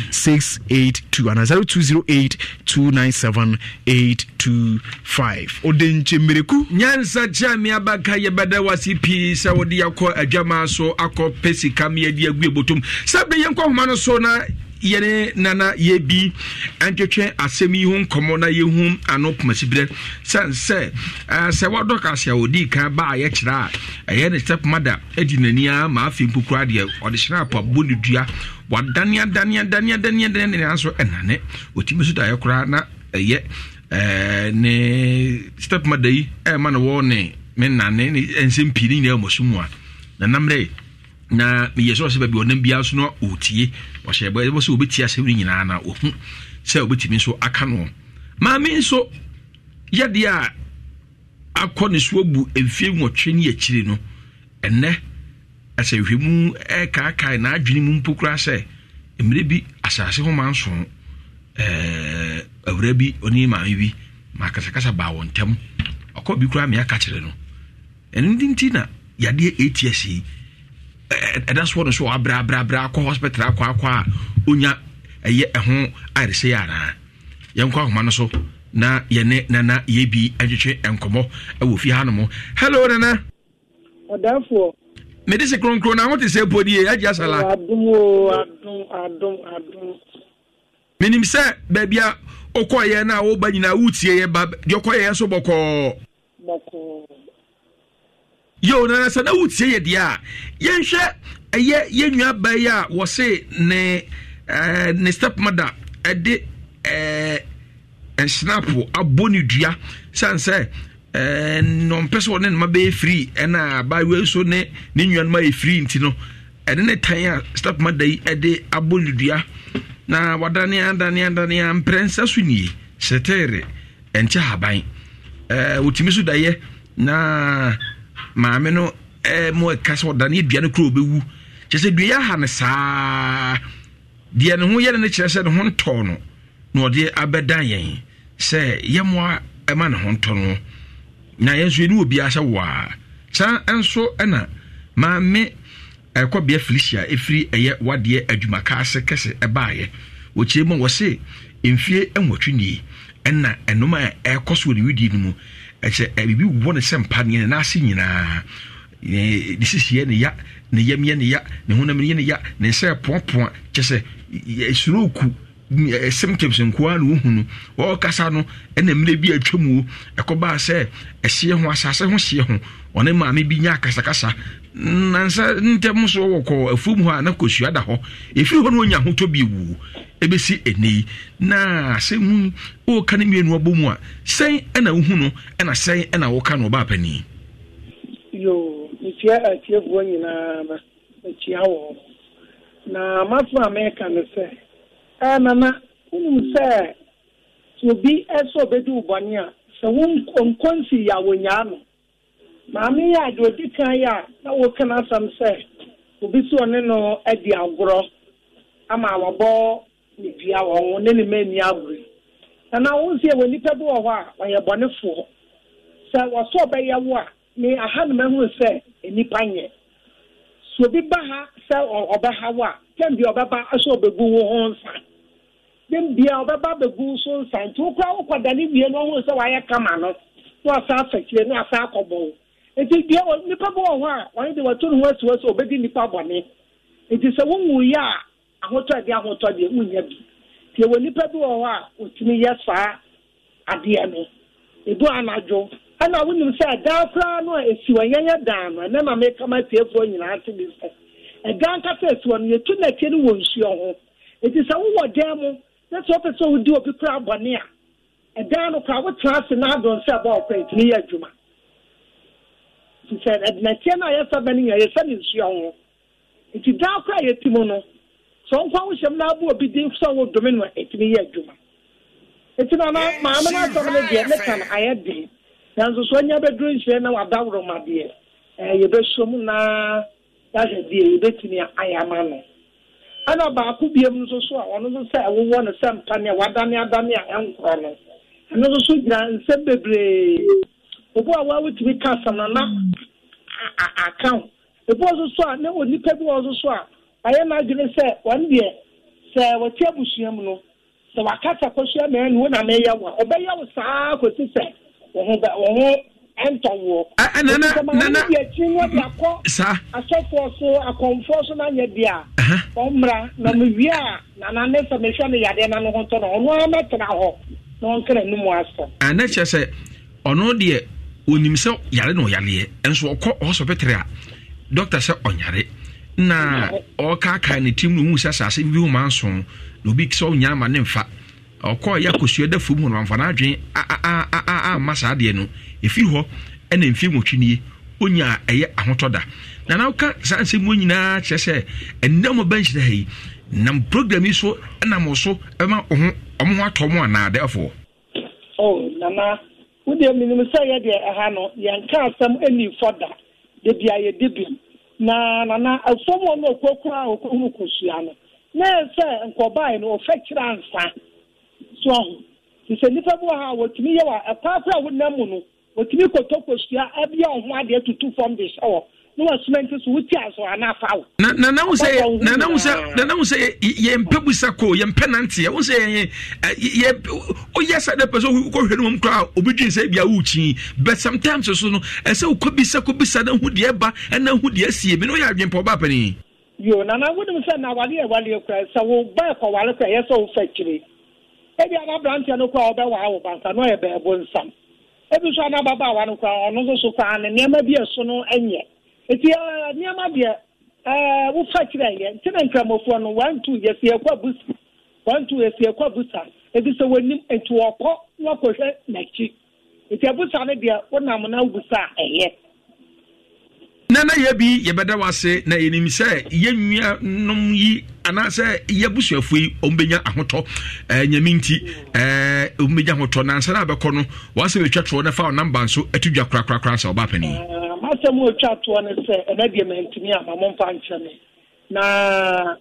0240553682 ana 0208297825 ɔdenkyɛ mmireku nyansa kyɛ a meabaka yɛbɛda wase pii sɛ wode yɛkɔ adwama so akɔ pɛ sika mmeɛde agu ebotom sɛ bɛyɛ nkɔhoma no so na yɛne nana yɛbi ntwetwe asɛm yi ho nkɔmmɔ na yɛhu ano pomasiberɛ sɛn sɛ sɛ wadɔ kase a kan ba a yɛkyerɛ a ɛyɛ ne step mada adi n'ani a ma afei mpo deɛ ɔde hyerɛ apa bɔ ne dua wadane adane adane adane adane ne nanso ɛnane ɔtumi so daeɛ koraa na ɛyɛ ne step mada yi ɛma no wɔ ne me nane ne nsɛm pii ne nyinaa mɔso mu a na namrɛ na meyɛ sɛ sɛ baabi ɔnam biara so na ɔtie ɔhyɛ bɔ ɛbɔ sɛ ɔbɛti asɛm no nyinaa na ɔhu sɛ ɔbɛtumi nso aka no maame nso yɛdeɛ a akɔ ne so abu mfie nwɔtwe ne akyiri no ɛnɛ ɛsɛ hwɛ mu ɛkaakae n'adwene mu mpo koraa sɛ mmerɛ bi asase ho nso awura bi ɔne maame bi ma baa wɔn ntɛm ɔkɔ bi koraa mmea kyerɛ no ɛno nti na yadeɛ ats yi ɛda soɔ no so abrɛabrɛabrɛ akɔ hospital akɔ akɔ a ɔnya ɛyɛ ɛho aresɛ yɛ anaa yɛnkɔ ahoma no so na yɛne nana yɛbi ntwetwe nkɔmmɔ ɛwɔ fie hanom hello nana ɔdaafoɔ mede se kronkron na ho te sɛ podie agye asala oh, menim sɛ baabi a wokɔɔyɛ no a woba nyinaa wotie yɛ ba deɛ ɔkɔyɛɛ so bɔkɔɔ yo na sɛ na wotie yɛ deɛ a yɛnhwɛ ɛyɛ yɛn nua baa a wɔse ne eh, ne step mother ɛde eh, ɛɛ eh, ɛsnapo abɔ ne dua san sɛ ɛɛ nɔmpɛ sɛ ɔne noma bɛyɛ firi ɛna abaayewa nso ne ne nua noma yɛ firi nti no ɛne ne tan a step mother yi ɛde abɔ ne dua na wadane adane adane a mprɛnsa so nie sɛtɛɛre ɛnkyɛ haban ɛɛ wotumi so da yɛ naa. maame no eh, mu ɛka sɛ ɔda ne dua no kora ɔbɛwu kyɛ sɛ dua yɛaha no saa deɛ ne ho yɛne no kyerɛ sɛ ne ho ntɔɔ no na ɔde abɛda yɛn sɛ yɛmmoa ma ne ho ntɔ no na yɛn nso yɛne wɔ biara sɛ waa a saa nso ɛna maame ɛkɔbea felicia ɛfiri ɛyɛ wadeɛ adwumaka ase kɛse ɛbaayɛ wɔkyerɛ mu a wɔ se mfie nwɔtwe nie ɛna ɛnom a ɛkɔ so wɔ ne widie no mu ɛkyɛ biribi wɔ ne sɛ mpa neɛ ne n'ase nyinaa ne sisiɛ ne ya ne yam ne ya ne honam yɛ ne ya ne nsa ɛpoapoa kyɛ sɛ suro ku symptoms nkoa na wohu no ɔrekasa no ɛna mmerɛ bi atwa mu o ɛkɔbaa sɛ ɛhyeɛ ho asase ho hyeɛ ho ɔne maame bi nya akasakasa nansa ntɛm so wɔ kɔ afuom hɔ a na kosua da hɔ ɛfiri hɔ na ɔnya ahotɔ bi wu ɛbɛsi ɛnɛ yi na sɛ hu wɔka no mmienu abɔ mu a sɛn ɛna wohu no ɛna sɛn ɛna wɔka no ɔbaa pani yo metia atiefoɔ nyinaa na akyia wɔ na maso a meka no sɛ ɛnana wonim sɛ obi ɛsɛ ɔbɛdi wo a sɛ wonkɔnsi yɛ awonyaa no maame yi a deɛ ɔdi kan yi a na wɔka n'asɛm sɛ obi si ɔne no adi agorɔ ama wabɔ ne dua wɔn ne ne mma ani agorɔ na na wɔn nsia wɔ nipa bi wɔ hɔ a ɔyɛ bɔnefoɔ sɛ wɔsɔ ɔbɛyɛ wo a ne aha no mɛhu sɛ nipa nyɛ so obi ba ha sɛ ɔbɛha wo a tɛm bia ɔbɛba ahyɛ ɔbɛgu wo ho nsa tɛm bia ɔbɛba abɛgu so nsa nti wokura wokɔda ne wie no ɔhu sɛ wayɛ kama no na ɔsan afɛkyire na ɔsan akɔbɔ wo. nti deɛ nipa bi wɔ hɔ a wɔn de wɔto ne ho asiwasi obedi nipa bɔne nti sɛ wɔnwu yɛ a ahotɔ deɛ ahotɔ deɛ wunya bi deɛ wɔ nipa bi wɔ hɔ a otumi yɛ saa adeɛ no edu anadwo ɛna wɔnim sɛ ɛdan koraa no a esiwɔ nyɛnyɛ dan no ɛnɛ na meka ma tiefoɔ nyinaa te bi sɛ ɛdan kasa esiwɔ no yɛtu n'akyi no wɔ nsuo ho nti sɛ wowɔ dan mu na sɛ ɔpɛ sɛ odi obi koraa bɔne a ɛdan no koraa wotena ase na adɔn sɛ ɛbɔ ɔkɔ etumi yɛ adwuma sɛ ɛdinatiɛ no a yɛsɛ bɛ ne nyɛ yɛsɛ ne nsua ho nti daa kora a yɛti mu no sɛ ɔnkɔ ahohyɛm no aboa bi din sɛ wo dome no a ɛtumi yɛ adwuma nti na maame no asɛm no deɛ ne ka ayɛ den nanso so ɔnya bɛduru nhyerɛ na wadaworo ma deɛ yɛbɛsom na yɛahwɛ deɛ yɛbɛtumi ayɛ ama no ɛna baako biam nso so a ɔno nso sɛ ɛwowɔ no sɛ mpa ne a wadane adane a ɛnkorɔ no ɛno nso so gyina nsɛm bebree obu a wawetumi ka na a na onipa bi ọsụsụ a na-adịrị sị wọn deɛ wɔte abusua mu no wakasa na ụna mee ya saa sị wɔn ho wɔn ho ntɔwuo. nana nana ndị akyi nwa so so na a nana ne na ho na na ne asɔ. sɛ onim sɛ yare na ɔyareɛ nso ɔkɔ hospital a doctor sɛ ɔnyare na ɔkaakae ne tirim no hu sɛ asase bi woma nso na obi sɛ ɔnya ma ne mfa ɔkɔ yɛ akosua da fam hɔ no amfa n'adwen ama saa adeɛ no ɛfiri hɔ ɛna mfie nwɔtwe nie onya a ɛyɛ ahotɔ da na na woka saa nsɛm mu nyinaa kyerɛ sɛ ɛnna mo bɛnhyerɛ ha yi nam program yi so ɛnam so ɛma ɔmo ho atɔ mo anaa dɛfoɔ oh, nana wode menim sɛ yɛdeɛ ɛha no yɛnka asɛm ani fɔda de bia yɛde na nana afam wɔ no ɔkɔkura a ɔkɔhunu kosua nọ na ɛ sɛ anyị na ɔfɛ kyerɛ ansa so nnipa bụ ha a wɔtumi a ɛpaa a no wɔtumi kɔtɔ kosua abia wo tutu na wa suma nti so wuti aso anafa wo. na na na wusɛ na na wusɛ na na wusɛ yɛn mpɛ busa ko yɛn but sometimes so no ɛsɛ o kɔ bisa kɔ bisa na hu nti eh, nneɛma deɛ eh, wofa kyerɛ yɛ nti na nkramofoɔ no wantu yɛsi ɛkɔ busa wantu yɛsi ɛkɔ busa ebi sɛ wɔnim nti wɔkɔ na n'akyi nti abusa no deɛ wɔnam na busa ɛyɛ. nana yɛ bi yɛbɛda wase na yɛnim sɛ yɛnnua nom yi anaasɛ yɛabusuafoɔ yi ɔmbɛnya ahotɔ eh, nyame nti ɔmbɛnya ahotɔ nansa no abɛkɔ no waasɛ bɛtwa torɔ na fa wo namba nso atu dwa korakorakora sɛ wɔba panin asɛm a atwa toɔ no sɛ ɛna deɛ mantumi a ma momfa nkyerɛ me na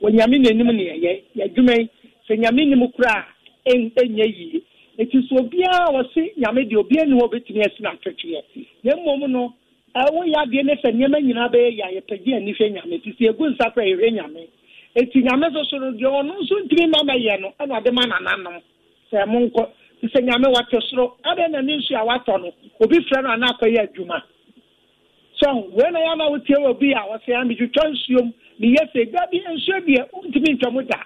onyame eh, n'anim ne ɛyɛ yɛadwuma yi sɛ nyame nim kora a ɛnyɛ yie ɛti sɛ obiara wɔse nyame deɛ ni hɔ asi no atwetweɛ na mmom no eh, adeɛ ne sɛ nneɛma nyinaa bɛyɛ yɛ ani hwɛ nyame sɛ ɛgu nsa kora yɛhwɛ nyame ɛti nyame no deɛ ɔno nso ntumi ma mɛyɛ no ɛna ɔde ma nananom sɛ monkɔ sɛ nyame wate soro adɛn na ne nsu a watɔ no obi frɛ no anaa akɔyɛ adwuma sɛ wei na yɛma wotie wɔ bi a wɔsɛ a ah, metwitwa nsuom meyɛ sɛ da bi nsuo deɛ wontumi ntwa mu da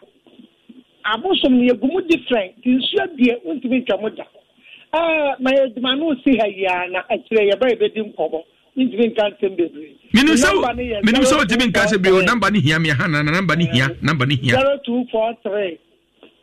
abosom no yɛgu mu different nti nsuo deɛ ntumi ntwa mu da ah, ma yɛduma no si ha yi na akyerɛ yɛba yɛbɛdi nkɔmmɔ ntumi nka nsɛm bebree menim sɛ wotumi nka sɛ bebree namba no hia me aha na namba no hia namba no hia 0243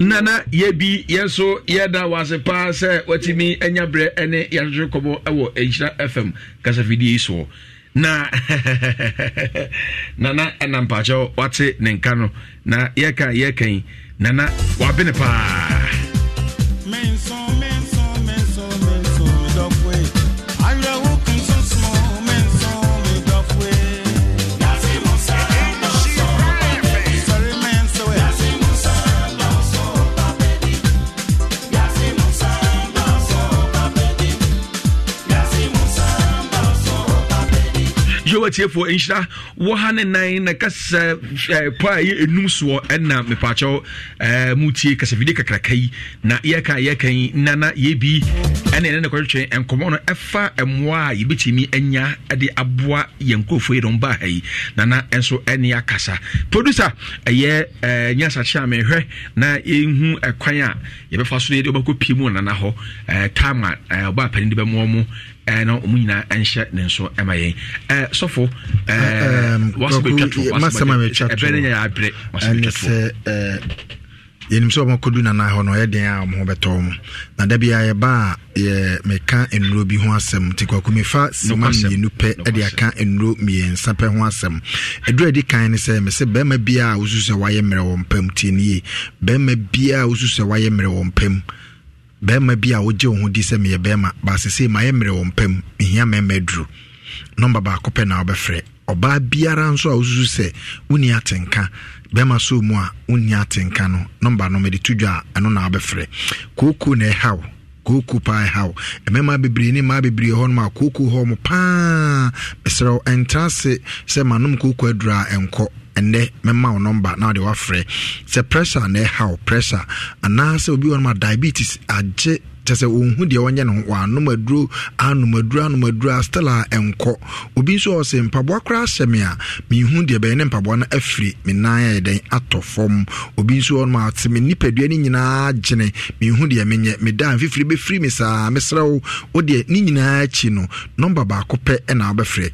nana yɛbi yɛn so yɛda wase paa sɛ watumi anya berɛ ne yɛhwehwe kɔmmɔ wɔ ahyira fm kasafidie yi soɔ na nana ɛna mpakyɛ wate ne nka no na yɛka yɛka yi nana wabene paa atiefoɔ nhyira wɔ ha ne nan na kasa eh, pa a ɛyɛ enum soɔ ɛna mepaakyɛw eh, mutie kasafidie kakraka yi na yɛka yɛka yi nana yɛbi ɛne ɛne ne kɔtwetwe nkɔmmɔ no ɛfa mmoa a yɛbɛtumi anya de aboa yɛn nkurɔfoɔ yi dɔm baa ha yi nana nso ɛne akasa producer ɛyɛ eh, nyasakyɛ a mehwɛ na yɛhu ɛkwan a yɛbɛfa so no yɛde ɔbɛkɔ pie mu nana hɔ time a ɔbaa panin de bɛmoa mu Eh, na ɔmu nyinaa nhyɛ ne nso ma yɛn eh, sɔfo eh, wasɛbɛtwato yɛnim sɛ ɔmakɔdu nana hɔ no ɛyɛ den a ɔmo ho bɛtɔ mu na da bia yɛba a yɛ meka nnuro bi ho asɛm nti kwako mefa sima mmienu pɛ de aka nnuro mmiɛnsa pɛ ho asɛm ɛduru adi kan ne sɛ me bɛrima bia a wosu sɛ wayɛ mmerɛ wɔ mpam tie nie bɛrima bia a wosu sɛ wayɛ mmerɛ wɔ mpam bɛrima bi a wogye wo ho di sɛ meyɛ bɛrima baase sei mayɛ mmerɛ wɔ mpam mehia mɛma aduru nɔmba baako pɛ na wobɛfrɛ ɔbaa biara nso a wosusu sɛ wonni atenka bɛrima so mu a wonni atenka no nɔmba no mede to dwa a ɛno na wobɛfrɛ kookoo na ɛhaw kooko paa ɛhaw e mmarima bebree ne mmaa bebree hɔ nom a kooko hɔ mo paa mesrɛ ɛntra se sɛ manom kooko e aduru a ɛnkɔ ɛnɛ mɛma wo number na wode wafrɛ sɛ pressure na ɛhaw pressure anaasɛ obi wɔ no ma diabetes agye kyɛ sɛ ɔnhu deɛ ɔnyɛ ne ho wɔanom aduro anom aduro anom aduro a still a ɛnkɔ obi nso ɔ sɛ mpaboa koraa hyɛ me a menhu deɛ bɛyɛ ne mpaboa no afiri me nan ayɛ dɛn atɔ fam obi nso ɔ nom ate me nipadua no nyinaa gyene menhu deɛ menyɛ meda mfifiri bɛfiri me saa mesrɛ wo wo deɛ ne nyinaa akyi no nɔmba baako pɛ ɛna wobɛfrɛ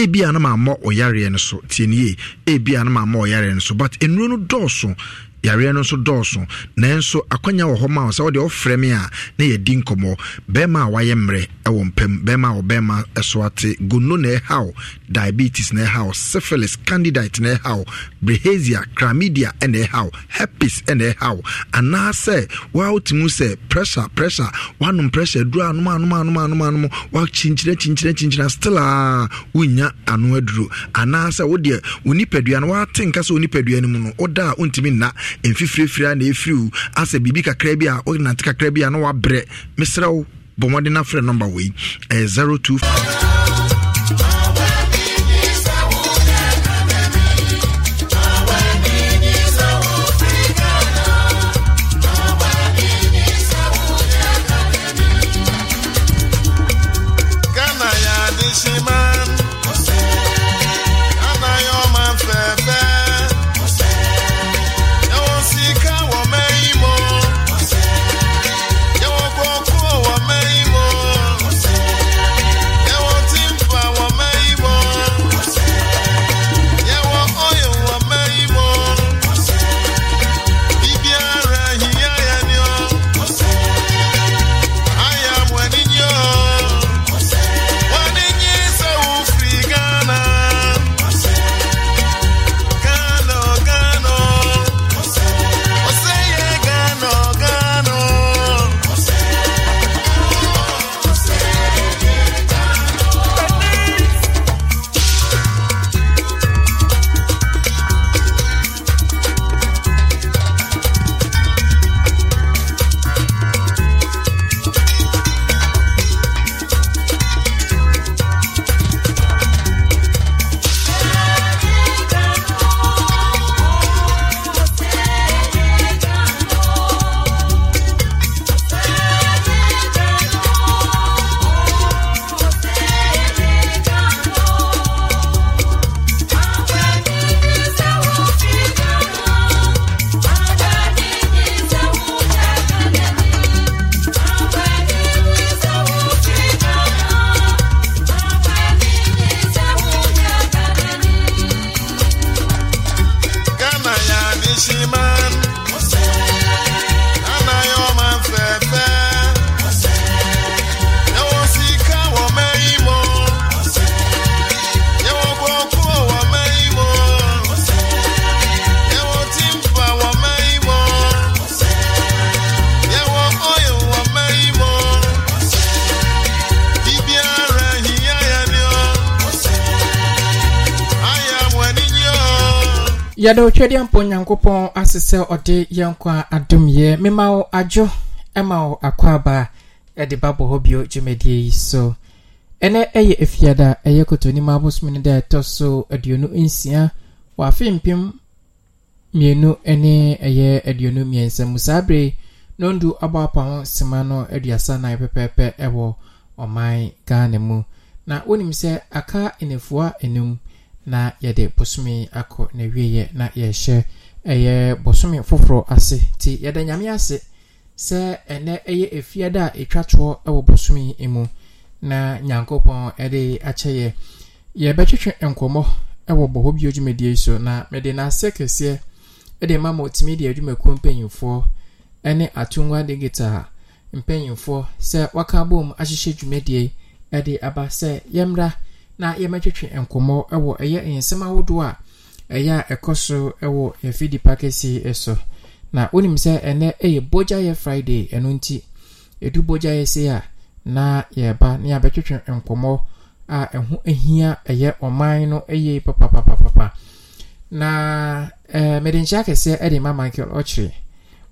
ebia na maama ɔyareɛ no so tie nie ebia na maama ɔyareɛ no so but nnuro no dɔɔso yareɛ no nso dɔɔso nanso akwanya wɔ hɔ ma sɛ wode ɔfrɛ me a na yɛdi nkɔmmɔ bɛrima a wayɛ mmerɛ ɛwɔ mpam bɛrima a ɔbɛrima ɛso ate gono na ɛhaw diabetes na ɛhaw syphilis candidate na ɛhaw brehasia cramidia ɛna ɛhaw herpes ɛna ɛhaw anaasɛ woawotimi sɛ pressure pressure woanom pressure aduru anom anom anom anom anom wakyinkyina kyinkyina kyinkyina still a wonnya ano aduro anaasɛ wodeɛ wo nipadua no woate nka sɛ wo nipadua no mu no woda a wontumi nna mfifirifiri a na ɛfiri wo asɛ biribi kakra bi a wonante kakra bi a na wabrɛ mesrɛ wo bɔ mmɔden afrɛ number wei 02 yɛde wotwɛdeɛ mpo nyankopɔn ase sɛ ɔde yɛn nkwa adomyɛ mema wo adwo ma wo akwaaba ɛde ba bɔ hɔ bio dwumadie yi so ɛnɛ ɛyɛ afiada ɛyɛ kotonim abosom no da ɛtɔ so aduonu nsia wɔ afe mpem mmienu ne ɛyɛ aduonu mmiɛnsa mu saa bere nondu aboapa ho no aduasa nan pɛpɛɛpɛ ɛwɔ ɔman ghana mu na wonim sɛ aka nnafua enum na yɛde bosome akɔ na wieɛ na yɛhyɛ ɛyɛ bosome foforɔ ase nti yɛda nyame ase sɛ ɛnɛ ɛyɛ efiada a etwa toɔ ɛwɔ bosome yi mu na nyankopɔn ɛde akyɛ yɛ yɛbɛtwitwe nkɔmɔ ɛwɔ bɔhɔ bio dwumadie yi so na mɛde n'ase kɛseɛ ɛde ma ma otumi de adwumakuo mpanyinfoɔ ɛne atungwa digital mpanyinfoɔ sɛ waka abom ahyehyɛ dwumadie ɛde aba sɛ yɛmra na yɛmɛtwetwe nkɔmmɔ wɔ ɛyɛ nsɛm ahodoɔ a ɛyɛ a ɛkɔ so wɔ yɛfidipa kɛseɛ so na wonim sɛ ɛnɛ ɛyɛ bogyayɛ friday ɛno nti ɛdu bogyayɛ se a na yɛba na yɛabɛtwetwe nkɔmmɔ a ɛho ahia ɛyɛ ɔman no ɛyɛ papapapapa na ɛɛ eh, mede nkyɛn akɛseɛ ɛde ma michael ɔkyerɛ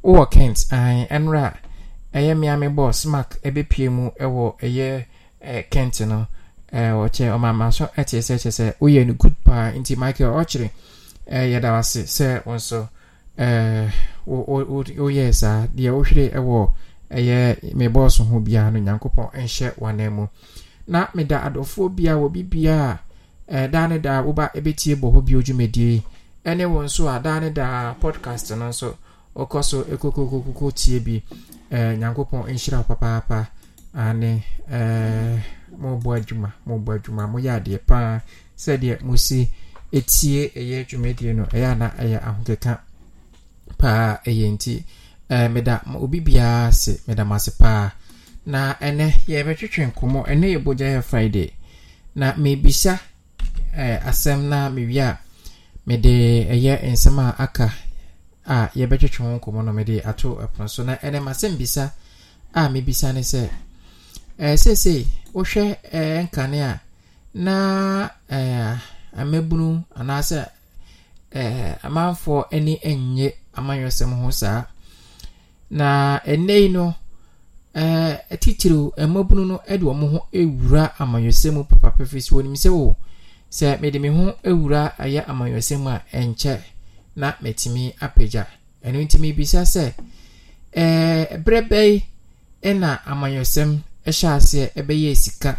wowɔ kent an ɛnora a ɛyɛ miami bɔs mark ɛbɛpie mu ɛwɔ ɛyɛ eh, kent no. Eh, wɔkyɛ ɔmama oh, so ɛte sɛ kyɛ sɛ woyɛ no good paa nti michael ɔkyere yɛda wase sɛ wo nso woyɛɛ saa deɛ wohwere ɛwɔ ɛyɛ me bɔs ho biara no nyankopɔn nhyɛ wɔnan mu na meda adɔfoɔ bia wɔ bibia a eh, daa ne daa woba ebetie bɔ hɔ bi dwumadie ɛne wo nso a daa ne daa podcast no nso wokɔ so ɛkokokokoko eh, tie bi nyankopɔn nhyira papaapa ane mobɔ adwuma mobɔ adwuma moyɛ adeɛ paa sɛdeɛ mosi ɛtie ɛyɛ dwumadie no ɛyɛ ana ɛyɛ ahokeka paa ɛyɛ nti eh, meda obi biara ase meda m ase paa na ɛnɛ yɛbɛtwetwe nkɔmmɔ ɛnɛ yɛ bogya yɛ friday na mebisa eh, asɛm na mewie a mede ɛyɛ nsɛm a aka a yɛbɛtwetwe ho nkɔmmɔ no mede ato ɛpono so na ɛnɛ masɛm bisa a mebisa ne sɛ Eh, seesei wohwɛ eh, nkane a na mmabunu eh, anaasɛ amanfoɔ ani nnye amanyɔsɛm ho saa na ɛnɛ yi no titiri mmabunu no de wɔn ho awura amanyɔsɛm papapa fi so wɔnim sɛ o oh, sɛ mede me ho awura ayɛ amanyɔsɛm a ɛnkyɛ na mɛtumi apagya ɛno ntumi bisa sɛ ɛɛ berɛ bɛyi na amanyɔsɛm ɛhyɛ aseɛ ɛbɛyɛ sika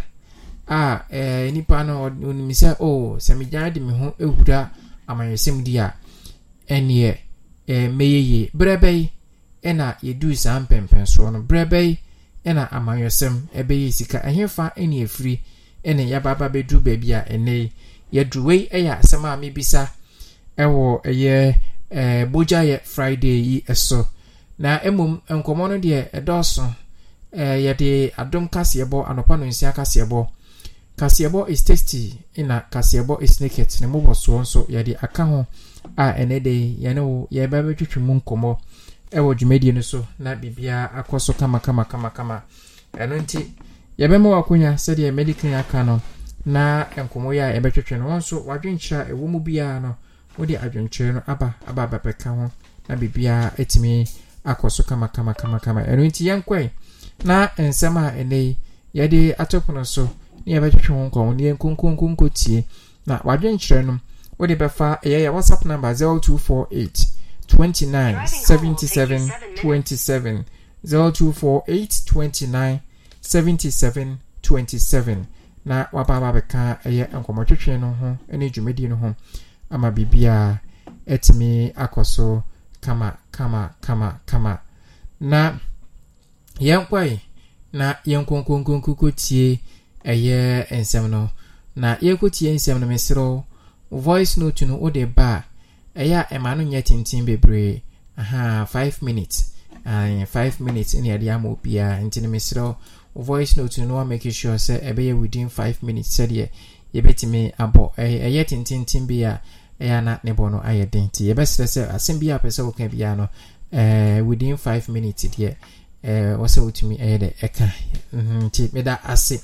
a ɛɛ nipa no onim sɛ o oh, sɛ megyan de me ho ewura amanyɔsɛm di a ɛneɛ ɛɛ mɛyɛ yie berɛ bɛyi ɛna yɛduu saa mpɛmpɛnsoɔ no berɛ bɛyi ɛna amanyɔsɛm ɛbɛyɛ sika ɛhefa ɛne efiri ɛna yɛababa bɛduru baabi a ɛnɛ yi yɛduru wei ɛyɛ asɛm a mebisa ɛwɔ ɛyɛ ɛɛ bogyayɛ friday yi ɛso na mmom nkɔmɔ no deɛ ɛdɔɔso ɛɛ eh, yɛde adom kaseɛbɔ anɔpa no nsia kaseɛbɔ kaseɛbɔ is tasty na kaseɛbɔ is naked ne mmobɔsoɔ nso yɛde aka ho a ɛne de yɛne wo yɛba bɛtwitwi mu nkɔmmɔ ɛwɔ dwumadie no so na biribiara akɔ so kamakamakamakama ɛno nti yɛbɛma wakonya sɛdeɛ medical aka no na nkɔmmɔ yi a yɛbɛtwitwi no wɔn nso wadwenkyerɛ a ɛwɔ mu biara no wode adwenkyerɛ no aba aba abɛbɛka ho na biribiara atumi akɔ so kamakamakamakama ɛno nti yɛnkɔe na nsɛm a ɛnɛ yi yɛde ato pono so na yɛbɛtwetwe ho nkɔn na yɛnkonkonkonko tie na wadwenkyerɛ no wode bɛfa ɛyɛ yɛ whatsapp number 0248 29 0248 29 77 na waba aba bɛka ɛyɛ nkɔmmɔtwetwe no ho ne dwumadie no ho ama biribiara ɛtumi akɔ so kama kama kama kama na yɛnkɔe na yɛnkonkonkonkoko tie ɛyɛ nsɛm no na yɛkɔtie nsɛm no meserew voice note no wode ba a ɛyɛ a ɛma no nyɛ tenten bebree aha five minutes uh, five minutes ne yɛde ama obiaa nti no meserew voice note no make sure sɛ ɛbɛyɛ within five minutes sɛdeɛ yɛbɛtumi abɔ ɛyɛ tententen bi a ɛyɛ na ne bɔ no ayɛ den nti yɛbɛserɛ sɛ asɛm bi a pɛ sɛ woka biara no within five minutes deɛ Eh, wɔsɛ wotumi ɛyɛ dɛ ɛka mhm, nti meda ase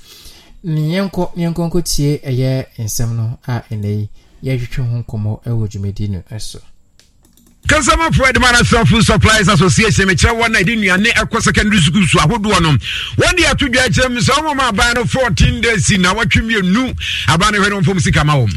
yɛnkɔ yɛnkɔ nkɔtie ɛyɛ nsɛm no a ɛnɛ yi yɛahwehwɛ ho nkɔmmɔ ɛwɔ dwumadi no ɛso kasama proid manasel food supplies association mekyerɛ wɔn na ɛde nnuane ɛkɔ secondary school so ahodoɔ no wɔn de ato dwa kyerɛ mu sɛ wɔn ma aban no fourteen days na wɔatwe mmienu aban no hwɛ no mfom sika ma wɔn.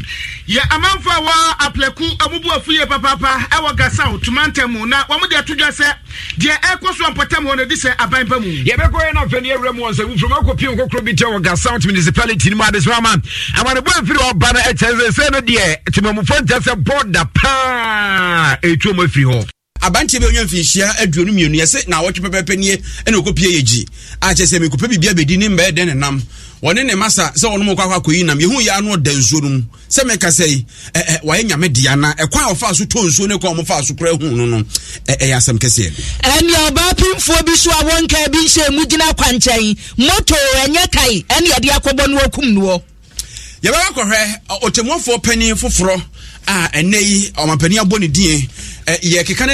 yɛ amanfo a wɔn aplɛku abubuafo yɛ papaapa ɛwɔ gasaw tumantamu na wɔn de ato dwa sɛ deɛ ɛkɔ so mpɔtam wɔn adi sɛ aban ba mu. yɛbɛkɔ yɛn n'afɛ ni ewura mu wɔn sɛ wofuruma kɔ pii nkokoro bi kyɛ wɔ gasaw municipality ni mu adesirama amanibɔ efiri ɔba no ɛkyɛ sɛ sɛ no deɛ temamufo nkyɛ sɛ bɔɔda paa etu wɔn mu afiri hɔ abanteɛ bi onye mfinhyia aduonu mmienu yɛsɛ na awɔtwe pɛpɛpɛ nie ɛna okopie yɛ gyi akyɛ sɛ mekopɛ bibi abɛdi ne mbɛɛ dɛn ne nam wɔne ne masa sɛ wɔnom kɔ akɔ akɔyi nam yɛhu yɛ ano da nsuo no mu sɛ meka sɛ wayɛ nyame dea na ɛkwan a wɔfa so tɔ nsuo ne kwan a wɔfa so kora hu no no ɛyɛ asɛm kɛseɛ ɛne ɔbaa pimfoɔ bi so a wɔnkaa bi nhyɛ mu gyina kwankyɛn moto ɛnyɛ kae ɛne yɛde akɔbɔ no akum noɔ yɛbɛbɛkɔhwɛ ɔtɛmmuafoɔ panin foforɔ a ɛnɛ yi ɔmapanin abɔ ne din yɛ keka